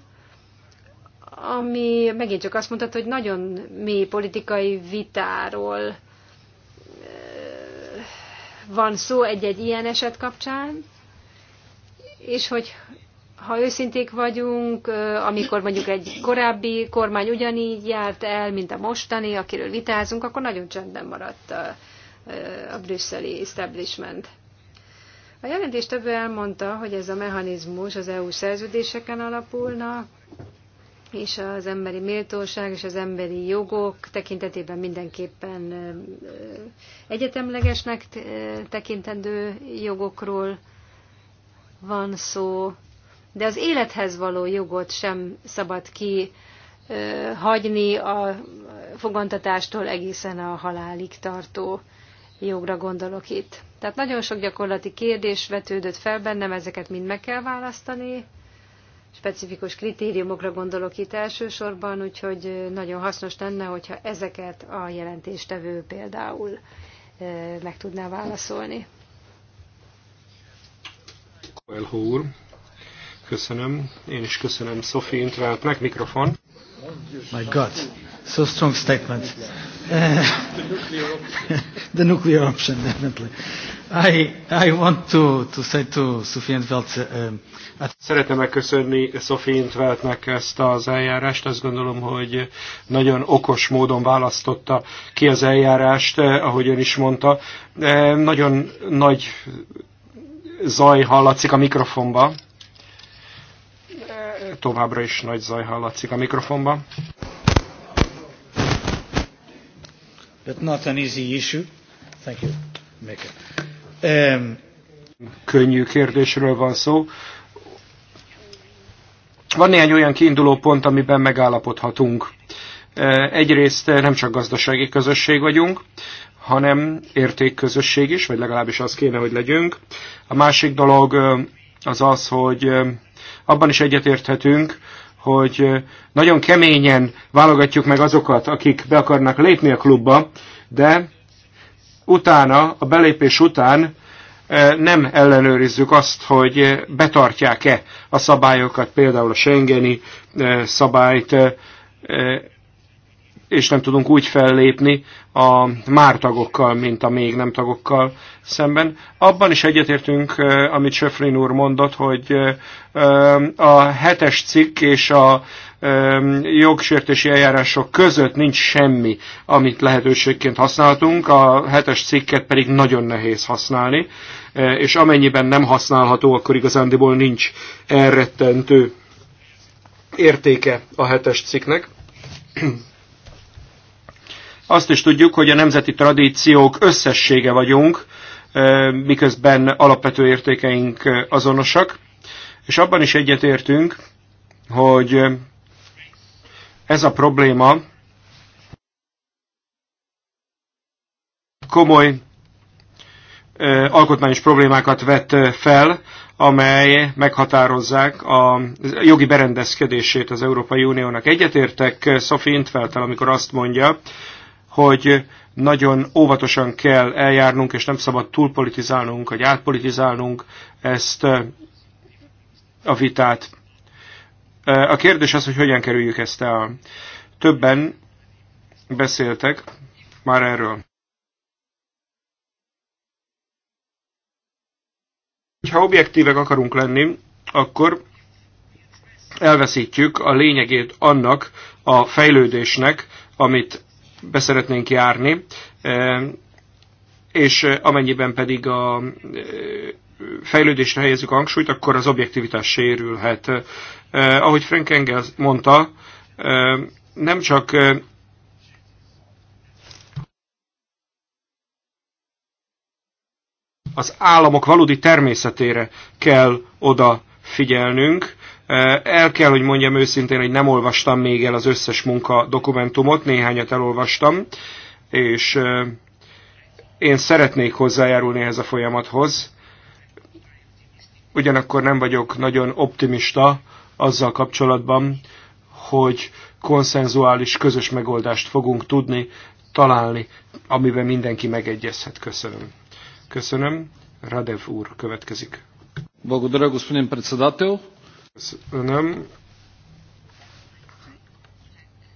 ami megint csak azt mondta, hogy nagyon mély politikai vitáról eh, van szó egy-egy ilyen eset kapcsán, és hogy ha őszinték vagyunk, eh, amikor mondjuk egy korábbi kormány ugyanígy járt el, mint a mostani, akiről vitázunk, akkor nagyon csendben maradt a, eh, a brüsszeli establishment. A jelentéstevő elmondta, hogy ez a mechanizmus az EU szerződéseken alapulna, és az emberi méltóság és az emberi jogok tekintetében mindenképpen egyetemlegesnek tekintendő jogokról van szó, de az élethez való jogot sem szabad ki hagyni a fogantatástól egészen a halálig tartó jogra gondolok itt. Tehát nagyon sok gyakorlati kérdés vetődött fel bennem, ezeket mind meg kell választani, specifikus kritériumokra gondolok itt elsősorban, úgyhogy nagyon hasznos lenne, hogyha ezeket a jelentéstevő például meg tudná válaszolni. Elhó úr, köszönöm. Én is köszönöm Sophie Intveltnek. Mikrofon. My God, so strong statement. The nuclear option, definitely. I, I want to, to say to Sophie Entwelt, um, uh, uh, Szeretem megköszönni Sophie Entveltnek ezt az eljárást. Azt gondolom, hogy nagyon okos módon választotta ki az eljárást, eh, ahogy ön is mondta. Eh, nagyon nagy zaj hallatszik a mikrofonba. Eh, továbbra is nagy zaj hallatszik a mikrofonba. But not an easy issue. Thank you. Make it. Könnyű kérdésről van szó. Van néhány olyan kiinduló pont, amiben megállapodhatunk. Egyrészt nem csak gazdasági közösség vagyunk, hanem értékközösség is, vagy legalábbis az kéne, hogy legyünk. A másik dolog az az, hogy abban is egyetérthetünk, hogy nagyon keményen válogatjuk meg azokat, akik be akarnak lépni a klubba, de utána, a belépés után eh, nem ellenőrizzük azt, hogy eh, betartják-e a szabályokat, például a Schengeni eh, szabályt, és nem tudunk úgy fellépni a már tagokkal, mint a még nem tagokkal szemben. Abban is egyetértünk, amit Söfrin úr mondott, hogy a hetes cikk és a jogsértési eljárások között nincs semmi, amit lehetőségként használhatunk, a hetes cikket pedig nagyon nehéz használni, és amennyiben nem használható, akkor igazándiból nincs elrettentő értéke a hetes cikknek. Azt is tudjuk, hogy a nemzeti tradíciók összessége vagyunk, miközben alapvető értékeink azonosak, és abban is egyetértünk, hogy ez a probléma komoly alkotmányos problémákat vett fel, amely meghatározzák a jogi berendezkedését az Európai Uniónak. Egyetértek Sophie Intveltel, amikor azt mondja, hogy nagyon óvatosan kell eljárnunk, és nem szabad túlpolitizálnunk, vagy átpolitizálnunk ezt a vitát. A kérdés az, hogy hogyan kerüljük ezt el. Többen beszéltek már erről. Ha objektívek akarunk lenni, akkor elveszítjük a lényegét annak a fejlődésnek, amit beszeretnénk járni, e, és amennyiben pedig a e, fejlődésre helyezzük a hangsúlyt, akkor az objektivitás sérülhet. Eh, ahogy Frank Engels mondta, eh, nem csak eh, az államok valódi természetére kell oda figyelnünk. El kell, hogy mondjam őszintén, hogy nem olvastam még el az összes munka dokumentumot, néhányat elolvastam, és én szeretnék hozzájárulni ehhez a folyamathoz. Ugyanakkor nem vagyok nagyon optimista azzal kapcsolatban, hogy konszenzuális, közös megoldást fogunk tudni találni, amiben mindenki megegyezhet. Köszönöm. Köszönöm. Radev úr következik. Благодаря, господин председател. Köszönöm.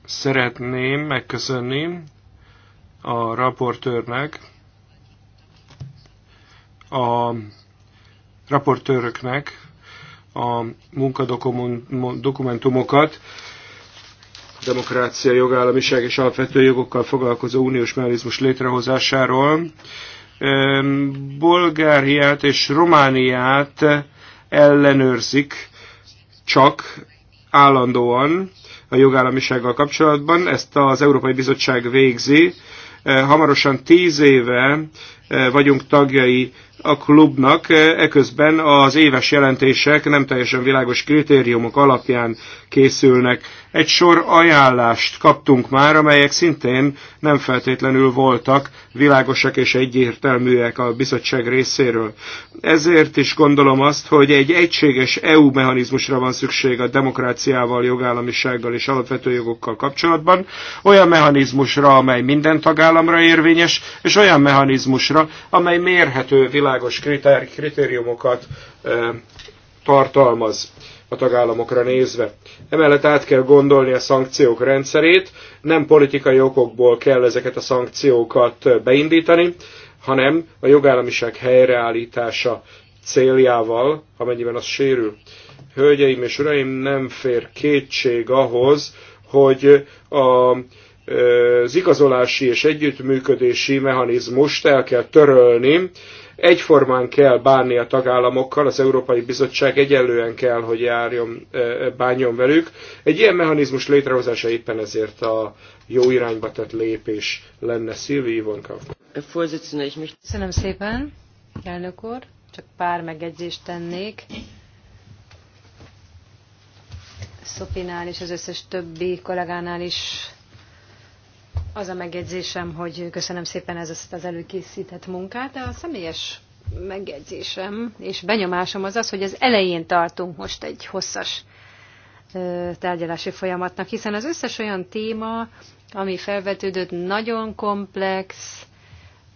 Szeretném megköszönni a raportőrnek, a raportőröknek a munkadokumentumokat, demokrácia, jogállamiság és alapvető jogokkal foglalkozó uniós mechanizmus létrehozásáról. Bulgáriát és Romániát ellenőrzik csak állandóan a jogállamisággal kapcsolatban. Ezt az Európai Bizottság végzi. Hamarosan tíz éve Eh, vagyunk tagjai a klubnak, eh, eközben az éves jelentések nem teljesen világos kritériumok alapján készülnek. Egy sor ajánlást kaptunk már, amelyek szintén nem feltétlenül voltak világosak és egyértelműek a bizottság részéről. Ezért is gondolom azt, hogy egy egységes EU mechanizmusra van szükség a demokráciával, jogállamisággal és alapvető jogokkal kapcsolatban, olyan mechanizmusra, amely minden tagállamra érvényes, és olyan mechanizmusra, tanácsra, amely mérhető, világos kritériumokat tartalmaz a tagállamokra nézve. Emellett át kell gondolni a szankciók rendszerét, nem politikai okokból kell ezeket a szankciókat beindítani, hanem a jogállamiság helyreállítása céljával, amennyiben az sérül. Hölgyeim és uraim, nem fér kétség ahhoz, hogy a az igazolási és együttműködési mechanizmust el kell törölni, egyformán kell bánni a tagállamokkal, az Európai Bizottság egyenlően kell, hogy járjon, e, e, bánjon velük. Egy ilyen mechanizmus létrehozása éppen ezért a jó irányba tett lépés lenne. Szilvi Ivonka. Köszönöm szépen, elnök úr. Csak pár megjegyzést tennék. Szopinál és az összes többi kollégánál is az a megjegyzésem, hogy köszönöm szépen ezt az előkészített munkát, de a személyes megjegyzésem és benyomásom az az, hogy az elején tartunk most egy hosszas tárgyalási folyamatnak, hiszen az összes olyan téma, ami felvetődött, nagyon komplex,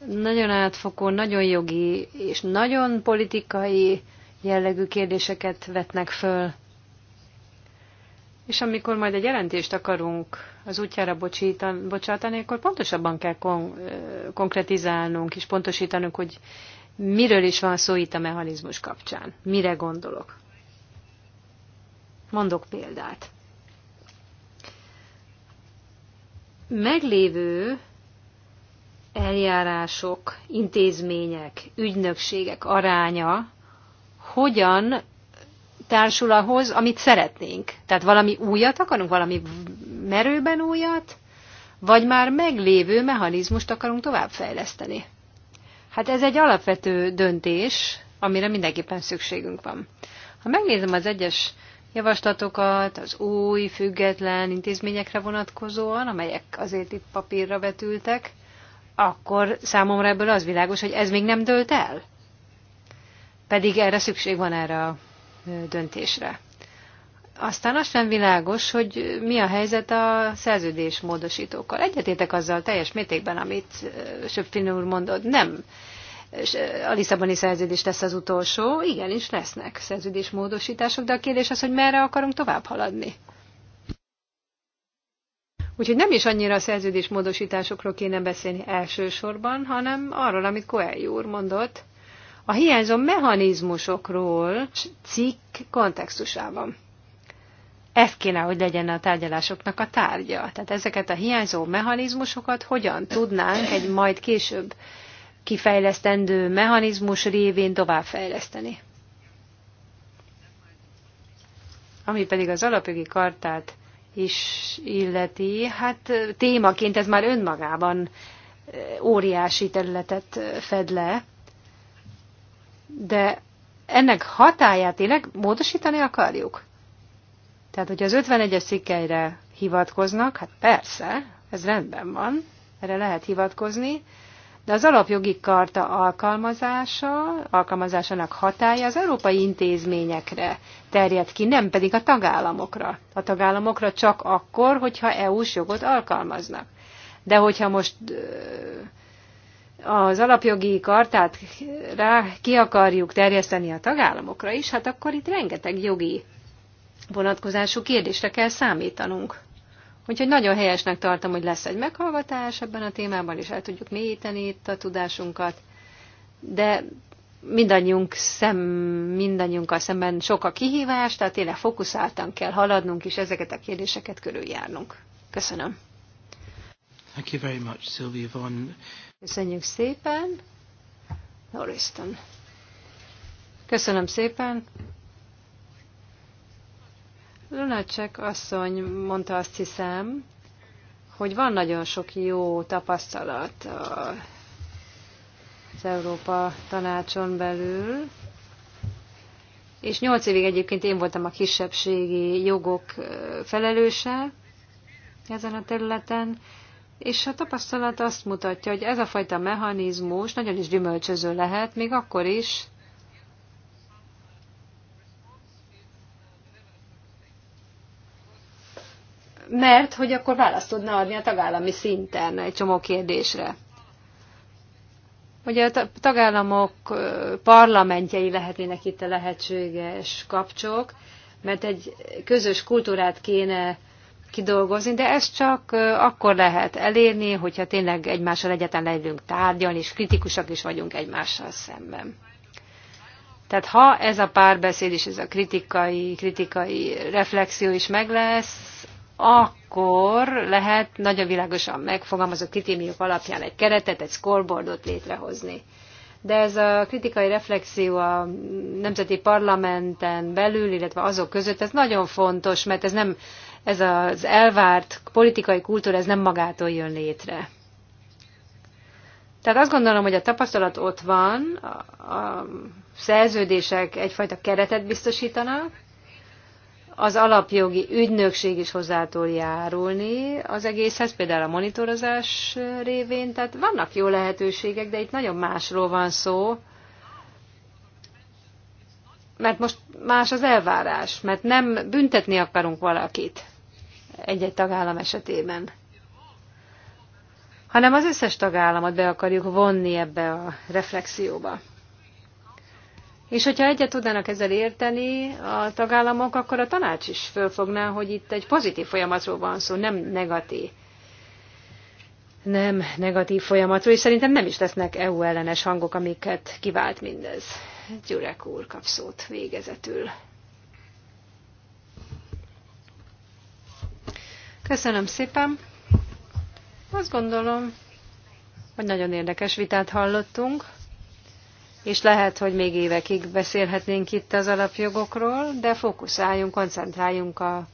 nagyon átfogó, nagyon jogi és nagyon politikai jellegű kérdéseket vetnek föl. És amikor majd egy jelentést akarunk az útjára bocsátani, akkor pontosabban kell kon, konkretizálnunk és pontosítanunk, hogy miről is van szó itt a mechanizmus kapcsán. Mire gondolok? Mondok példát. Meglévő eljárások, intézmények, ügynökségek aránya hogyan társul ahhoz, amit szeretnénk. Tehát valami újat akarunk, valami merőben újat, vagy már meglévő mechanizmust akarunk továbbfejleszteni. Hát ez egy alapvető döntés, amire mindenképpen szükségünk van. Ha megnézem az egyes javaslatokat az új, független intézményekre vonatkozóan, amelyek azért itt papírra vetültek, akkor számomra ebből az világos, hogy ez még nem dölt el. Pedig erre szükség van erre a döntésre. Aztán azt sem világos, hogy mi a helyzet a szerződés módosítókkal. Egyetétek azzal teljes mértékben, amit eh, Söpfin úr mondod, nem eh, a Lisszaboni szerződés lesz az utolsó, igenis lesznek szerződés módosítások, de a kérdés az, hogy merre akarunk tovább haladni. Úgyhogy nem is annyira a szerződés módosításokról kéne beszélni elsősorban, hanem arról, amit Koelj úr mondott, a hiányzó mechanizmusokról cikk kontextusában ez kéne, hogy legyen a tárgyalásoknak a tárgya. Tehát ezeket a hiányzó mechanizmusokat hogyan tudnánk egy majd később kifejlesztendő mechanizmus révén továbbfejleszteni. Ami pedig az alapjogi kartát is illeti, hát témaként ez már önmagában óriási területet fed le, de ennek hatáját tényleg módosítani akarjuk? Tehát, hogyha az 51-es szikkelyre hivatkoznak, hát persze, ez rendben van, erre lehet hivatkozni, de az alapjogi karta alkalmazása, alkalmazásának hatája az európai intézményekre terjed ki, nem pedig a tagállamokra. A tagállamokra csak akkor, hogyha EU-s jogot alkalmaznak. De hogyha most az alapjogi kartát rá ki akarjuk terjeszteni a tagállamokra is, hát akkor itt rengeteg jogi vonatkozású kérdésre kell számítanunk. Úgyhogy nagyon helyesnek tartom, hogy lesz egy meghallgatás ebben a témában, és el tudjuk mélyíteni itt a tudásunkat, de mindannyiunk szem, mindannyiunkkal szemben sok a kihívás, tehát tényleg fókuszáltan kell haladnunk, és ezeket a kérdéseket körüljárnunk. Köszönöm. Thank you very much, Sylvia Von. Köszönjük szépen. Norriston. Köszönöm szépen. Lunacek asszony mondta azt hiszem, hogy van nagyon sok jó tapasztalat az Európa tanácson belül, és nyolc évig egyébként én voltam a kisebbségi jogok felelőse ezen a területen, és a tapasztalat azt mutatja, hogy ez a fajta mechanizmus nagyon is gyümölcsöző lehet, még akkor is, mert hogy akkor választ tudna adni a tagállami szinten egy csomó kérdésre. Ugye a tagállamok parlamentjei lehetnének itt a lehetséges kapcsok, mert egy közös kultúrát kéne kidolgozni, de ezt csak akkor lehet elérni, hogyha tényleg egymással egyetlen legyünk tárgyalni, és kritikusak is vagyunk egymással szemben. Tehát ha ez a párbeszéd és ez a kritikai, kritikai reflexió is meg lesz, akkor lehet nagyon világosan megfogalmazott kritériumok alapján egy keretet, egy scoreboardot létrehozni. De ez a kritikai reflexió a nemzeti parlamenten belül, illetve azok között, ez nagyon fontos, mert ez nem ez az elvárt politikai kultúra, ez nem magától jön létre. Tehát azt gondolom, hogy a tapasztalat ott van, a, a szerződések egyfajta keretet biztosítanak, az alapjogi ügynökség is hozzától járulni az egészhez, például a monitorozás révén. Tehát vannak jó lehetőségek, de itt nagyon másról van szó, mert most más az elvárás, mert nem büntetni akarunk valakit egy-egy tagállam esetében, hanem az összes tagállamot be akarjuk vonni ebbe a reflexióba. És hogyha egyet tudnának ezzel érteni a tagállamok, akkor a tanács is fölfogná, hogy itt egy pozitív folyamatról van szó, nem negatív. Nem negatív folyamatról, és szerintem nem is lesznek EU ellenes hangok, amiket kivált mindez. Gyurek úr kap szót végezetül. Köszönöm szépen. Azt gondolom, hogy nagyon érdekes vitát hallottunk és lehet, hogy még évekig beszélhetnénk itt az alapjogokról, de fókuszáljunk, koncentráljunk a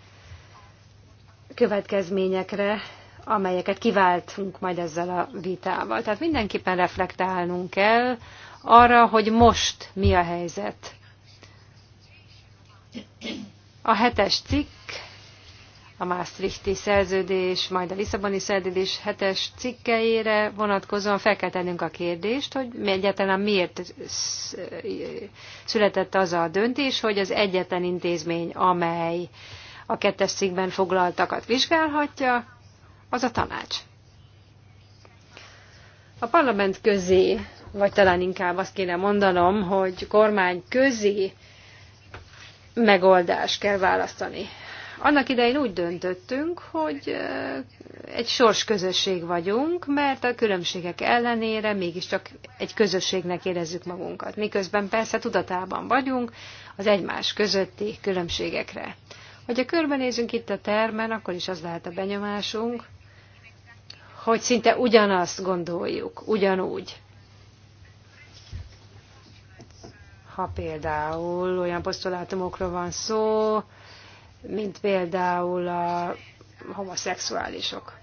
következményekre, amelyeket kiváltunk majd ezzel a vitával. Tehát mindenképpen reflektálnunk kell arra, hogy most mi a helyzet. A hetes cikk a Maastrichti szerződés, majd a Lisszaboni szerződés hetes cikkeire vonatkozóan fel kell tennünk a kérdést, hogy egyáltalán miért született az a döntés, hogy az egyetlen intézmény, amely a kettes cikkben foglaltakat vizsgálhatja, az a tanács. A parlament közé, vagy talán inkább azt kéne mondanom, hogy kormány közé megoldást kell választani annak idején úgy döntöttünk, hogy egy sors közösség vagyunk, mert a különbségek ellenére mégiscsak egy közösségnek érezzük magunkat. Miközben persze tudatában vagyunk az egymás közötti különbségekre. Hogyha körbenézünk itt a termen, akkor is az lehet a benyomásunk, hogy szinte ugyanazt gondoljuk, ugyanúgy. Ha például olyan posztolátumokról van szó, mint például a homoszexuálisok.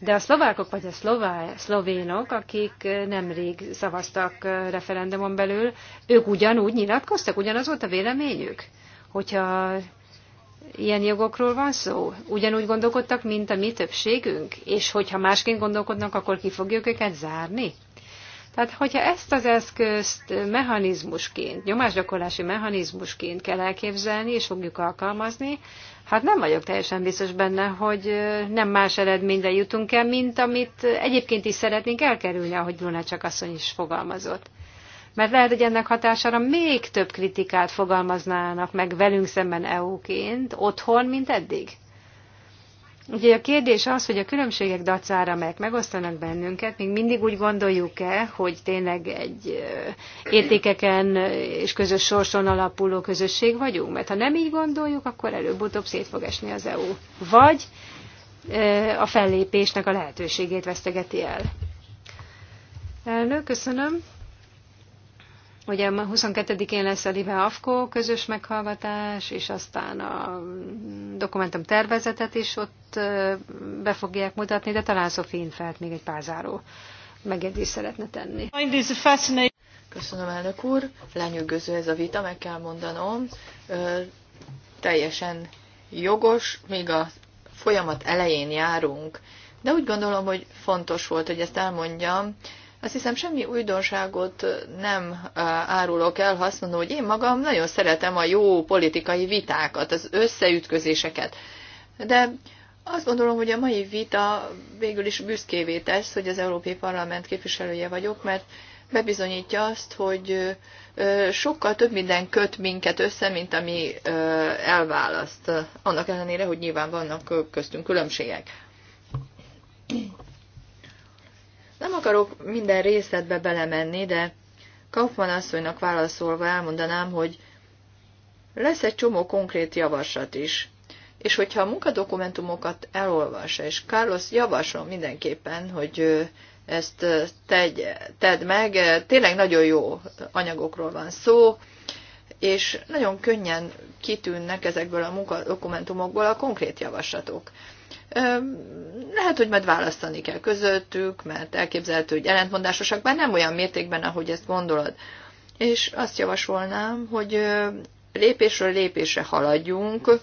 De a szlovákok vagy a szlová, szlovénok, akik nemrég szavaztak referendumon belül, ők ugyanúgy nyilatkoztak, ugyanaz volt a véleményük, hogyha ilyen jogokról van szó? Ugyanúgy gondolkodtak, mint a mi többségünk? És hogyha másként gondolkodnak, akkor ki fogjuk őket zárni? Tehát, hogyha ezt az eszközt mechanizmusként, nyomásgyakorlási mechanizmusként kell elképzelni, és fogjuk alkalmazni, hát nem vagyok teljesen biztos benne, hogy nem más eredményre jutunk el, mint amit egyébként is szeretnénk elkerülni, ahogy Bruna csak asszony is fogalmazott. Mert lehet, hogy ennek hatására még több kritikát fogalmaznának meg velünk szemben EU-ként, otthon, mint eddig. Ugye a kérdés az, hogy a különbségek dacára, amelyek megosztanak bennünket, még mindig úgy gondoljuk-e, hogy tényleg egy értékeken és közös sorson alapuló közösség vagyunk? Mert ha nem így gondoljuk, akkor előbb-utóbb szét fog esni az EU. Vagy a fellépésnek a lehetőségét vesztegeti el. Elnök, köszönöm. Ugye 22-én lesz a Live AFKO közös meghallgatás, és aztán a dokumentum tervezetet is ott be fogják mutatni, de talán Sophie Infelt még egy pár záró megjegyzést szeretne tenni. Köszönöm, elnök úr. Lenyűgöző ez a vita, meg kell mondanom. Ö, teljesen jogos, még a folyamat elején járunk. De úgy gondolom, hogy fontos volt, hogy ezt elmondjam, azt hiszem, semmi újdonságot nem árulok el, ha azt mondom, hogy én magam nagyon szeretem a jó politikai vitákat, az összeütközéseket. De azt gondolom, hogy a mai vita végül is büszkévé tesz, hogy az Európai Parlament képviselője vagyok, mert bebizonyítja azt, hogy sokkal több minden köt minket össze, mint ami elválaszt, annak ellenére, hogy nyilván vannak köztünk különbségek. Nem akarok minden részletbe belemenni, de Kaufmann asszonynak válaszolva elmondanám, hogy lesz egy csomó konkrét javaslat is. És hogyha a munkadokumentumokat elolvassa, és Carlos javaslom mindenképpen, hogy ezt tegy, tedd meg, tényleg nagyon jó anyagokról van szó, és nagyon könnyen kitűnnek ezekből a munkadokumentumokból a konkrét javaslatok. Lehet, hogy majd választani kell közöttük, mert elképzelhető, hogy ellentmondásosak, bár nem olyan mértékben, ahogy ezt gondolod. És azt javasolnám, hogy lépésről lépésre haladjunk,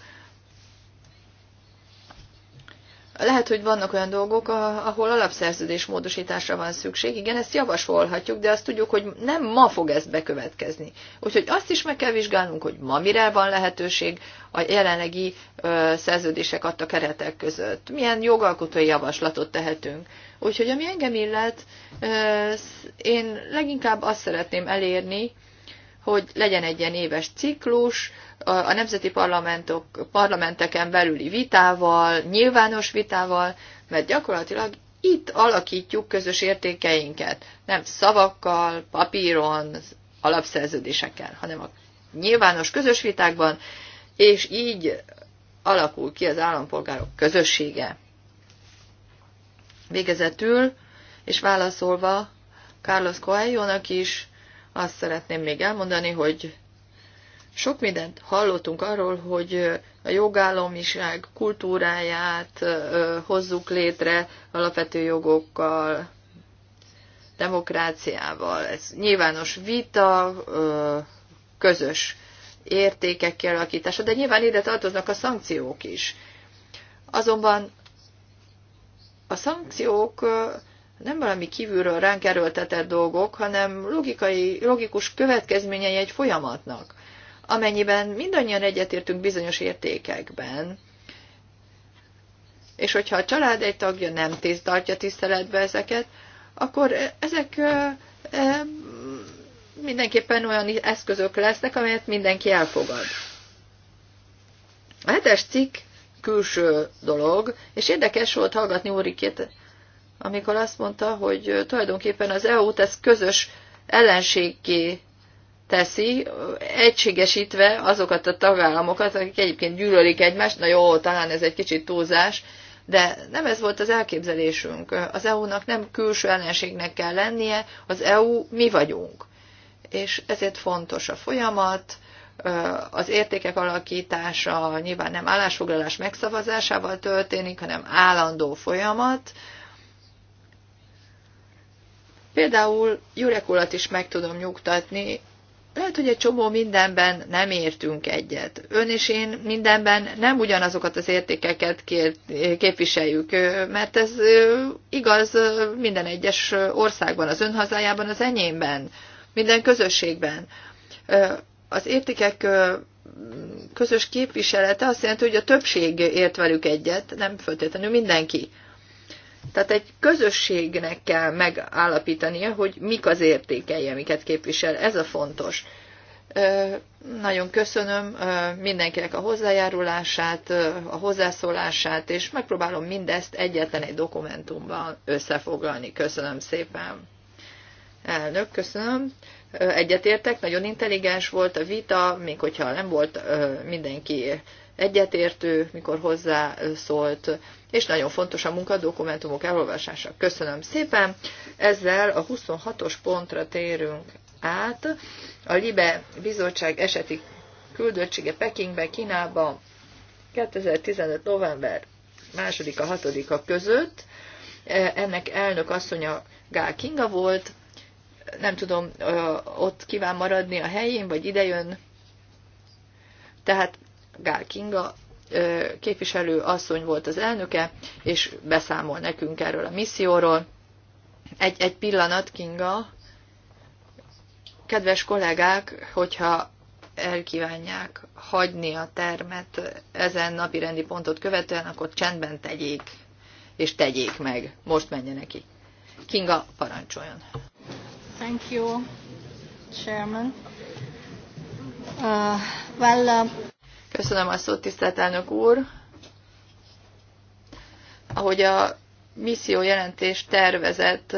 lehet, hogy vannak olyan dolgok, ahol alapszerződés módosításra van szükség. Igen, ezt javasolhatjuk, de azt tudjuk, hogy nem ma fog ez bekövetkezni. Úgyhogy azt is meg kell vizsgálnunk, hogy ma mire van lehetőség a jelenlegi szerződések adta keretek között. Milyen jogalkotói javaslatot tehetünk. Úgyhogy ami engem illet, én leginkább azt szeretném elérni, hogy legyen egy ilyen éves ciklus, a nemzeti parlamentok, parlamenteken belüli vitával, nyilvános vitával, mert gyakorlatilag itt alakítjuk közös értékeinket, nem szavakkal, papíron, alapszerződésekkel, hanem a nyilvános közös vitákban, és így alakul ki az állampolgárok közössége. Végezetül, és válaszolva Carlos Coelho-nak is, azt szeretném még elmondani, hogy sok mindent hallottunk arról, hogy a jogállomiság kultúráját hozzuk létre alapvető jogokkal, demokráciával. Ez nyilvános vita, közös értékek kialakítása, de nyilván ide tartoznak a szankciók is. Azonban a szankciók nem valami kívülről ránk erőltetett dolgok, hanem logikai, logikus következményei egy folyamatnak amennyiben mindannyian egyetértünk bizonyos értékekben, és hogyha a család egy tagja nem tartja tiszteletbe ezeket, akkor e- ezek e, mindenképpen olyan eszközök lesznek, amelyet mindenki elfogad. A hetes cikk külső dolog, és érdekes volt hallgatni Úrikét, amikor azt mondta, hogy tulajdonképpen az EU-t ez közös ellenségké teszi, egységesítve azokat a tagállamokat, akik egyébként gyűlölik egymást, na jó, talán ez egy kicsit túlzás, de nem ez volt az elképzelésünk. Az EU-nak nem külső ellenségnek kell lennie, az EU mi vagyunk. És ezért fontos a folyamat, az értékek alakítása nyilván nem állásfoglalás megszavazásával történik, hanem állandó folyamat. Például Jurekulat is meg tudom nyugtatni, lehet, hogy egy csomó mindenben nem értünk egyet. Ön és én mindenben nem ugyanazokat az értékeket képviseljük, mert ez igaz minden egyes országban, az ön hazájában, az enyémben, minden közösségben. Az értékek közös képviselete azt jelenti, hogy a többség ért velük egyet, nem föltétlenül mindenki. Tehát egy közösségnek kell megállapítania, hogy mik az értékei, amiket képvisel. Ez a fontos. Nagyon köszönöm mindenkinek a hozzájárulását, a hozzászólását, és megpróbálom mindezt egyetlen egy dokumentumban összefoglalni. Köszönöm szépen. Elnök, köszönöm. Egyetértek, nagyon intelligens volt a vita, még hogyha nem volt mindenki egyetértő, mikor hozzászólt és nagyon fontos a munka dokumentumok elolvasása. Köszönöm szépen! Ezzel a 26-os pontra térünk át. A LIBE bizottság eseti küldöttsége Pekingbe, Kínába 2015. november 2-a, 6-a között. E, ennek elnök asszonya Gál Kinga volt. Nem tudom, ott kíván maradni a helyén, vagy idejön. Tehát Gál Kinga képviselő asszony volt az elnöke, és beszámol nekünk erről a misszióról. Egy, egy pillanat, Kinga. Kedves kollégák, hogyha elkívánják hagyni a termet ezen napi rendi pontot követően, akkor csendben tegyék, és tegyék meg. Most menjen neki. Kinga, parancsoljon. Thank you, Chairman. Uh, well, uh... Köszönöm a szót, tisztelt elnök úr. Ahogy a misszió jelentés tervezett,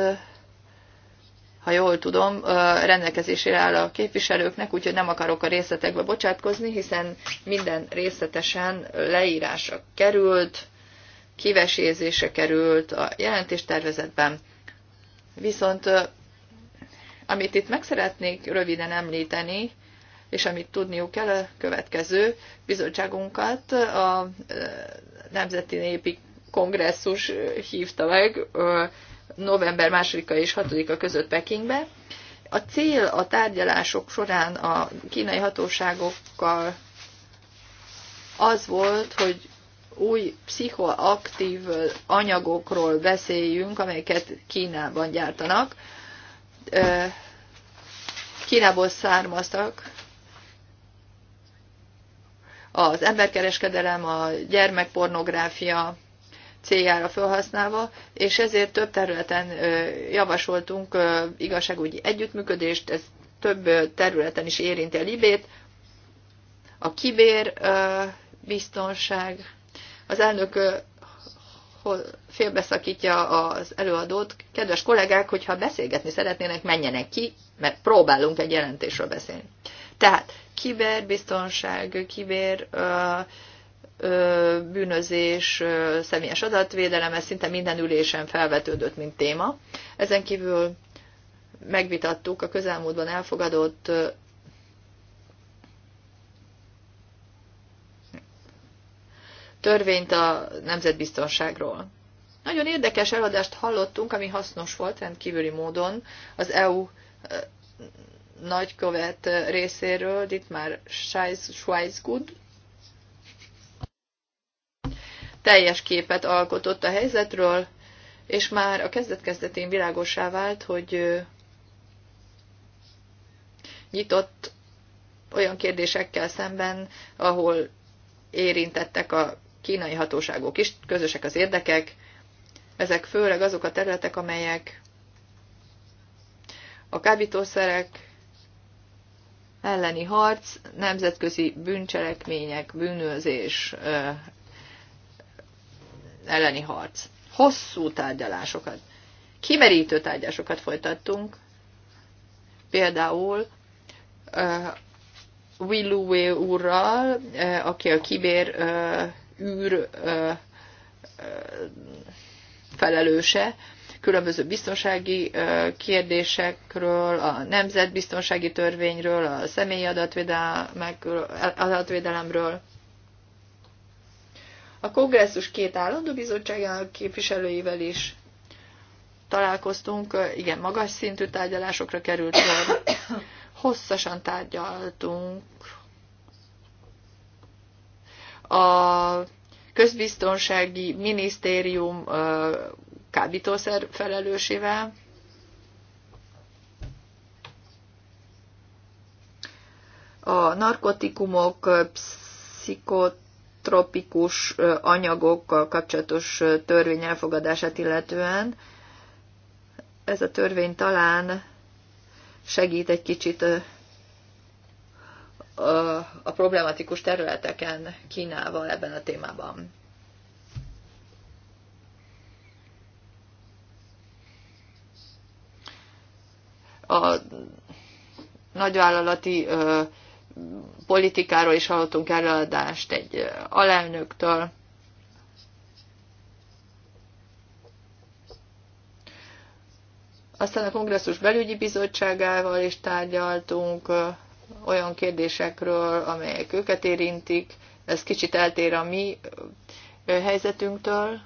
ha jól tudom, rendelkezésére áll a képviselőknek, úgyhogy nem akarok a részletekbe bocsátkozni, hiszen minden részletesen leírása került, kivesézése került a jelentéstervezetben. Viszont amit itt meg szeretnék röviden említeni, és amit tudniuk kell, a következő bizottságunkat a Nemzeti Népi Kongresszus hívta meg november 2-a és 6-a között Pekingbe. A cél a tárgyalások során a kínai hatóságokkal az volt, hogy új pszichoaktív anyagokról beszéljünk, amelyeket Kínában gyártanak. Kínából származtak, az emberkereskedelem, a gyermekpornográfia céljára felhasználva, és ezért több területen javasoltunk igazságúgyi együttműködést, ez több területen is érinti a libét. A kibér biztonság, az elnök félbeszakítja az előadót. Kedves kollégák, hogyha beszélgetni szeretnének, menjenek ki, mert próbálunk egy jelentésről beszélni. Tehát kiberbiztonság, kiber bűnözés, személyes adatvédelem, ez szinte minden ülésen felvetődött, mint téma. Ezen kívül megvitattuk a közelmúltban elfogadott törvényt a nemzetbiztonságról. Nagyon érdekes eladást hallottunk, ami hasznos volt rendkívüli módon az EU nagykövet részéről, itt már Schweizgud teljes képet alkotott a helyzetről, és már a kezdet-kezdetén világosá vált, hogy nyitott olyan kérdésekkel szemben, ahol érintettek a kínai hatóságok is, közösek az érdekek, ezek főleg azok a területek, amelyek a kábítószerek, elleni harc, nemzetközi bűncselekmények, bűnözés elleni harc. Hosszú tárgyalásokat, kimerítő tárgyalásokat folytattunk, például Willowé úrral, aki a kibér űr felelőse, különböző biztonsági kérdésekről, a nemzetbiztonsági törvényről, a személyi adatvédelemről. A kongresszus két állandó bizottságának képviselőivel is találkoztunk, igen, magas szintű tárgyalásokra került sor. Hosszasan tárgyaltunk a közbiztonsági minisztérium kábítószer felelősével. A narkotikumok, pszichotropikus anyagokkal kapcsolatos törvény elfogadását illetően ez a törvény talán segít egy kicsit a problematikus területeken Kínával ebben a témában. a nagyvállalati ö, politikáról is hallottunk előadást egy alelnöktől. Aztán a kongresszus belügyi bizottságával is tárgyaltunk olyan kérdésekről, amelyek őket érintik. Ez kicsit eltér a mi helyzetünktől.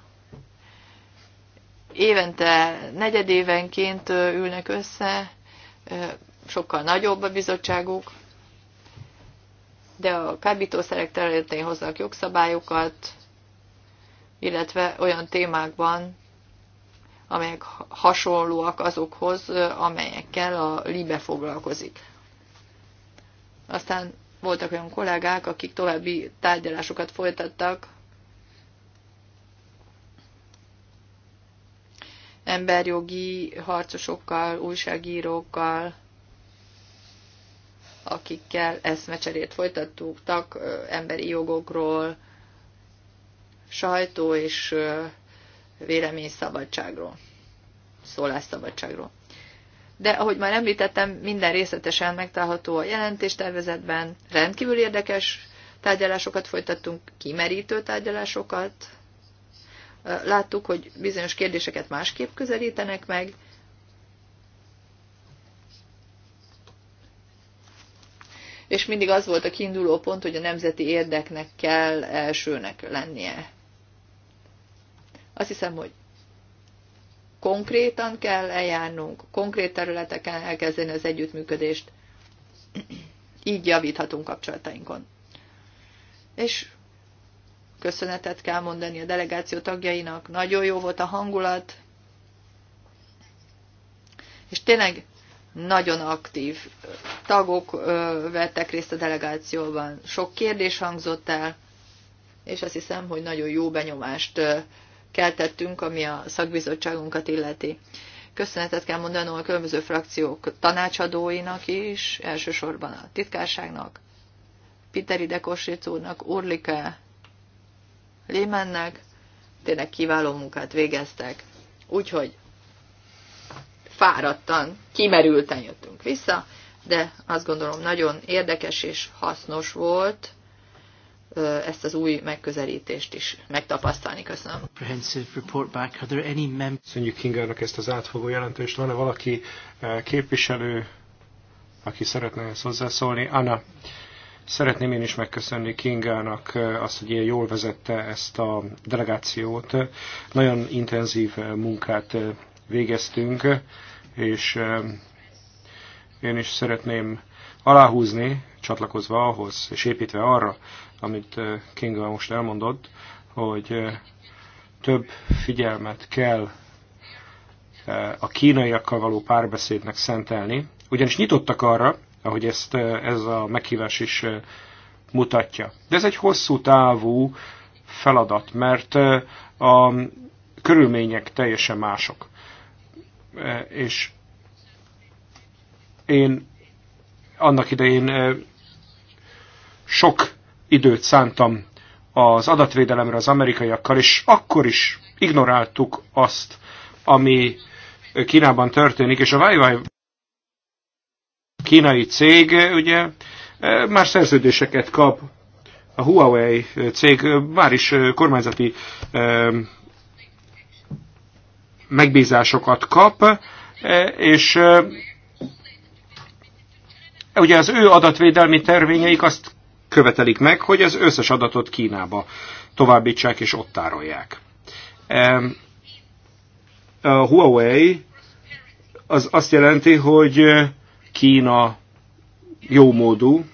Évente, negyedévenként ülnek össze, sokkal nagyobb a bizottságuk, de a kábítószerek területén hoznak jogszabályokat, illetve olyan témákban, amelyek hasonlóak azokhoz, amelyekkel a LIBE foglalkozik. Aztán voltak olyan kollégák, akik további tárgyalásokat folytattak emberjogi harcosokkal, újságírókkal, akikkel eszmecserét folytattuk, emberi jogokról, sajtó és véleményszabadságról, szólásszabadságról. De ahogy már említettem, minden részletesen megtalálható a jelentéstervezetben, rendkívül érdekes tárgyalásokat folytattunk, kimerítő tárgyalásokat, láttuk, hogy bizonyos kérdéseket másképp közelítenek meg. És mindig az volt a kiinduló pont, hogy a nemzeti érdeknek kell elsőnek lennie. Azt hiszem, hogy konkrétan kell eljárnunk, konkrét területeken elkezdeni az együttműködést, így javíthatunk kapcsolatainkon. És köszönetet kell mondani a delegáció tagjainak. Nagyon jó volt a hangulat, és tényleg nagyon aktív tagok vettek részt a delegációban. Sok kérdés hangzott el, és azt hiszem, hogy nagyon jó benyomást keltettünk, ami a szakbizottságunkat illeti. Köszönetet kell mondanom a különböző frakciók tanácsadóinak is, elsősorban a titkárságnak, Piteri Dekosric úrnak, Urlike Lémennek, tényleg kiváló munkát végeztek, úgyhogy fáradtan, kimerülten jöttünk vissza, de azt gondolom nagyon érdekes és hasznos volt ezt az új megközelítést is megtapasztalni. Köszönöm. Köszönjük Kingernek ezt az átfogó jelentést. Van-e valaki képviselő, aki szeretne ezt hozzászólni? Anna. Szeretném én is megköszönni Kingának eh, azt, hogy ilyen jól vezette ezt a delegációt. Nagyon intenzív eh, munkát eh, végeztünk, és én is szeretném aláhúzni, csatlakozva ahhoz, és építve arra, amit Kinga most elmondott, hogy több figyelmet kell a kínaiakkal való párbeszédnek szentelni, ugyanis nyitottak arra, ahogy ezt eh, ez a meghívás is eh, mutatja. De ez egy hosszú távú feladat, mert eh, a körülmények teljesen mások. És én annak idején sok időt szántam az adatvédelemre az amerikaiakkal, és akkor is ignoráltuk azt, ami Kínában történik, és a Huawei kínai cég ugye már szerződéseket kap. A Huawei cég már is kormányzati megbízásokat kap, és ugye az ő adatvédelmi tervényeik azt követelik meg, hogy az összes adatot Kínába továbbítsák és ott tárolják. A Huawei az azt jelenti, hogy Kína jó módú,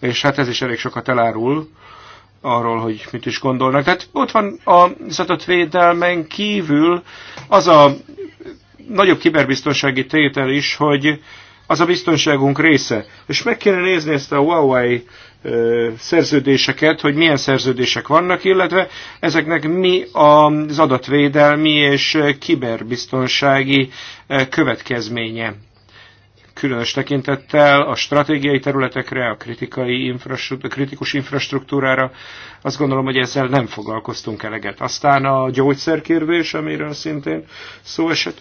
és hát ez is elég sokat elárul arról, hogy mit is gondolnak. Tehát ott van a védelmen kívül az a nagyobb kiberbiztonsági tétel is, hogy az a biztonságunk része. És meg kéne nézni ezt a Huawei szerződéseket, hogy milyen szerződések vannak, illetve ezeknek mi az adatvédelmi és kiberbiztonsági következménye különös tekintettel a stratégiai területekre, a kritikai infrastruktúra, kritikus infrastruktúrára. Azt gondolom, hogy ezzel nem foglalkoztunk eleget. Aztán a gyógyszerkérdés, amiről szintén szó esett.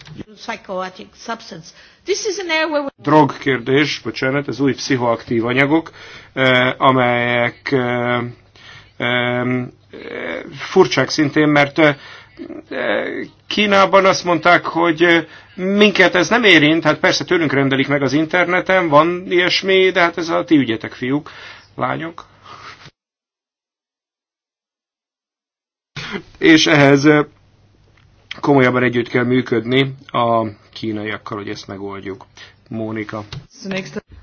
Drog kérdés, bocsánat, az új pszichoaktív anyagok, eh, amelyek eh, eh, furcsák szintén, mert Kínában azt mondták, hogy minket ez nem érint, hát persze tőlünk rendelik meg az interneten, van ilyesmi, de hát ez a ti ügyetek, fiúk, lányok. És ehhez komolyabban együtt kell működni a kínaiakkal, hogy ezt megoldjuk. Mónika.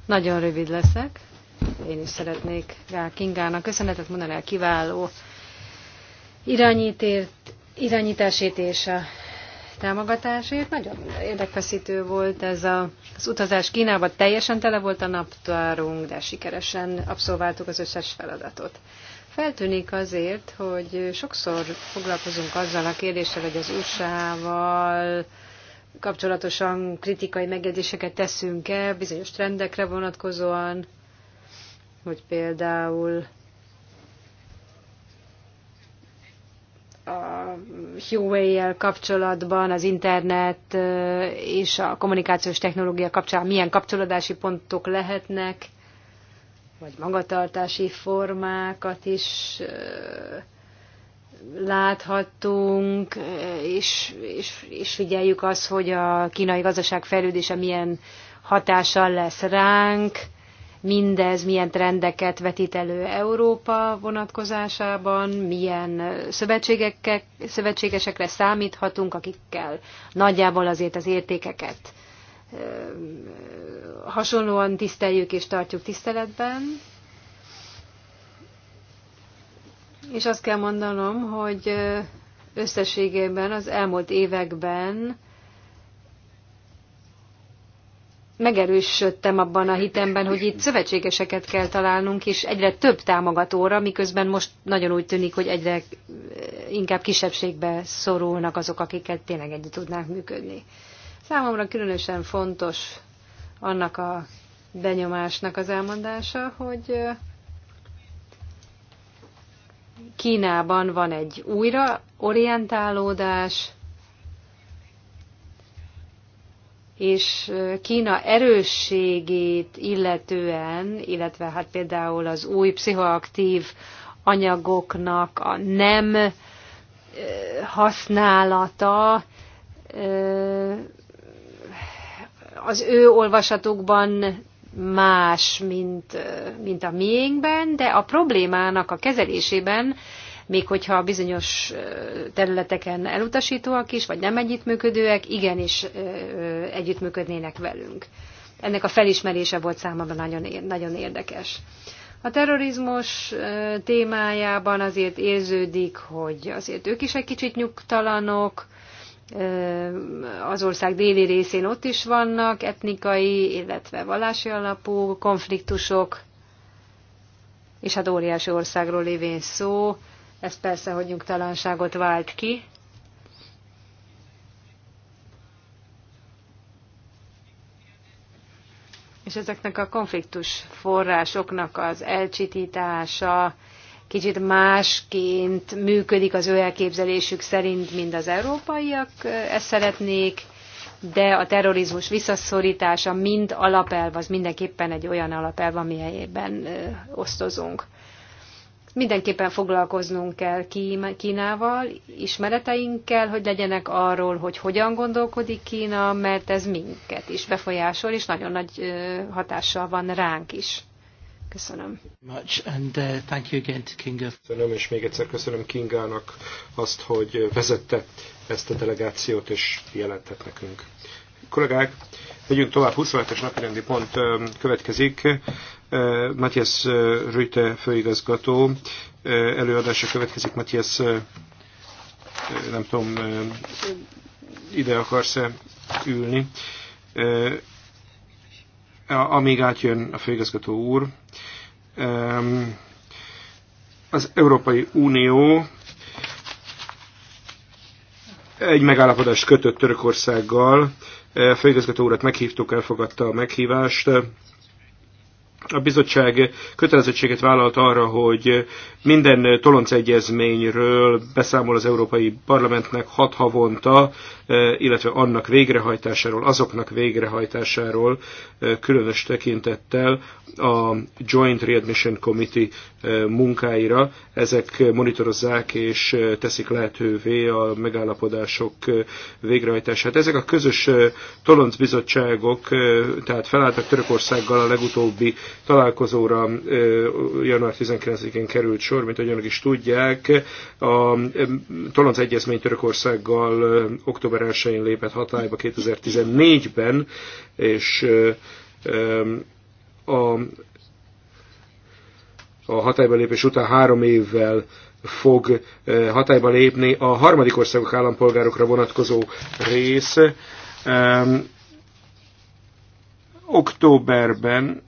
Nagyon rövid leszek. Én is szeretnék Gál Kingának köszönetet mondani a kiváló irányítért irányításért és a támogatásért. Nagyon érdekfeszítő volt ez a, az utazás Kínába. Teljesen tele volt a naptárunk, de sikeresen abszolváltuk az összes feladatot. Feltűnik azért, hogy sokszor foglalkozunk azzal a kérdéssel, hogy az USA-val kapcsolatosan kritikai megjegyzéseket teszünk-e bizonyos trendekre vonatkozóan, hogy például a Huawei-jel kapcsolatban, az internet és a kommunikációs technológia kapcsán milyen kapcsolódási pontok lehetnek, vagy magatartási formákat is láthattunk, és, és, és figyeljük azt, hogy a kínai gazdaság fejlődése milyen hatással lesz ránk, mindez milyen trendeket vetít elő Európa vonatkozásában, milyen szövetségesekre számíthatunk, akikkel nagyjából azért az értékeket hasonlóan tiszteljük és tartjuk tiszteletben. És azt kell mondanom, hogy összességében az elmúlt években megerősödtem abban a hitemben, hogy itt szövetségeseket kell találnunk, és egyre több támogatóra, miközben most nagyon úgy tűnik, hogy egyre eh, inkább kisebbségbe szorulnak azok, akiket tényleg együtt tudnánk működni. Számomra különösen fontos annak a benyomásnak az elmondása, hogy eh, Kínában van egy újra orientálódás, és Kína erősségét illetően, illetve hát például az új pszichoaktív anyagoknak a nem használata az ő olvasatukban más, mint, mint a miénkben, de a problémának a kezelésében még hogyha bizonyos területeken elutasítóak is, vagy nem együttműködőek, igenis együttműködnének velünk. Ennek a felismerése volt számomra nagyon, nagyon érdekes. A terrorizmus témájában azért érződik, hogy azért ők is egy kicsit nyugtalanok, az ország déli részén ott is vannak etnikai, illetve vallási alapú konfliktusok, és hát óriási országról lévén szó, ez persze, hogy nyugtalanságot vált ki. És ezeknek a konfliktus forrásoknak az elcsitítása kicsit másként működik az ő elképzelésük szerint, mint az európaiak ezt szeretnék, de a terrorizmus visszaszorítása mind alapelv, az mindenképpen egy olyan alapelv, amelyben osztozunk. Mindenképpen foglalkoznunk kell Kínával, ismereteinkkel, hogy legyenek arról, hogy hogyan gondolkodik Kína, mert ez minket is befolyásol, és nagyon nagy hatással van ránk is. Köszönöm. Much, and, uh, thank you again to Kinga. Köszönöm, és még egyszer köszönöm Kingának azt, hogy vezette ezt a delegációt, és jelentett nekünk. Kollégák, megyünk tovább, 27-es napirendi pont következik. Matthias Rüte főigazgató előadása következik. Matthias, nem tudom, ide akarsz-e ülni. Amíg átjön a főigazgató úr, az Európai Unió egy megállapodást kötött Törökországgal. A főigazgató úrat meghívtuk, elfogadta a meghívást a bizottság kötelezettséget vállalt arra, hogy minden toloncegyezményről beszámol az Európai Parlamentnek hat havonta, eh, illetve annak végrehajtásáról, azoknak végrehajtásáról eh, különös tekintettel a Joint Readmission Committee eh, munkáira. Ezek monitorozzák és teszik lehetővé a megállapodások végrehajtását. Ezek a közös toloncbizottságok, tehát felálltak Törökországgal a legutóbbi találkozóra január 19-én került sor, mint ahogy önök is tudják. A Tolonc Egyezmény Törökországgal október 1-én lépett hatályba 2014-ben, és a, a hatályba lépés után három évvel fog hatályba lépni a harmadik országok állampolgárokra vonatkozó rész. Októberben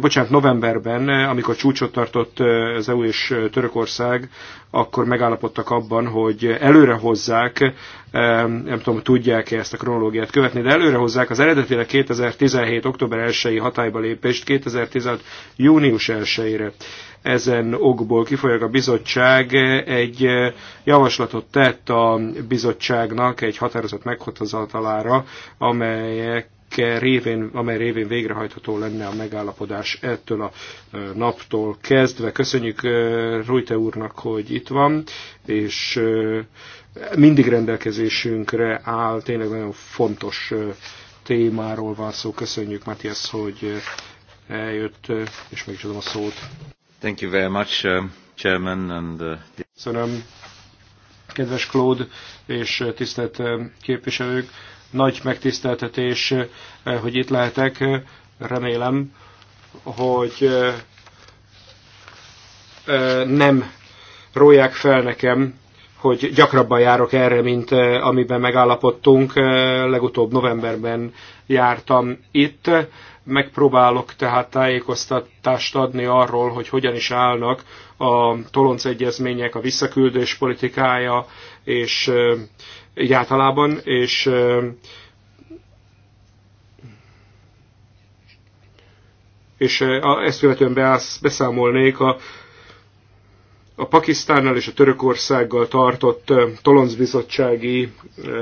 bocsánat, novemberben, amikor csúcsot tartott az EU és Törökország, akkor megállapodtak abban, hogy előre hozzák, nem tudom, tudják-e ezt a kronológiát követni, de előre hozzák az eredetileg 2017. október 1-i hatályba lépést 2016. június 1-ére. Ezen okból kifolyólag a bizottság egy javaslatot tett a bizottságnak egy határozat meghozatalára, amelyek révén, amely révén végrehajtható lenne a megállapodás ettől a naptól kezdve. Köszönjük Rújte úrnak, hogy itt van, és mindig rendelkezésünkre áll, tényleg nagyon fontos témáról van szó. Köszönjük, Matthias, hogy eljött, és meg is adom a szót. Thank you very much, uh, Chairman. And, uh... Köszönöm, kedves Claude, és tisztelt képviselők nagy megtiszteltetés, eh, hogy itt lehetek. Remélem, hogy eh, eh, nem róják fel nekem, hogy gyakrabban járok erre, mint amiben megállapodtunk. Legutóbb novemberben jártam itt. Megpróbálok tehát tájékoztatást adni arról, hogy hogyan is állnak a toloncegyezmények, a visszaküldés politikája és így általában, és és ezt követően beszámolnék a, a Pakisztánnal és a Törökországgal tartott toloncbizottsági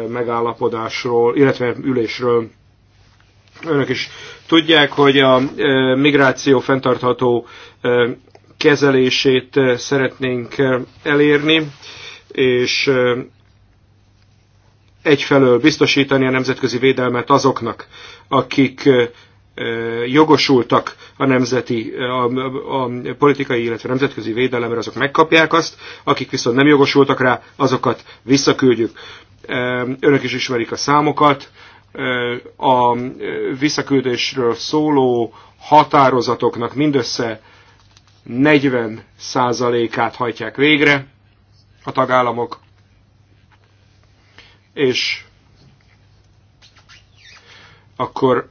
megállapodásról, illetve ülésről. Önök is tudják, hogy a migráció fenntartható kezelését szeretnénk elérni, és egyfelől biztosítani a nemzetközi védelmet azoknak, akik jogosultak a nemzeti, a, a politikai, illetve nemzetközi védelemre, azok megkapják azt, akik viszont nem jogosultak rá, azokat visszaküldjük. Önök is ismerik a számokat. A visszaküldésről szóló határozatoknak mindössze 40 százalékát hajtják végre a tagállamok és akkor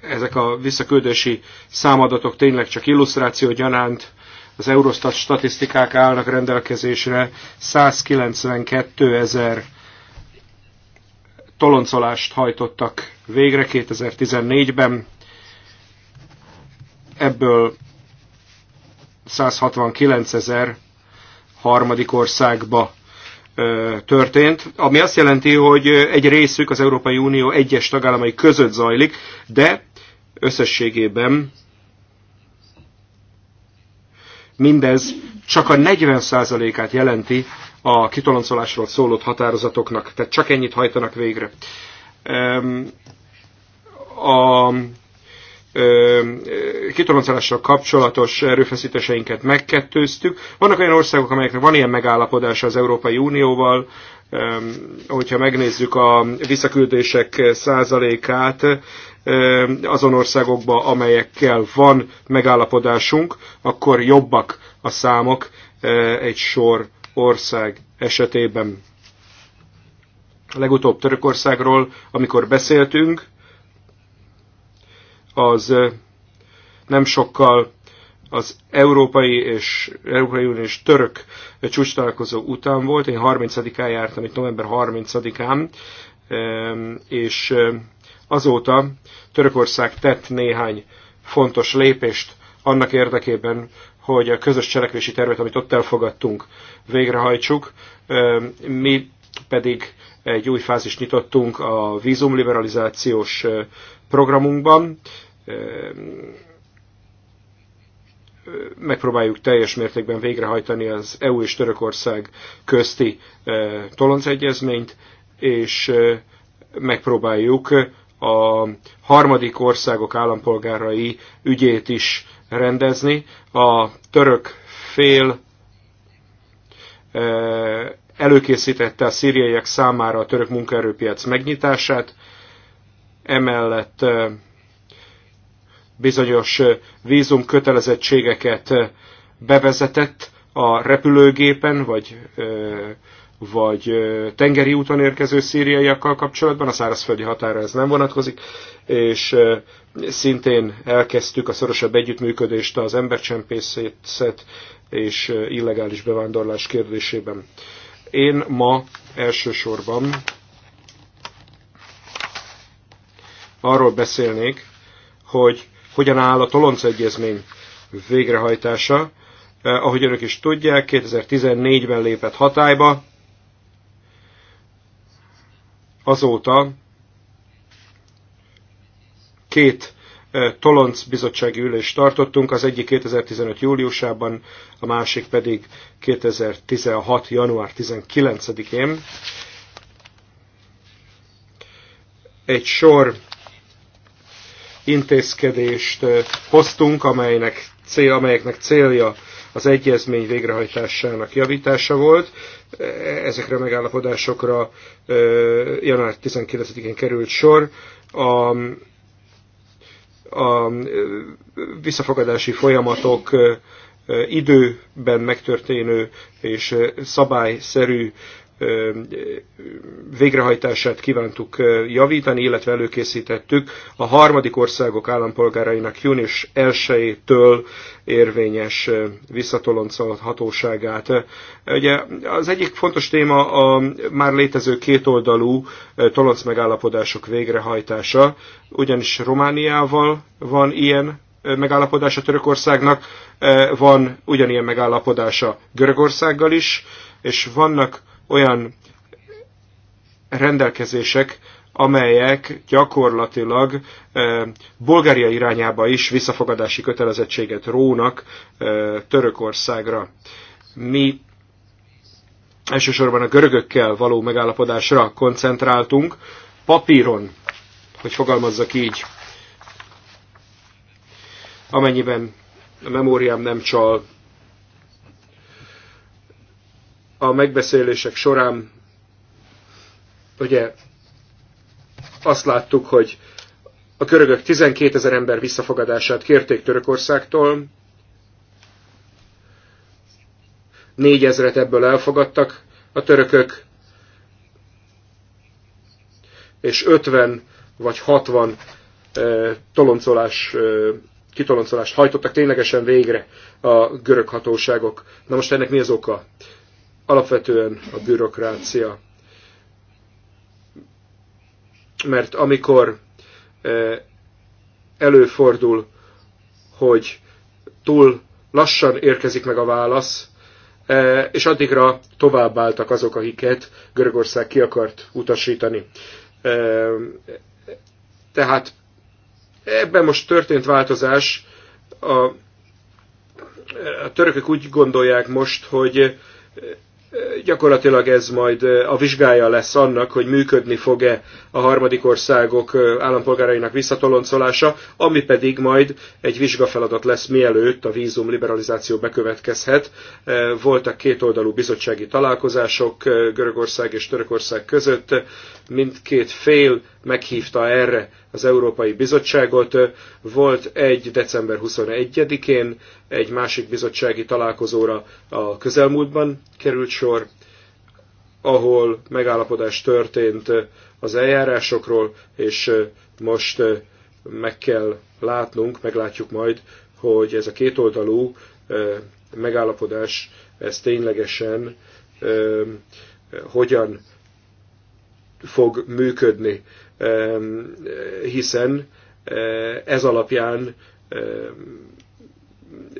ezek a visszaküldési számadatok tényleg csak illusztráció gyanánt, az Eurostat statisztikák állnak rendelkezésre, 192 ezer toloncolást hajtottak végre 2014-ben, ebből 169 ezer harmadik országba történt, ami azt jelenti, hogy egy részük az Európai Unió egyes tagállamai között zajlik, de összességében mindez csak a 40%-át jelenti a kitoloncolásról szólott határozatoknak, tehát csak ennyit hajtanak végre. A kitoloncolással kapcsolatos erőfeszítéseinket megkettőztük. Vannak olyan országok, amelyeknek van ilyen megállapodása az Európai Unióval, hogyha megnézzük a visszaküldések százalékát azon országokba, amelyekkel van megállapodásunk, akkor jobbak a számok egy sor ország esetében. Legutóbb Törökországról, amikor beszéltünk, az nem sokkal az európai és Európai Unió és török csúcs találkozó után volt. Én 30-án jártam, itt november 30-án, és azóta Törökország tett néhány fontos lépést annak érdekében, hogy a közös cselekvési tervet, amit ott elfogadtunk, végrehajtsuk. Mi pedig egy új fázist nyitottunk a vízumliberalizációs programunkban, megpróbáljuk teljes mértékben végrehajtani az EU és Törökország közti toloncegyezményt, és megpróbáljuk a harmadik országok állampolgárai ügyét is rendezni. A török fél előkészítette a szíriaiak számára a török munkaerőpiac megnyitását, emellett bizonyos vízum kötelezettségeket bevezetett a repülőgépen, vagy, vagy tengeri úton érkező szíriaiakkal kapcsolatban, a szárazföldi határa ez nem vonatkozik, és szintén elkezdtük a szorosabb együttműködést az embercsempészet és illegális bevándorlás kérdésében. Én ma elsősorban arról beszélnék, hogy hogyan áll a Tolonc Egyezmény végrehajtása. Eh, ahogy önök is tudják, 2014-ben lépett hatályba, azóta két eh, Tolonc bizottsági ülést tartottunk, az egyik 2015. júliusában, a másik pedig 2016. január 19-én. Egy sor intézkedést hoztunk, amelynek cél, amelyeknek célja az egyezmény végrehajtásának javítása volt. E, ezekre a megállapodásokra január 19-én került sor. A, a visszafogadási folyamatok időben megtörténő és szabályszerű végrehajtását kívántuk javítani, illetve előkészítettük a harmadik országok állampolgárainak június 1-től érvényes visszatoloncolt hatóságát. Ugye az egyik fontos téma a már létező kétoldalú tolonc megállapodások végrehajtása, ugyanis Romániával van ilyen megállapodása Törökországnak, van ugyanilyen megállapodása Görögországgal is, és vannak olyan rendelkezések, amelyek gyakorlatilag e, Bulgária irányába is visszafogadási kötelezettséget rónak e, Törökországra. Mi elsősorban a görögökkel való megállapodásra koncentráltunk, papíron, hogy fogalmazzak így, amennyiben a memóriám nem csal, a megbeszélések során ugye azt láttuk, hogy a körögök 12 ezer ember visszafogadását kérték Törökországtól, 4 ezeret ebből elfogadtak a törökök, és 50 vagy 60 toloncolás, kitoloncolást hajtottak ténylegesen végre a görög hatóságok. Na most ennek mi az oka? alapvetően a bürokrácia. Mert amikor e, előfordul, hogy túl lassan érkezik meg a válasz, e, és addigra továbbáltak azok, akiket Görögország ki akart utasítani. E, tehát ebben most történt változás, a, a törökök úgy gondolják most, hogy gyakorlatilag ez majd a vizsgája lesz annak, hogy működni fog-e a harmadik országok állampolgárainak visszatoloncolása, ami pedig majd egy vizsgafeladat lesz, mielőtt a vízum liberalizáció bekövetkezhet. Voltak kétoldalú bizottsági találkozások Görögország és Törökország között, mindkét fél meghívta erre az Európai Bizottságot. Volt egy december 21-én, egy másik bizottsági találkozóra a közelmúltban került sor, ahol megállapodás történt az eljárásokról, és most meg kell látnunk, meglátjuk majd, hogy ez a kétoldalú megállapodás, ez ténylegesen hogyan fog működni hiszen eh, ez alapján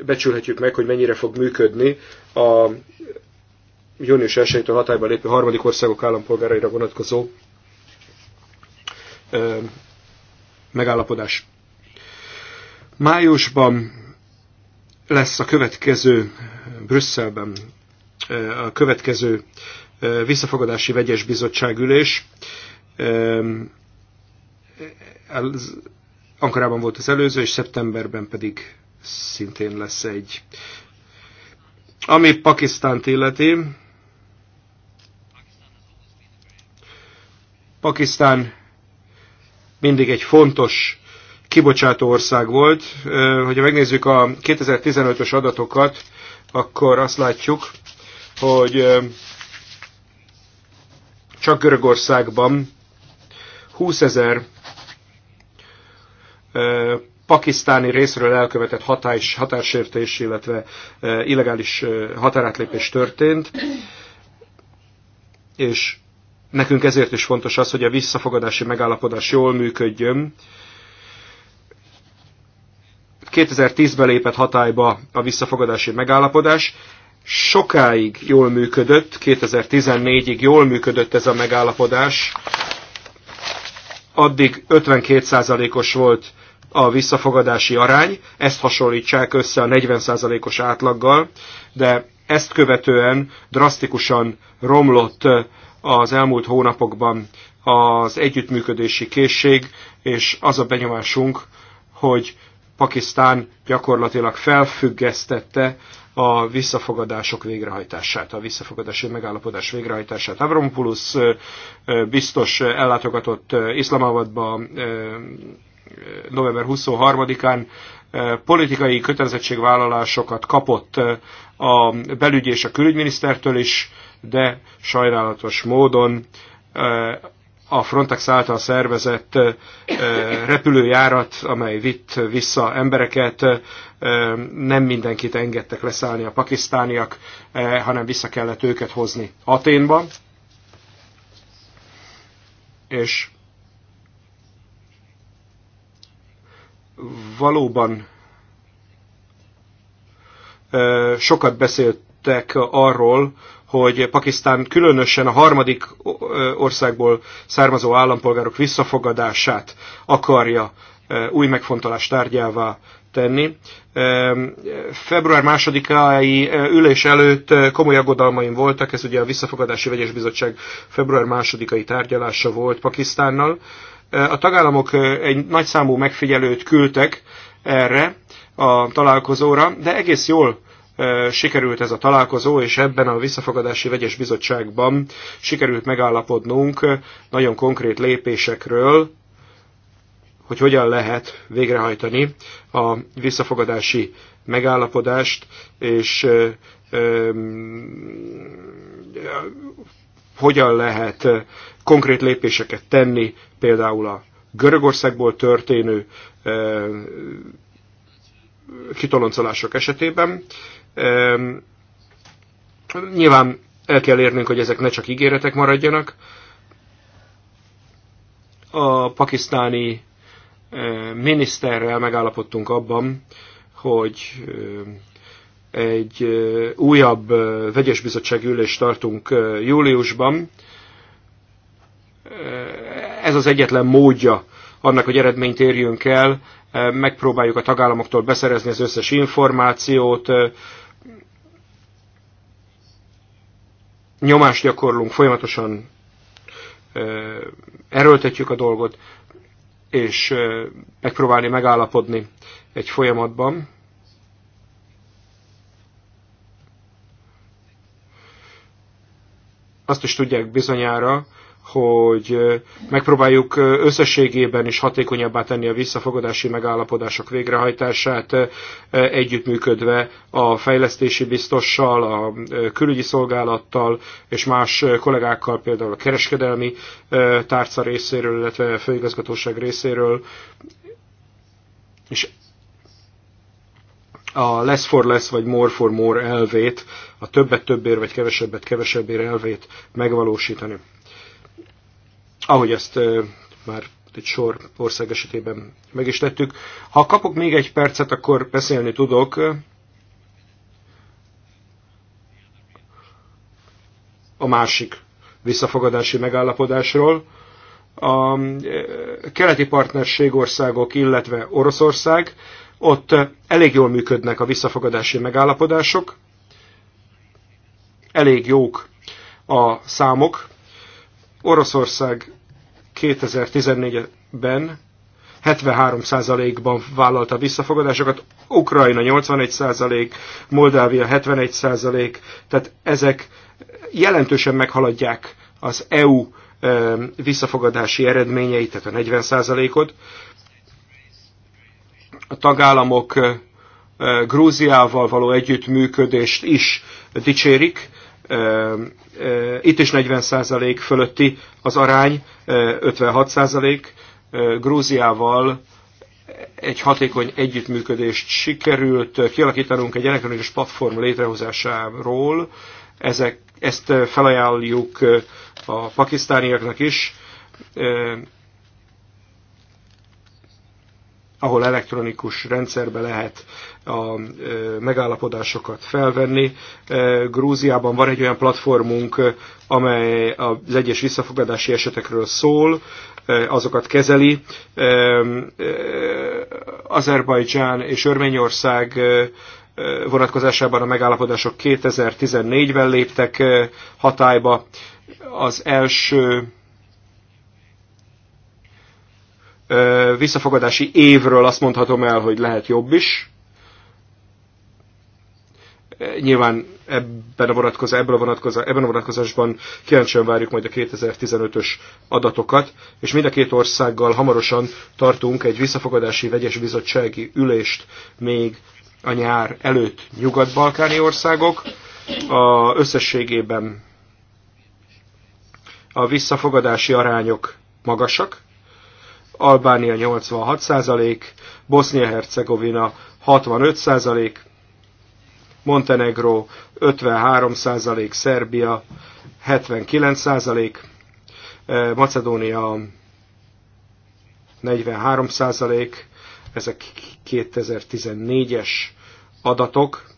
becsülhetjük meg, hogy mennyire fog működni a június 1-től hatályba lépő harmadik országok állampolgáraira vonatkozó megállapodás. Májusban lesz a következő Brüsszelben eh, a következő eh, visszafogadási vegyes bizottságülés az Ankarában volt az előző, és szeptemberben pedig szintén lesz egy. Ami Pakisztánt illeti, Pakisztán mindig egy fontos kibocsátó ország volt. Hogyha megnézzük a 2015-ös adatokat, akkor azt látjuk, hogy csak Görögországban 20 ezer pakisztáni részről elkövetett hatás, hatásértés, illetve illegális határátlépés történt, és nekünk ezért is fontos az, hogy a visszafogadási megállapodás jól működjön. 2010-ben lépett hatályba a visszafogadási megállapodás, sokáig jól működött, 2014-ig jól működött ez a megállapodás, addig 52%-os volt a visszafogadási arány, ezt hasonlítsák össze a 40%-os átlaggal, de ezt követően drasztikusan romlott az elmúlt hónapokban az együttműködési készség, és az a benyomásunk, hogy Pakisztán gyakorlatilag felfüggesztette a visszafogadások végrehajtását, a visszafogadási megállapodás végrehajtását. Avramopoulos biztos ellátogatott Iszlamabadba november 23-án politikai kötelezettségvállalásokat kapott a belügy és a külügyminisztertől is, de sajnálatos módon a Frontex által szervezett repülőjárat, amely vitt vissza embereket, nem mindenkit engedtek leszállni a pakisztániak, hanem vissza kellett őket hozni Aténba. És valóban sokat beszéltek arról, hogy Pakisztán különösen a harmadik országból származó állampolgárok visszafogadását akarja új megfontolás tárgyává tenni. Február másodikai ülés előtt komoly aggodalmaim voltak, ez ugye a Visszafogadási Vegyes Bizottság február másodikai tárgyalása volt Pakisztánnal, a tagállamok egy nagy számú megfigyelőt küldtek erre a találkozóra, de egész jól sikerült ez a találkozó, és ebben a visszafogadási vegyes bizottságban sikerült megállapodnunk nagyon konkrét lépésekről, hogy hogyan lehet végrehajtani a visszafogadási megállapodást, és hogyan lehet konkrét lépéseket tenni például a Görögországból történő kitoloncolások esetében. Nyilván el kell érnünk, hogy ezek ne csak ígéretek maradjanak. A pakisztáni miniszterrel megállapodtunk abban, hogy egy újabb vegyes bizottság ülést tartunk júliusban ez az egyetlen módja annak, hogy eredményt érjünk el, megpróbáljuk a tagállamoktól beszerezni az összes információt, nyomást gyakorlunk, folyamatosan erőltetjük a dolgot, és megpróbálni megállapodni egy folyamatban. Azt is tudják bizonyára, hogy megpróbáljuk összességében is hatékonyabbá tenni a visszafogadási megállapodások végrehajtását, együttműködve a fejlesztési biztossal, a külügyi szolgálattal és más kollégákkal, például a kereskedelmi tárca részéről, illetve a főigazgatóság részéről. És a less for less vagy more for more elvét, a többet többért vagy kevesebbet kevesebbért elvét megvalósítani ahogy ezt már egy sor ország esetében meg is tettük. Ha kapok még egy percet, akkor beszélni tudok. A másik visszafogadási megállapodásról. A keleti partnerség országok, illetve Oroszország, ott elég jól működnek a visszafogadási megállapodások, elég jók a számok, Oroszország 2014-ben 73%-ban vállalta visszafogadásokat, Ukrajna 81%, Moldávia 71%, tehát ezek jelentősen meghaladják az EU visszafogadási eredményeit, tehát a 40%-ot. A tagállamok Grúziával való együttműködést is dicsérik, itt is 40% fölötti az arány, 56%. Grúziával egy hatékony együttműködést sikerült kialakítanunk egy elektronikus platform létrehozásáról. Ezek, ezt felajánljuk a pakisztániaknak is ahol elektronikus rendszerbe lehet a megállapodásokat felvenni. Grúziában van egy olyan platformunk, amely az egyes visszafogadási esetekről szól, azokat kezeli. Azerbajdzsán és Örményország vonatkozásában a megállapodások 2014-ben léptek hatályba. Az első visszafogadási évről azt mondhatom el, hogy lehet jobb is. Nyilván ebben a, vonatkozás, ebben a, vonatkozás, ebben a vonatkozásban kíváncsian várjuk majd a 2015-ös adatokat, és mind a két országgal hamarosan tartunk egy visszafogadási vegyes bizottsági ülést még a nyár előtt nyugat-balkáni országok. A összességében a visszafogadási arányok magasak, Albánia 86%, Bosznia-Hercegovina 65%, Montenegro 53%, Szerbia 79%, eh, Macedónia 43%, ezek 2014-es adatok,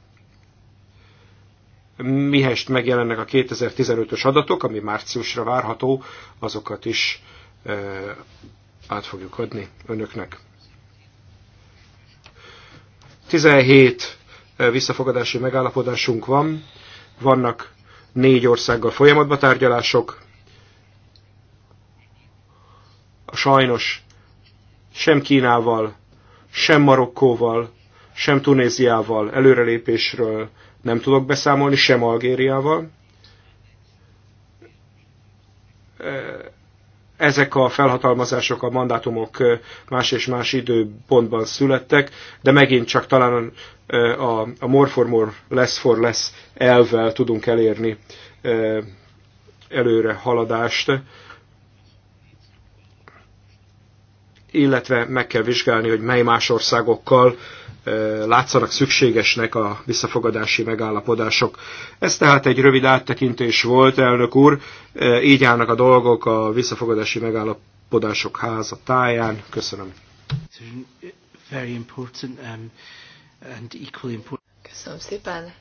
mihest megjelennek a 2015-ös adatok, ami márciusra várható, azokat is eh, át fogjuk adni önöknek. 17 visszafogadási megállapodásunk van, vannak négy országgal folyamatban tárgyalások. Sajnos sem Kínával, sem Marokkóval, sem Tunéziával előrelépésről nem tudok beszámolni, sem Algériával ezek a felhatalmazások, a mandátumok más és más időpontban születtek, de megint csak talán a, a more for more, less for less elvvel tudunk elérni előre haladást, illetve meg kell vizsgálni, hogy mely más országokkal látszanak szükségesnek a visszafogadási megállapodások. Ez tehát egy rövid áttekintés volt, elnök úr. Így állnak a dolgok a visszafogadási megállapodások háza táján. Köszönöm. Um, Köszönöm szépen.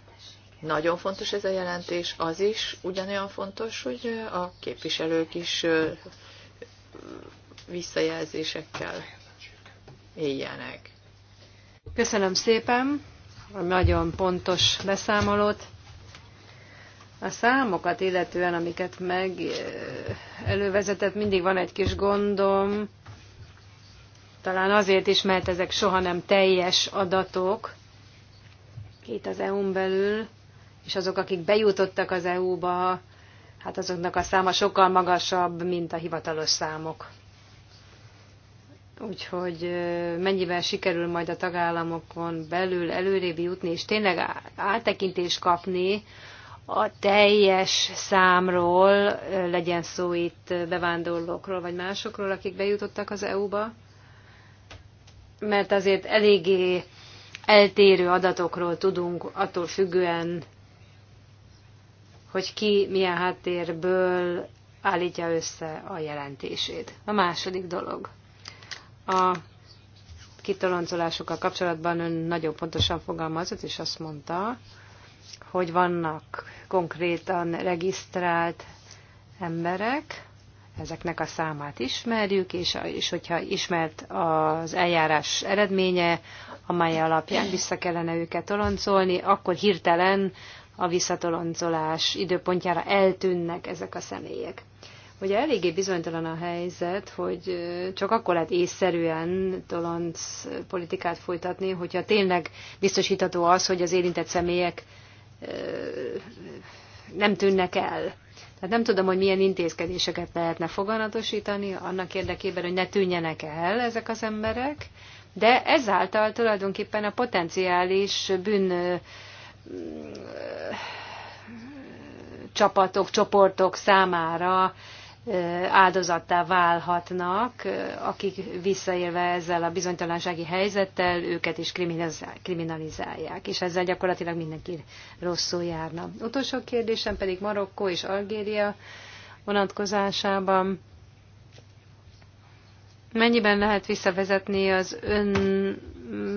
Nagyon fontos ez a jelentés, az is ugyanolyan fontos, hogy a képviselők is visszajelzésekkel éljenek. Köszönöm szépen a nagyon pontos beszámolót. A számokat illetően, amiket meg elővezetett, mindig van egy kis gondom, talán azért is, mert ezek soha nem teljes adatok itt az EU-n belül, és azok, akik bejutottak az EU-ba, hát azoknak a száma sokkal magasabb, mint a hivatalos számok. Úgyhogy mennyivel sikerül majd a tagállamokon belül előrébb jutni, és tényleg áttekintést kapni a teljes számról, legyen szó itt bevándorlókról, vagy másokról, akik bejutottak az EU-ba, mert azért eléggé eltérő adatokról tudunk, attól függően, hogy ki milyen háttérből állítja össze a jelentését. A második dolog. A kitoloncolásokkal kapcsolatban ön nagyon pontosan fogalmazott, és azt mondta, hogy vannak konkrétan regisztrált emberek, ezeknek a számát ismerjük, és, és hogyha ismert az eljárás eredménye, amely alapján vissza kellene őket toloncolni, akkor hirtelen a visszatoloncolás időpontjára eltűnnek ezek a személyek hogy eléggé bizonytalan a helyzet, hogy csak akkor lehet észszerűen tolonc politikát folytatni, hogyha tényleg biztosítható az, hogy az érintett személyek nem tűnnek el. Tehát nem tudom, hogy milyen intézkedéseket lehetne foganatosítani annak érdekében, hogy ne tűnjenek el ezek az emberek, de ezáltal tulajdonképpen a potenciális bűn csapatok, csoportok számára áldozattá válhatnak, akik visszaélve ezzel a bizonytalansági helyzettel, őket is kriminalizálják, és ezzel gyakorlatilag mindenki rosszul járna. Utolsó kérdésem pedig Marokkó és Algéria vonatkozásában. Mennyiben lehet visszavezetni az ön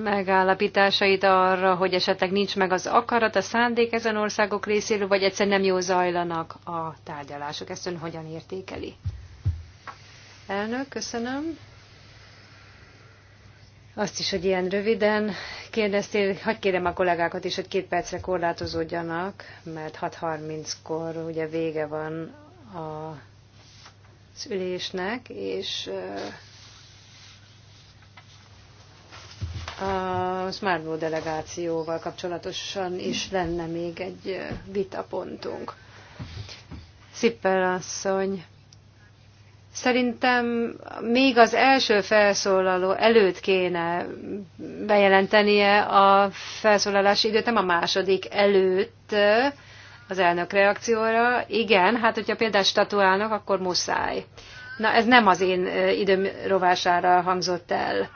megállapításait arra, hogy esetleg nincs meg az akarat, a szándék ezen országok részéről, vagy egyszerűen nem jó zajlanak a tárgyalások. Ezt ön hogyan értékeli? Elnök, köszönöm. Azt is, hogy ilyen röviden kérdeztél, hagyd kérem a kollégákat is, hogy két percre korlátozódjanak, mert 6.30-kor ugye vége van a, az ülésnek, és a Smartbow delegációval kapcsolatosan is lenne még egy vitapontunk. Szippel asszony, szerintem még az első felszólaló előtt kéne bejelentenie a felszólalási időt, nem a második előtt az elnök reakcióra. Igen, hát hogyha például statuálnak, akkor muszáj. Na, ez nem az én időm rovására hangzott el.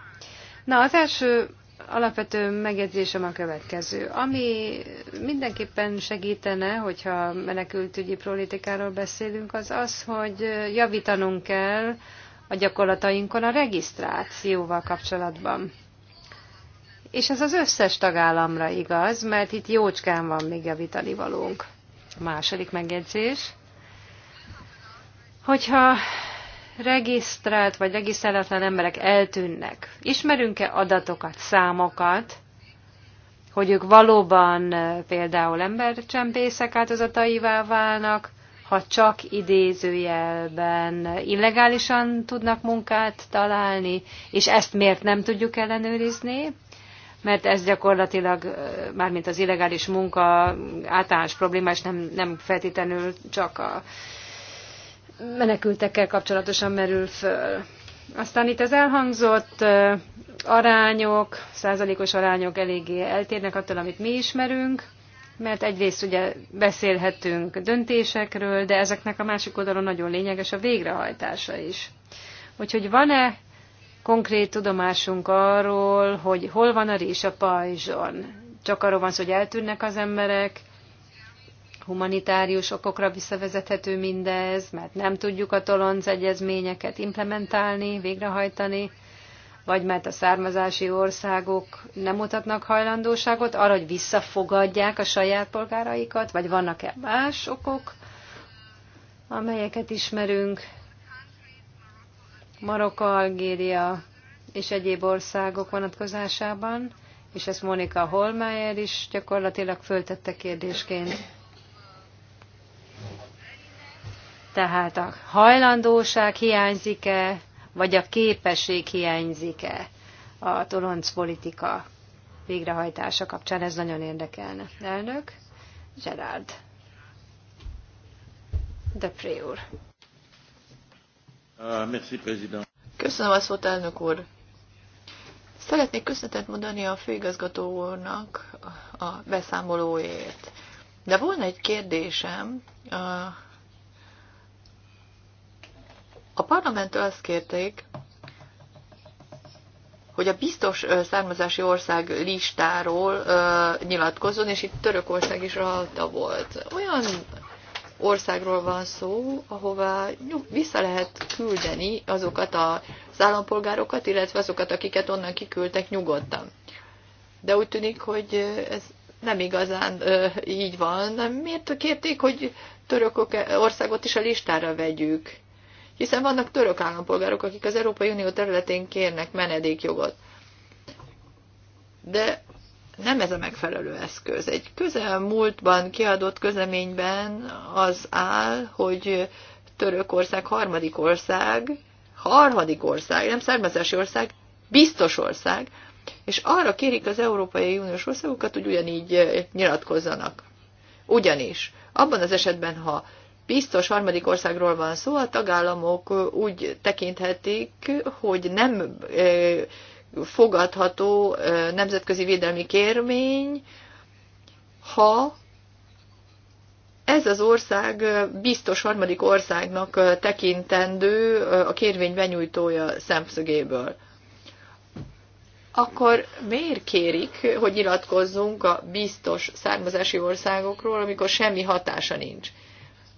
Na, az első alapvető megjegyzésem a következő. Ami mindenképpen segítene, hogyha menekültügyi politikáról beszélünk, az az, hogy javítanunk kell a gyakorlatainkon a regisztrációval kapcsolatban. És ez az összes tagállamra igaz, mert itt jócskán van még javítani valónk. A második megjegyzés. Hogyha regisztrált vagy regisztrálatlan emberek eltűnnek. Ismerünk-e adatokat, számokat, hogy ők valóban például embercsempészek áldozataivá válnak, ha csak idézőjelben illegálisan tudnak munkát találni, és ezt miért nem tudjuk ellenőrizni? Mert ez gyakorlatilag, mármint az illegális munka általános problémás, és nem, nem feltétlenül csak a menekültekkel kapcsolatosan merül föl. Aztán itt az elhangzott arányok, százalékos arányok eléggé eltérnek attól, amit mi ismerünk, mert egyrészt ugye beszélhetünk döntésekről, de ezeknek a másik oldalon nagyon lényeges a végrehajtása is. Úgyhogy van-e konkrét tudomásunk arról, hogy hol van a rés a pajzson? Csak arról van szó, hogy eltűnnek az emberek, humanitárius okokra visszavezethető mindez, mert nem tudjuk a tolonc egyezményeket implementálni, végrehajtani, vagy mert a származási országok nem mutatnak hajlandóságot arra, hogy visszafogadják a saját polgáraikat, vagy vannak-e más okok, amelyeket ismerünk. Marokka, Algéria és egyéb országok vonatkozásában, és ezt Monika Holmeyer is gyakorlatilag föltette kérdésként. Tehát a hajlandóság hiányzik-e, vagy a képesség hiányzik-e a politika végrehajtása kapcsán? Ez nagyon érdekelne. Elnök, Gerard. de ah, Préur. Köszönöm a szót, elnök úr. Szeretnék köszönetet mondani a főigazgató úrnak a beszámolóért. De volna egy kérdésem ah, a parlamenttől azt kérték, hogy a biztos származási ország listáról uh, nyilatkozzon, és itt Törökország is rajta volt. Olyan országról van szó, ahová vissza lehet küldeni azokat az állampolgárokat, illetve azokat, akiket onnan kiküldtek nyugodtan. De úgy tűnik, hogy ez nem igazán uh, így van. Miért kérték, hogy Törökországot is a listára vegyük? hiszen vannak török állampolgárok, akik az Európai Unió területén kérnek menedékjogot. De nem ez a megfelelő eszköz. Egy közelmúltban kiadott közleményben az áll, hogy Törökország harmadik ország, harmadik ország, nem származási ország, biztos ország, és arra kérik az Európai Uniós országokat, hogy ugyanígy nyilatkozzanak. Ugyanis, abban az esetben, ha biztos harmadik országról van szó, a tagállamok úgy tekinthetik, hogy nem fogadható nemzetközi védelmi kérmény, ha ez az ország biztos harmadik országnak tekintendő a kérvény benyújtója szemszögéből. Akkor miért kérik, hogy nyilatkozzunk a biztos származási országokról, amikor semmi hatása nincs?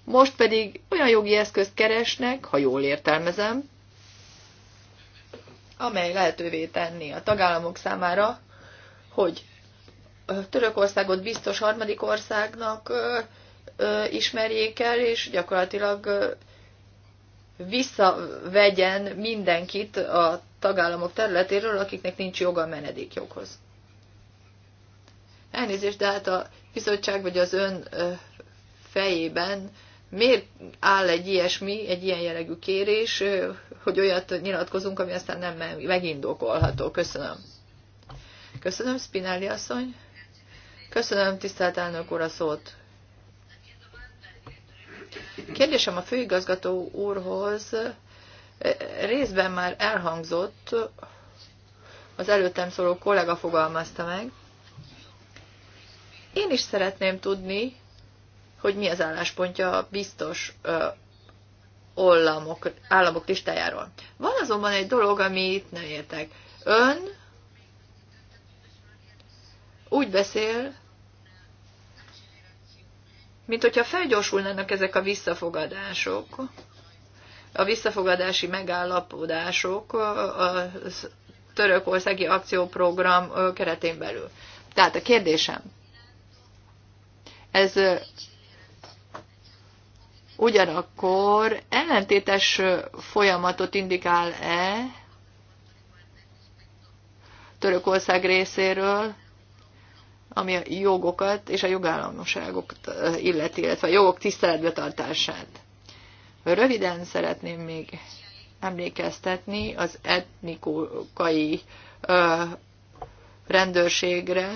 Most pedig olyan jogi eszközt keresnek, ha jól értelmezem, amely lehetővé tenni a tagállamok számára, hogy Törökországot biztos harmadik országnak ismerjék el, és gyakorlatilag visszavegyen mindenkit a tagállamok területéről, akiknek nincs joga a menedékjoghoz. Elnézést, de hát a bizottság vagy az ön fejében miért áll egy ilyesmi, egy ilyen jellegű kérés, hogy olyat nyilatkozunk, ami aztán nem megindokolható. Köszönöm. Köszönöm, Spinelli asszony. Köszönöm, tisztelt elnök úr, a szót. Kérdésem a főigazgató úrhoz részben már elhangzott, az előttem szóló kollega fogalmazta meg. Én is szeretném tudni, hogy mi az álláspontja a biztos államok, államok listájáról. Van azonban egy dolog, amit nem értek. Ön úgy beszél, mint hogyha felgyorsulnának ezek a visszafogadások, a visszafogadási megállapodások a törökországi akcióprogram keretén belül. Tehát a kérdésem, ez ugyanakkor ellentétes folyamatot indikál-e Törökország részéről, ami a jogokat és a jogállamoságokat illeti, illetve a jogok tiszteletbe tartását. Röviden szeretném még emlékeztetni az etnikai rendőrségre,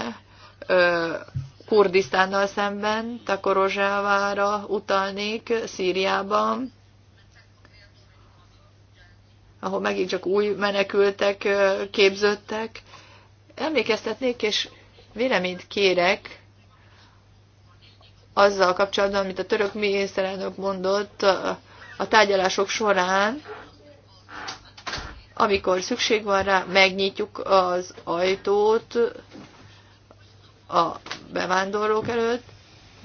Kurdisztánnal szemben, Takorozsávára utalnék Szíriában, ahol megint csak új menekültek, képződtek. Emlékeztetnék, és véleményt kérek azzal kapcsolatban, amit a török miniszterelnök mondott a tárgyalások során, amikor szükség van rá, megnyitjuk az ajtót, a bevándorlók előtt,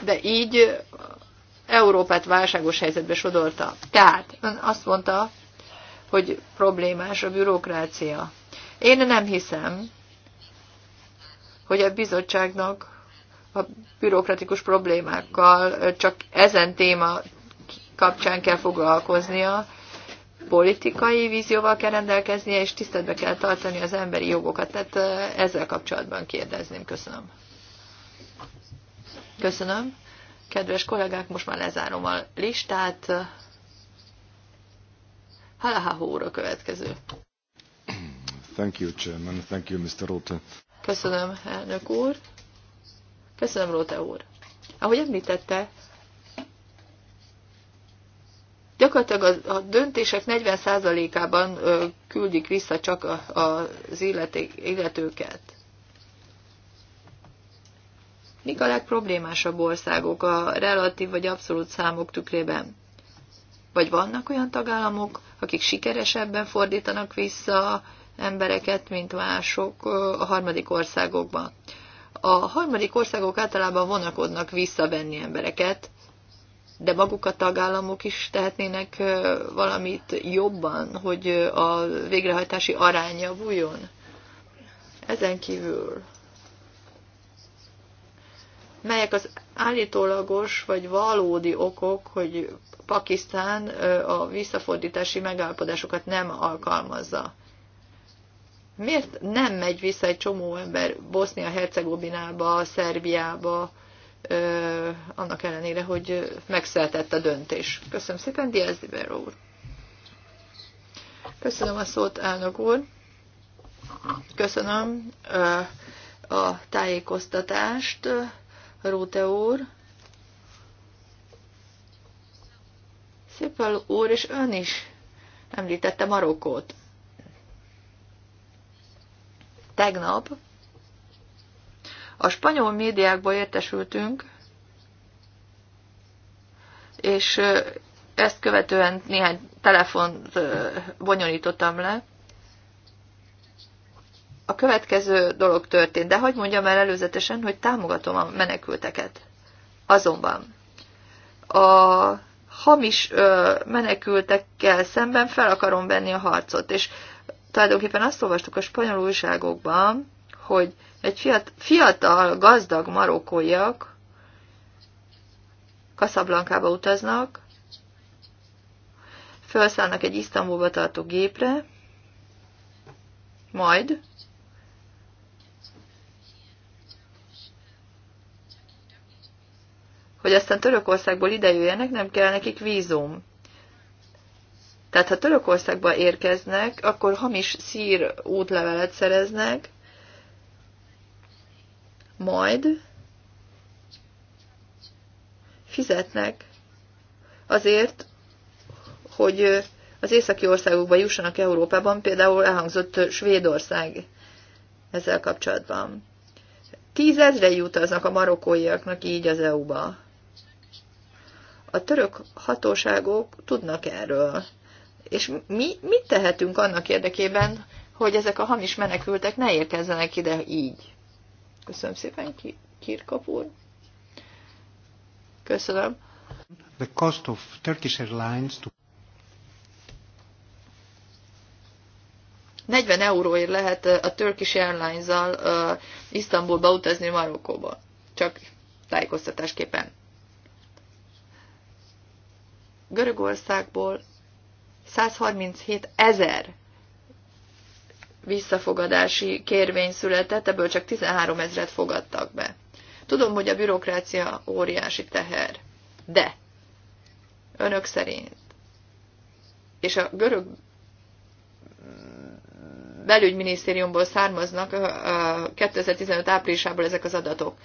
de így Európát válságos helyzetbe sodorta. Tehát ön azt mondta, hogy problémás a bürokrácia. Én nem hiszem, hogy a bizottságnak a bürokratikus problémákkal csak ezen téma kapcsán kell foglalkoznia, politikai vízióval kell rendelkeznie, és tiszteletbe kell tartani az emberi jogokat. Tehát eh, ezzel kapcsolatban kérdezném. Köszönöm. Köszönöm. Kedves kollégák, most már lezárom a listát. Halaha következő. Thank you, Chairman. Thank you, Mr. Rote. Köszönöm, elnök úr. Köszönöm, Rote úr. Ahogy említette, gyakorlatilag a, döntések 40%-ában küldik vissza csak az illetőket mik a legproblémásabb országok a relatív vagy abszolút számok tükrében? Vagy vannak olyan tagállamok, akik sikeresebben fordítanak vissza embereket, mint mások a harmadik országokban? A harmadik országok általában vonakodnak visszavenni embereket, de maguk a tagállamok is tehetnének valamit jobban, hogy a végrehajtási aránya javuljon. Ezen kívül melyek az állítólagos vagy valódi okok, hogy Pakisztán a visszafordítási megállapodásokat nem alkalmazza. Miért nem megy vissza egy csomó ember Bosznia-Hercegovinába, Szerbiába, ö, annak ellenére, hogy megszületett a döntés? Köszönöm szépen, Diaz Libero úr. Köszönöm a szót, elnök úr. Köszönöm ö, a tájékoztatást. Rúte úr, Szépel úr és ön is említette Marokkót. Tegnap a spanyol médiákból értesültünk, és ezt követően néhány telefont bonyolítottam le, a következő dolog történt, de hagyd mondjam el előzetesen, hogy támogatom a menekülteket. Azonban a hamis ö, menekültekkel szemben fel akarom venni a harcot, és tulajdonképpen azt olvastuk a spanyol újságokban, hogy egy fiatal, fiatal gazdag marokkóiak Kaszablankába utaznak, felszállnak egy Isztambulba tartó gépre, majd hogy aztán Törökországból idejöjjenek, nem kell nekik vízum. Tehát ha Törökországba érkeznek, akkor hamis szír útlevelet szereznek, majd fizetnek azért, hogy az északi országokba jussanak Európában, például elhangzott Svédország ezzel kapcsolatban. Tízezre aznak a marokkóiaknak így az EU-ba. A török hatóságok tudnak erről. És mi mit tehetünk annak érdekében, hogy ezek a hamis menekültek ne érkezzenek ide így? Köszönöm szépen, Kirkapúr. Köszönöm. The cost of Turkish Airlines to 40 euróért lehet a Turkish Airlines-zal uh, Isztambulba utazni Marokkóba. Csak tájékoztatásképpen. Görögországból 137 ezer visszafogadási kérvény született, ebből csak 13 ezret fogadtak be. Tudom, hogy a bürokrácia óriási teher, de önök szerint, és a görög belügyminisztériumból származnak 2015 áprilisából ezek az adatok.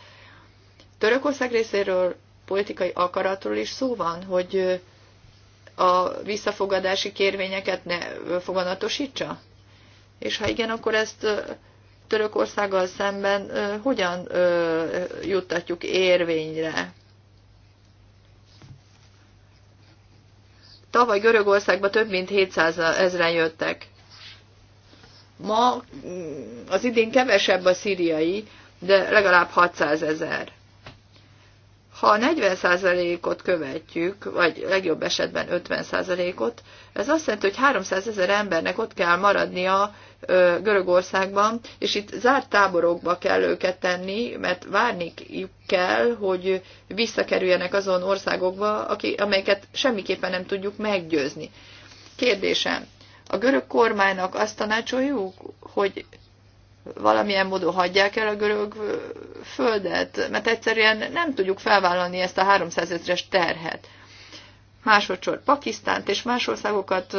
Törökország részéről politikai akaratról is szó van, hogy a visszafogadási kérvényeket ne foganatosítsa? És ha igen, akkor ezt Törökországgal szemben hogyan juttatjuk érvényre? Tavaly Görögországba több mint 700 ezeren jöttek. Ma mm, az idén kevesebb a szíriai, de legalább 600 ezer. Ha 40%-ot követjük, vagy legjobb esetben 50%-ot, ez azt jelenti, hogy 300 ezer embernek ott kell maradnia Görögországban, és itt zárt táborokba kell őket tenni, mert várni kell, hogy visszakerüljenek azon országokba, amelyeket semmiképpen nem tudjuk meggyőzni. Kérdésem, a görög kormánynak azt tanácsoljuk, hogy valamilyen módon hagyják el a görög földet, mert egyszerűen nem tudjuk felvállalni ezt a 300 ezres terhet. Másodszor Pakisztánt és más országokat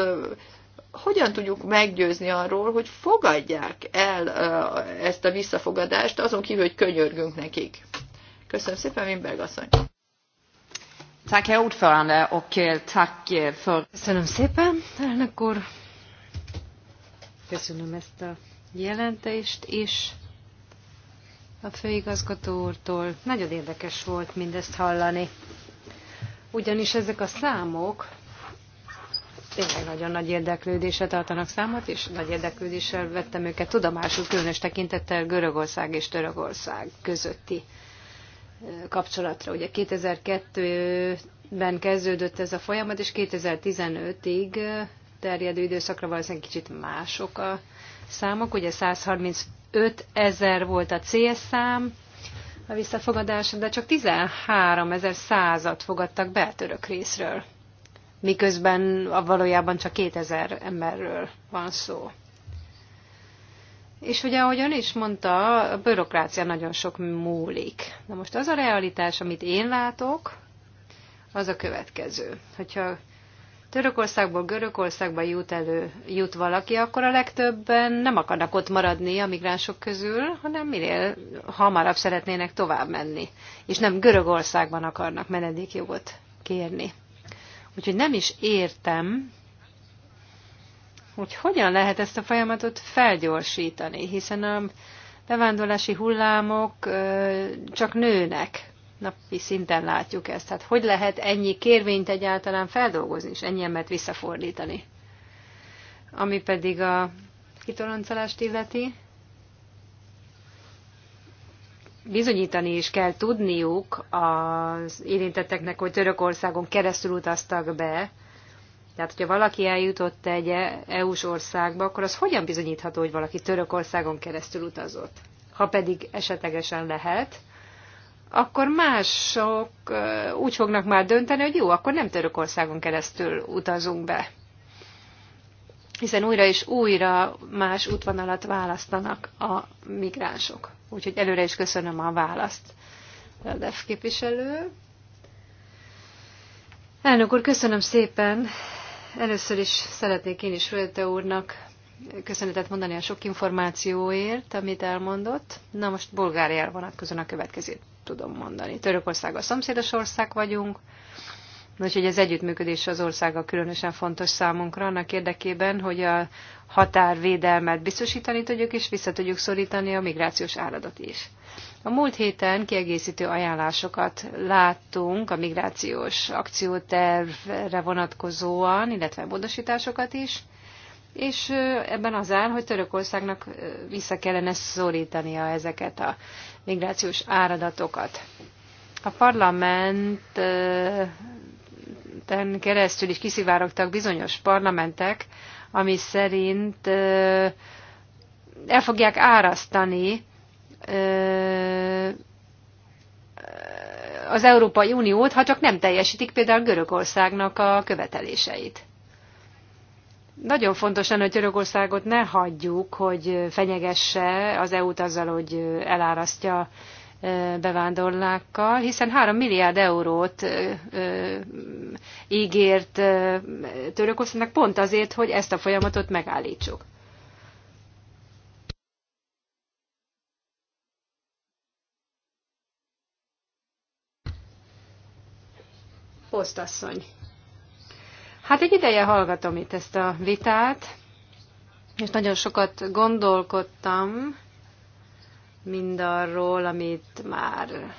hogyan tudjuk meggyőzni arról, hogy fogadják el ezt a visszafogadást, azon kívül, hogy könyörgünk nekik. Köszönöm szépen, Wimberg asszony. Tack, herr ordförande, och eh, tack eh, för... Köszönöm szépen, elnök úr. Köszönöm ezt a jelentést is a főigazgató úrtól. Nagyon érdekes volt mindezt hallani. Ugyanis ezek a számok tényleg nagyon nagy érdeklődésre tartanak számot, és nagy érdeklődéssel vettem őket tudomásul, különös tekintettel Görögország és Törögország közötti kapcsolatra. Ugye 2002-ben kezdődött ez a folyamat, és 2015-ig terjedő időszakra valószínűleg kicsit mások a számok, ugye 135 ezer volt a célszám a visszafogadás, de csak 13 ezer százat fogadtak be török részről, miközben a valójában csak 2000 emberről van szó. És ugye, ahogy ön is mondta, a bürokrácia nagyon sok múlik. Na most az a realitás, amit én látok, az a következő. Hogyha Törökországból Görögországba jut elő, jut valaki, akkor a legtöbben nem akarnak ott maradni a migránsok közül, hanem minél hamarabb szeretnének tovább menni, és nem Görögországban akarnak menedékjogot kérni. Úgyhogy nem is értem, hogy hogyan lehet ezt a folyamatot felgyorsítani, hiszen a bevándorlási hullámok csak nőnek napi szinten látjuk ezt. Tehát hogy lehet ennyi kérvényt egyáltalán feldolgozni, és ennyi embert visszafordítani? Ami pedig a kitoloncolást illeti, bizonyítani is kell tudniuk az érintetteknek, hogy Törökországon keresztül utaztak be. Tehát, hogyha valaki eljutott egy e- EU-s országba, akkor az hogyan bizonyítható, hogy valaki Törökországon keresztül utazott? Ha pedig esetlegesen lehet, akkor mások úgy fognak már dönteni, hogy jó, akkor nem Törökországon keresztül utazunk be. Hiszen újra és újra más útvonalat választanak a migránsok. Úgyhogy előre is köszönöm a választ. DEF képviselő. Elnök úr, köszönöm szépen. Először is szeretnék én is Rölte úrnak köszönetet mondani a sok információért, amit elmondott. Na most Bulgáriára vonatkozóan a következőt tudom mondani. Törökország a szomszédos ország vagyunk, úgyhogy az együttműködés az országa különösen fontos számunkra, annak érdekében, hogy a határvédelmet biztosítani tudjuk, és vissza tudjuk szorítani a migrációs áradat is. A múlt héten kiegészítő ajánlásokat láttunk a migrációs akciótervre vonatkozóan, illetve módosításokat is, és ebben az áll, hogy Törökországnak vissza kellene szorítania ezeket a migrációs áradatokat. A parlament keresztül is kiszivárogtak bizonyos parlamentek, ami szerint el fogják árasztani az Európai Uniót, ha csak nem teljesítik például Görögországnak a követeléseit. Nagyon fontos lenne, hogy Törökországot ne hagyjuk, hogy fenyegesse az EU-t azzal, hogy elárasztja bevándorlákkal, hiszen 3 milliárd eurót ígért Törökországnak pont azért, hogy ezt a folyamatot megállítsuk. Posztasszony. Hát egy ideje hallgatom itt ezt a vitát, és nagyon sokat gondolkodtam mindarról, amit már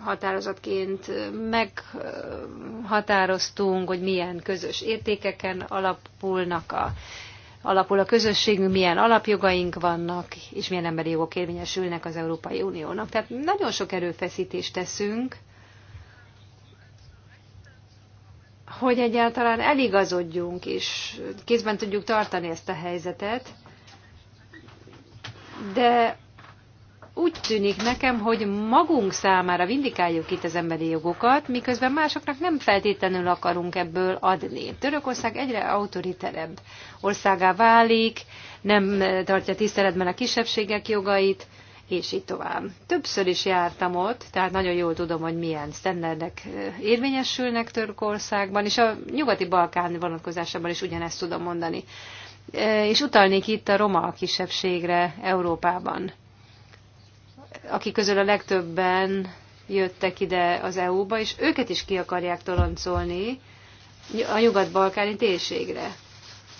határozatként meghatároztunk, hogy milyen közös értékeken alapulnak a, alapul a közösségünk, milyen alapjogaink vannak, és milyen emberi jogok érvényesülnek az Európai Uniónak. Tehát nagyon sok erőfeszítést teszünk, hogy egyáltalán eligazodjunk, és kézben tudjuk tartani ezt a helyzetet, de úgy tűnik nekem, hogy magunk számára vindikáljuk itt az emberi jogokat, miközben másoknak nem feltétlenül akarunk ebből adni. Törökország egyre autoriterebb országá válik, nem tartja tiszteletben a kisebbségek jogait, és így tovább. Többször is jártam ott, tehát nagyon jól tudom, hogy milyen sztenderdek érvényesülnek Törökországban, és a nyugati Balkán vonatkozásában is ugyanezt tudom mondani. És utalnék itt a roma kisebbségre Európában, akik közül a legtöbben jöttek ide az EU-ba, és őket is ki akarják toloncolni a nyugat-balkáni térségre.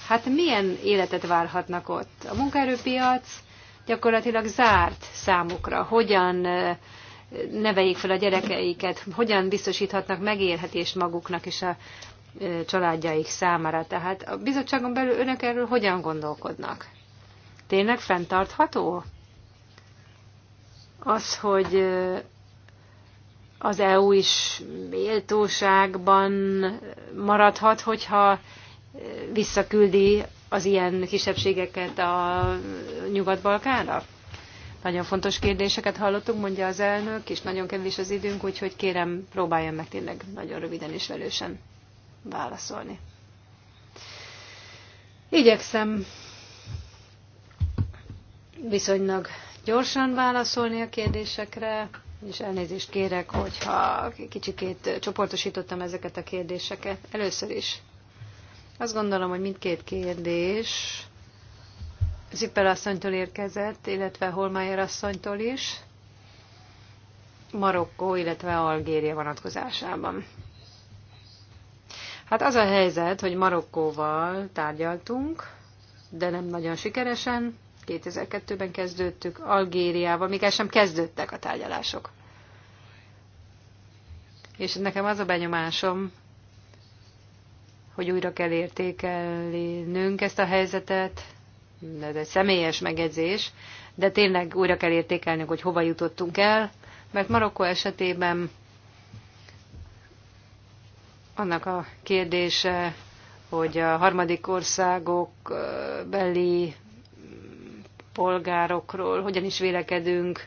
Hát milyen életet várhatnak ott? A munkaerőpiac, gyakorlatilag zárt számukra. Hogyan neveljék fel a gyerekeiket, hogyan biztosíthatnak megélhetést maguknak és a családjaik számára. Tehát a bizottságon belül önök erről hogyan gondolkodnak? Tényleg fenntartható az, hogy az EU is méltóságban maradhat, hogyha visszaküldi az ilyen kisebbségeket a Nyugat-Balkánra? Nagyon fontos kérdéseket hallottunk, mondja az elnök, és nagyon kevés az időnk, úgyhogy kérem, próbáljam meg tényleg nagyon röviden és velősen válaszolni. Igyekszem viszonylag gyorsan válaszolni a kérdésekre, és elnézést kérek, hogyha kicsikét csoportosítottam ezeket a kérdéseket. Először is azt gondolom, hogy mindkét kérdés Zippel asszonytól érkezett, illetve Holmeyer asszonytól is, Marokkó, illetve Algéria vonatkozásában. Hát az a helyzet, hogy Marokkóval tárgyaltunk, de nem nagyon sikeresen. 2002-ben kezdődtük, Algériával még el sem kezdődtek a tárgyalások. És nekem az a benyomásom, hogy újra kell értékelnünk ezt a helyzetet, de ez egy személyes megjegyzés, de tényleg újra kell értékelnünk, hogy hova jutottunk el, mert Marokkó esetében annak a kérdése, hogy a harmadik országok beli mm, polgárokról hogyan is vélekedünk,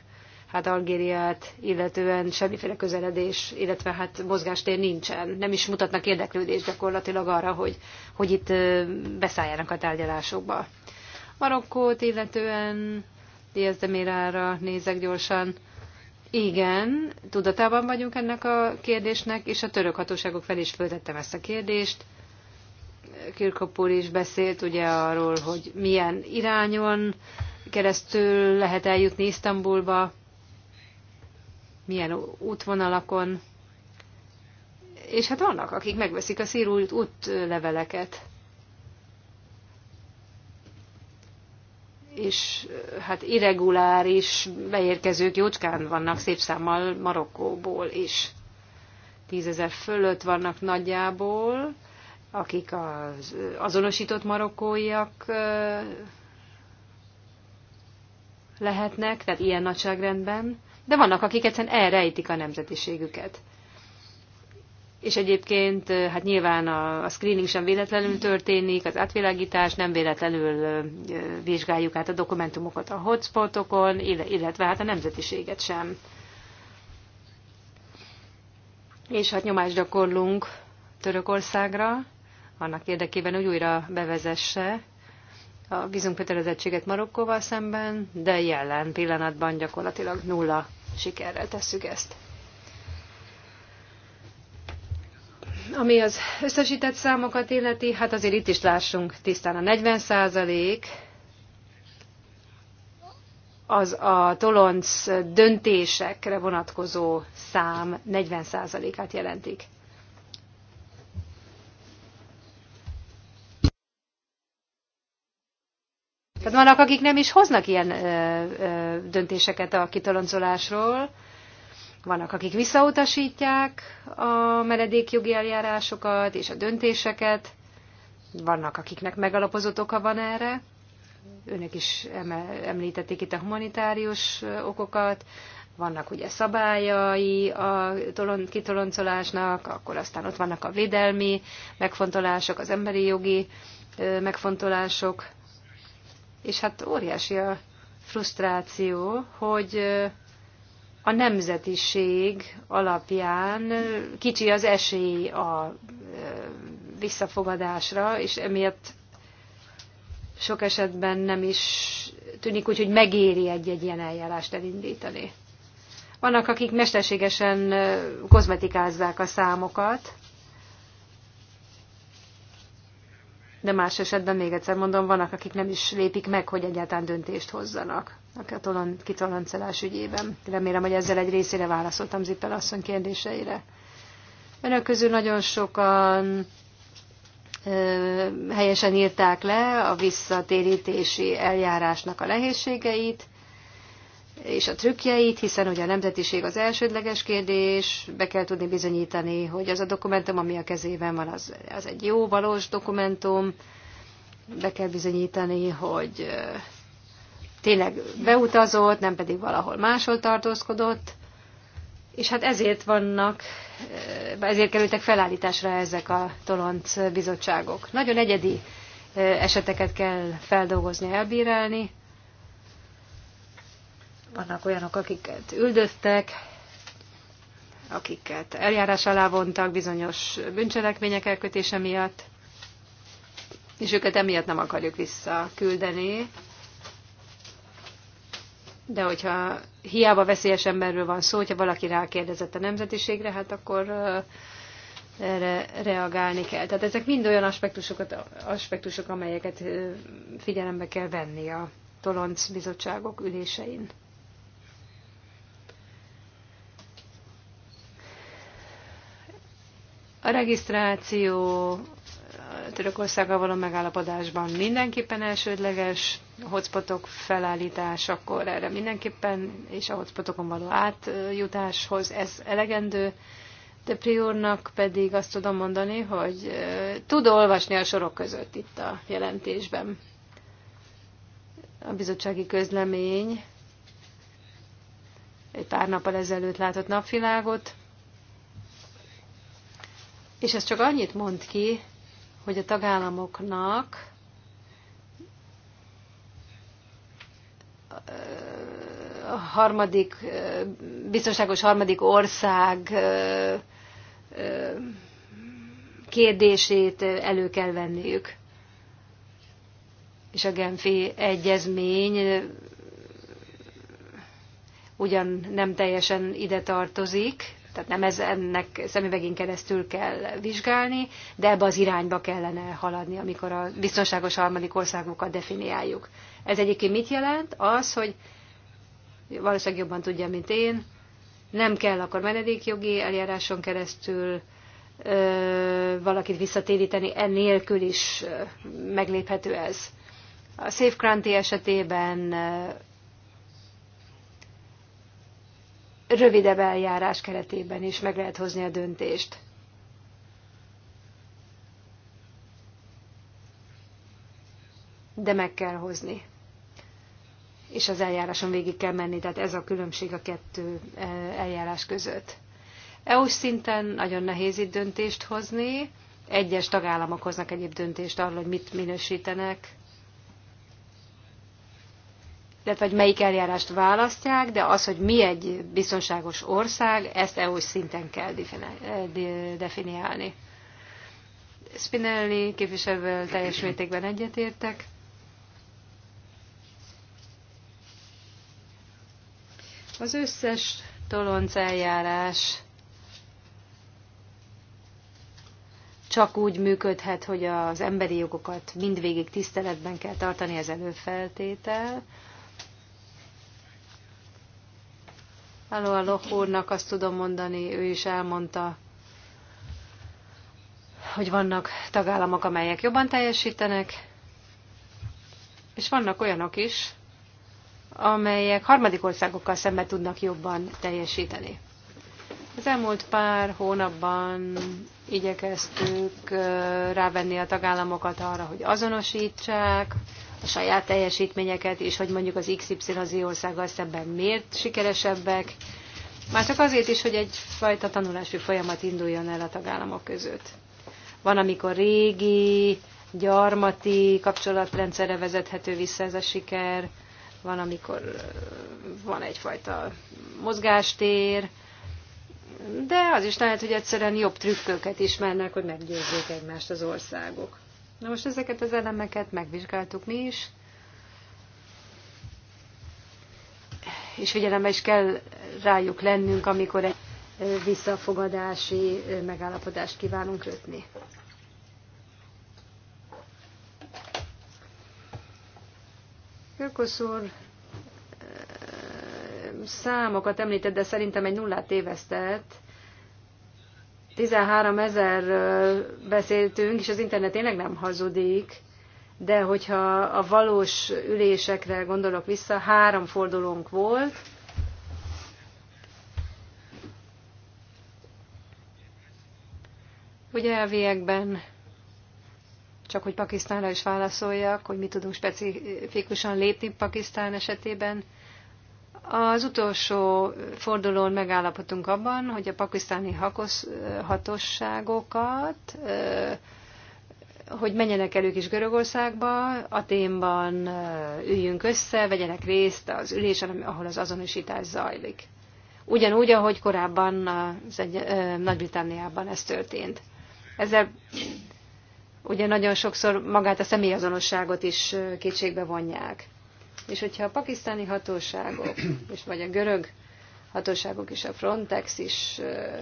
hát Algériát illetően semmiféle közeledés, illetve hát mozgástér nincsen. Nem is mutatnak érdeklődést gyakorlatilag arra, hogy, hogy itt beszálljanak a tárgyalásokba. Marokkót illetően Diaz de Mirára nézek gyorsan. Igen, tudatában vagyunk ennek a kérdésnek, és a török hatóságok fel is föltettem ezt a kérdést. Kirkopul is beszélt ugye arról, hogy milyen irányon keresztül lehet eljutni Isztambulba milyen útvonalakon. És hát vannak, akik megveszik a szírult útleveleket. És hát irreguláris beérkezők jócskán vannak szép számmal Marokkóból is. Tízezer fölött vannak nagyjából, akik az azonosított marokkóiak lehetnek, tehát ilyen nagyságrendben de vannak, akik egyszerűen elrejtik a nemzetiségüket. És egyébként, hát nyilván a, a screening sem véletlenül történik, az átvilágítás nem véletlenül vizsgáljuk át a dokumentumokat a hotspotokon, illetve hát a nemzetiséget sem. És hát nyomást gyakorlunk Törökországra, annak érdekében, hogy újra bevezesse a vízumkötelezettséget Marokkóval szemben, de jelen pillanatban gyakorlatilag nulla sikerrel tesszük ezt. Ami az összesített számokat illeti, hát azért itt is lássunk tisztán a 40 százalék, az a tolonc döntésekre vonatkozó szám 40%-át jelentik. Tehát vannak, akik nem is hoznak ilyen ö, ö, döntéseket a kitoloncolásról, vannak, akik visszautasítják a meredékjogi eljárásokat és a döntéseket, vannak, akiknek megalapozott oka van erre, önök is említették itt a humanitárius okokat, vannak ugye szabályai a kitoloncolásnak, akkor aztán ott vannak a védelmi megfontolások, az emberi jogi megfontolások, és hát óriási a frusztráció, hogy a nemzetiség alapján kicsi az esély a visszafogadásra, és emiatt sok esetben nem is tűnik úgy, hogy megéri egy-egy ilyen eljárást elindítani. Vannak, akik mesterségesen kozmetikázzák a számokat, de más esetben még egyszer mondom, vannak, akik nem is lépik meg, hogy egyáltalán döntést hozzanak a kitoloncolás ügyében. Remélem, hogy ezzel egy részére válaszoltam Zippel asszony kérdéseire. Önök közül nagyon sokan helyesen írták le a visszatérítési eljárásnak a nehézségeit, és a trükkjeit, hiszen ugye a nemzetiség az elsődleges kérdés, be kell tudni bizonyítani, hogy az a dokumentum, ami a kezében van, az, az egy jó, valós dokumentum, be kell bizonyítani, hogy tényleg beutazott, nem pedig valahol máshol tartózkodott, és hát ezért vannak, ezért kerültek felállításra ezek a tolonc bizottságok. Nagyon egyedi eseteket kell feldolgozni, elbírálni, vannak olyanok, akiket üldöztek, akiket eljárás alá vontak bizonyos bűncselekmények elkötése miatt, és őket emiatt nem akarjuk visszaküldeni. De hogyha hiába veszélyes emberről van szó, hogyha valaki rákérdezett a nemzetiségre, hát akkor erre reagálni kell. Tehát ezek mind olyan aspektusokat, aspektusok, amelyeket figyelembe kell venni a Tolonc bizottságok ülésein. A regisztráció eh, Törökországgal való megállapodásban mindenképpen elsődleges, a hotspotok felállítás, akkor erre mindenképpen, és a hotspotokon való átjutáshoz ez elegendő. De Priornak pedig azt tudom mondani, hogy eh, tud olvasni a sorok között itt a jelentésben. A bizottsági közlemény egy pár nappal ezelőtt látott napvilágot, és ez csak annyit mond ki, hogy a tagállamoknak a harmadik, biztonságos harmadik ország kérdését elő kell venniük. És a Genfi egyezmény ugyan nem teljesen ide tartozik, tehát nem ez, ennek szemüvegén keresztül kell vizsgálni, de ebbe az irányba kellene haladni, amikor a biztonságos harmadik országokat definiáljuk. Ez egyébként mit jelent? Az, hogy valószínűleg jobban tudja, mint én, nem kell akkor menedékjogi eljáráson keresztül ö, valakit visszatéríteni, ennélkül is megléphető ez. A Safe Crunchy esetében rövidebb eljárás keretében is meg lehet hozni a döntést. De meg kell hozni. És az eljáráson végig kell menni, tehát ez a különbség a kettő e, eljárás között. eu szinten nagyon nehéz itt döntést hozni. Egyes tagállamok hoznak egyéb döntést arról, hogy mit minősítenek illetve hogy melyik eljárást választják, de az, hogy mi egy biztonságos ország, ezt EU szinten kell eh, definiálni. Spinelli képviselővel teljes mértékben egyetértek. Az összes tolonc eljárás csak úgy működhet, hogy az emberi jogokat mindvégig tiszteletben kell tartani, ez előfeltétel. Aló, a úrnak azt tudom mondani, ő is elmondta, hogy vannak tagállamok, amelyek jobban teljesítenek, és vannak olyanok is, amelyek harmadik országokkal szemben tudnak jobban teljesíteni. Az elmúlt pár hónapban igyekeztük rávenni a tagállamokat arra, hogy azonosítsák a saját teljesítményeket, és hogy mondjuk az XY országgal szemben miért sikeresebbek, már csak azért is, hogy egyfajta tanulási folyamat induljon el a tagállamok között. Van, amikor régi, gyarmati kapcsolatrendszerre vezethető vissza ez a siker, van, amikor van egyfajta mozgástér, de az is lehet, hogy egyszerűen jobb trükköket ismernek, hogy meggyőzzék egymást az országok. Na most ezeket az elemeket megvizsgáltuk mi is, és figyelembe is kell rájuk lennünk, amikor egy visszafogadási megállapodást kívánunk kötni. Kölkosz úr számokat említett, de szerintem egy nullát tévesztett. 13 ezer beszéltünk, és az internet tényleg nem hazudik, de hogyha a valós ülésekre gondolok vissza, három fordulónk volt, Ugye elviekben, csak hogy Pakisztánra is válaszoljak, hogy mi tudunk specifikusan lépni Pakisztán esetében, az utolsó fordulón megállapodtunk abban, hogy a pakisztáni hakosz, hatosságokat, hogy menjenek elők is Görögországba, témban üljünk össze, vegyenek részt az ülésen, ahol az azonosítás zajlik. Ugyanúgy, ahogy korábban az egy, Nagy-Britanniában ez történt. Ezzel ugye nagyon sokszor magát a személyazonosságot is kétségbe vonják. És hogyha a pakisztáni hatóságok, és vagy a görög hatóságok és a Frontex is ö, ö,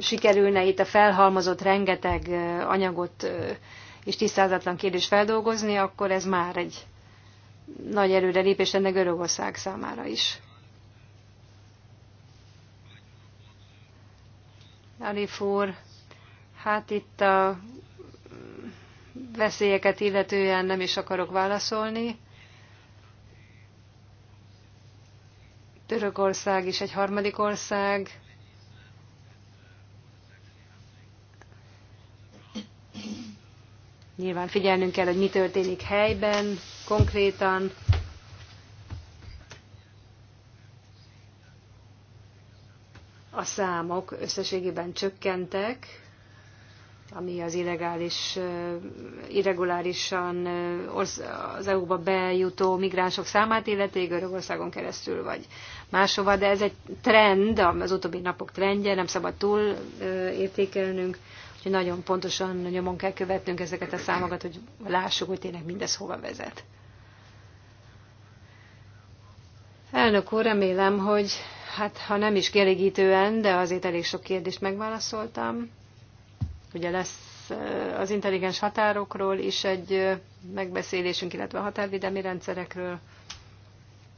sikerülne itt a felhalmozott rengeteg anyagot és tisztázatlan kérdést feldolgozni, akkor ez már egy nagy erőre lépés lenne Görögország számára is. Alifúr, hát itt a veszélyeket illetően nem is akarok válaszolni. Törökország is egy harmadik ország. Nyilván figyelnünk kell, hogy mi történik helyben, konkrétan. A számok összességében csökkentek, ami az illegális, irregulárisan az EU-ba bejutó migránsok számát illeti, Görögországon keresztül vagy máshova, de ez egy trend, az utóbbi napok trendje, nem szabad túl értékelnünk, úgyhogy nagyon pontosan nyomon kell követnünk ezeket a számokat, hogy lássuk, hogy tényleg mindez hova vezet. Elnök úr, remélem, hogy hát ha nem is kielégítően, de azért elég sok kérdést megválaszoltam Ugye lesz eh, az intelligens határokról is egy eh, megbeszélésünk, illetve a határvédelmi rendszerekről,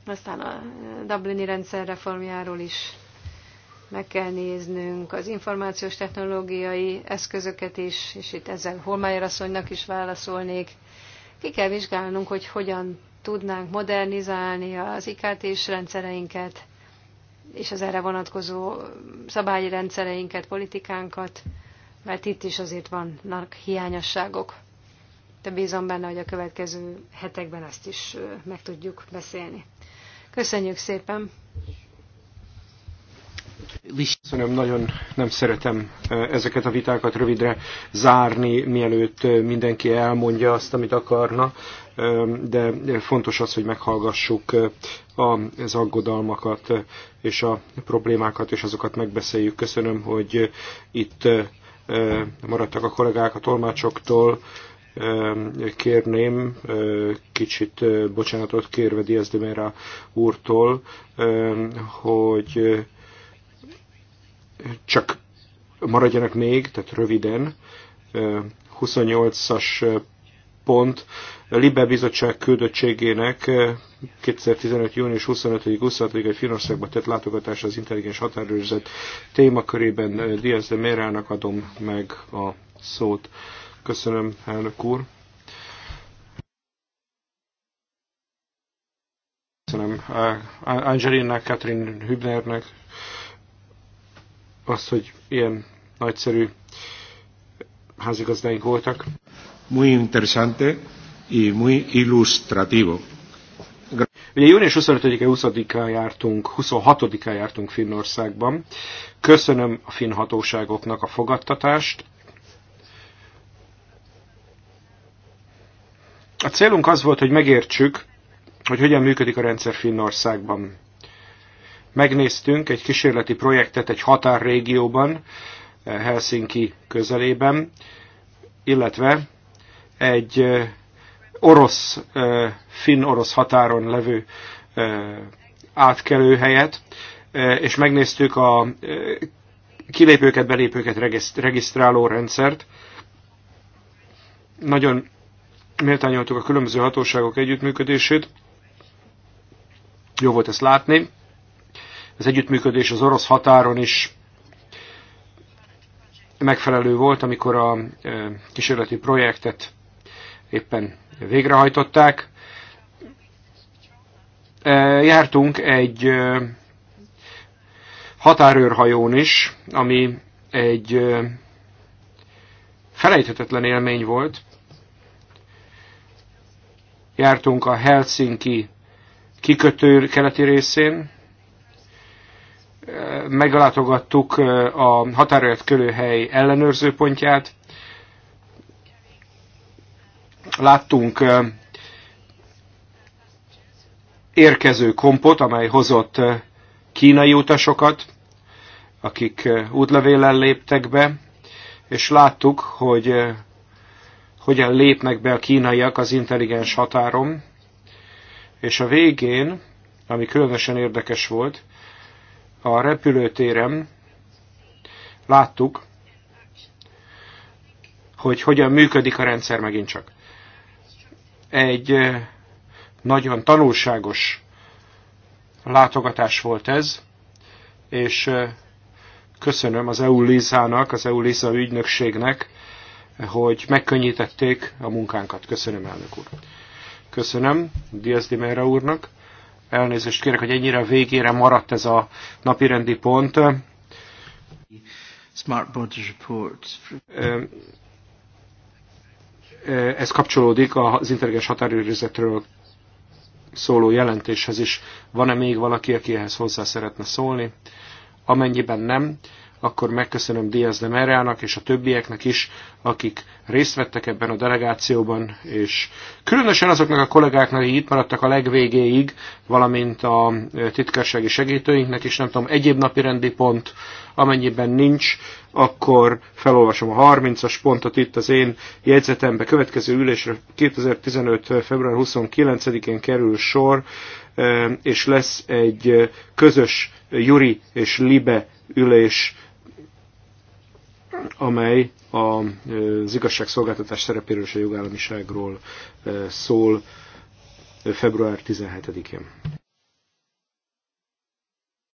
aztán a eh, Dublini rendszer reformjáról is meg kell néznünk az információs technológiai eszközöket is, és itt ezzel Holmájer asszonynak is válaszolnék. Ki kell vizsgálnunk, hogy hogyan tudnánk modernizálni az IKT-s rendszereinket, és az erre vonatkozó szabályi rendszereinket, politikánkat, mert itt is azért vannak hiányosságok. De bízom benne, hogy a következő hetekben ezt is meg tudjuk beszélni. Köszönjük szépen! Köszönöm, nagyon nem szeretem ezeket a vitákat rövidre zárni, mielőtt mindenki elmondja azt, amit akarna, de fontos az, hogy meghallgassuk az aggodalmakat és a problémákat, és azokat megbeszéljük. Köszönöm, hogy itt maradtak a kollégák a tolmácsoktól, kérném, kicsit bocsánatot kérve Diaz de Mera úrtól, hogy csak maradjanak még, tehát röviden, 28-as pont a Libe Bizottság küldöttségének 2015. Eh, június 25 26 egy Finországba tett látogatás az intelligens határőrzet témakörében eh, Diaz de Mérának adom meg a szót. Köszönöm, elnök úr. Köszönöm eh, Angelina, Katrin Hübnernek azt, hogy ilyen nagyszerű házigazdáink voltak muy interesante y muy ilustrativo. Ugye június 25-e 20-án jártunk, 26-án jártunk Finnországban. Köszönöm a finn hatóságoknak a fogadtatást. A célunk az volt, hogy megértsük, hogy hogyan működik a rendszer Finnországban. Megnéztünk egy kísérleti projektet egy határrégióban, Helsinki közelében, illetve egy orosz, finn-orosz határon levő átkelőhelyet, és megnéztük a kilépőket, belépőket regisztráló rendszert. Nagyon méltányoltuk a különböző hatóságok együttműködését. Jó volt ezt látni. Az együttműködés az orosz határon is megfelelő volt, amikor a kísérleti projektet éppen végrehajtották. E, jártunk egy e, határőrhajón is, ami egy e, felejthetetlen élmény volt. Jártunk a Helsinki kikötő keleti részén, meglátogattuk a határőrt körülhely ellenőrzőpontját, láttunk érkező kompot, amely hozott kínai utasokat, akik útlevélen léptek be, és láttuk, hogy hogyan lépnek be a kínaiak az intelligens határon, és a végén, ami különösen érdekes volt, a repülőtérem láttuk, hogy hogyan működik a rendszer megint csak. Egy nagyon tanulságos látogatás volt ez, és köszönöm az EU-Lizának, az EU-Liza ügynökségnek, hogy megkönnyítették a munkánkat. Köszönöm, elnök úr. Köszönöm Diaz Dimera úrnak. Elnézést kérek, hogy ennyire végére maradt ez a napirendi pont. Smart Borders Report. Eh, ez kapcsolódik az interges határőrizetről szóló jelentéshez is. Van-e még valaki, aki ehhez hozzá szeretne szólni? Amennyiben nem, akkor megköszönöm Diaz de Merának és a többieknek is, akik részt vettek ebben a delegációban, és különösen azoknak a kollégáknak, akik itt maradtak a legvégéig, valamint a titkársági segítőinknek is, nem tudom, egyéb napi rendi pont, amennyiben nincs, akkor felolvasom a 30-as pontot itt az én jegyzetembe. Következő ülésre 2015. február 29-én kerül sor, és lesz egy közös Juri és Libe ülés amely az igazságszolgáltatás szerepéről és a jogállamiságról eh, szól február 17-én.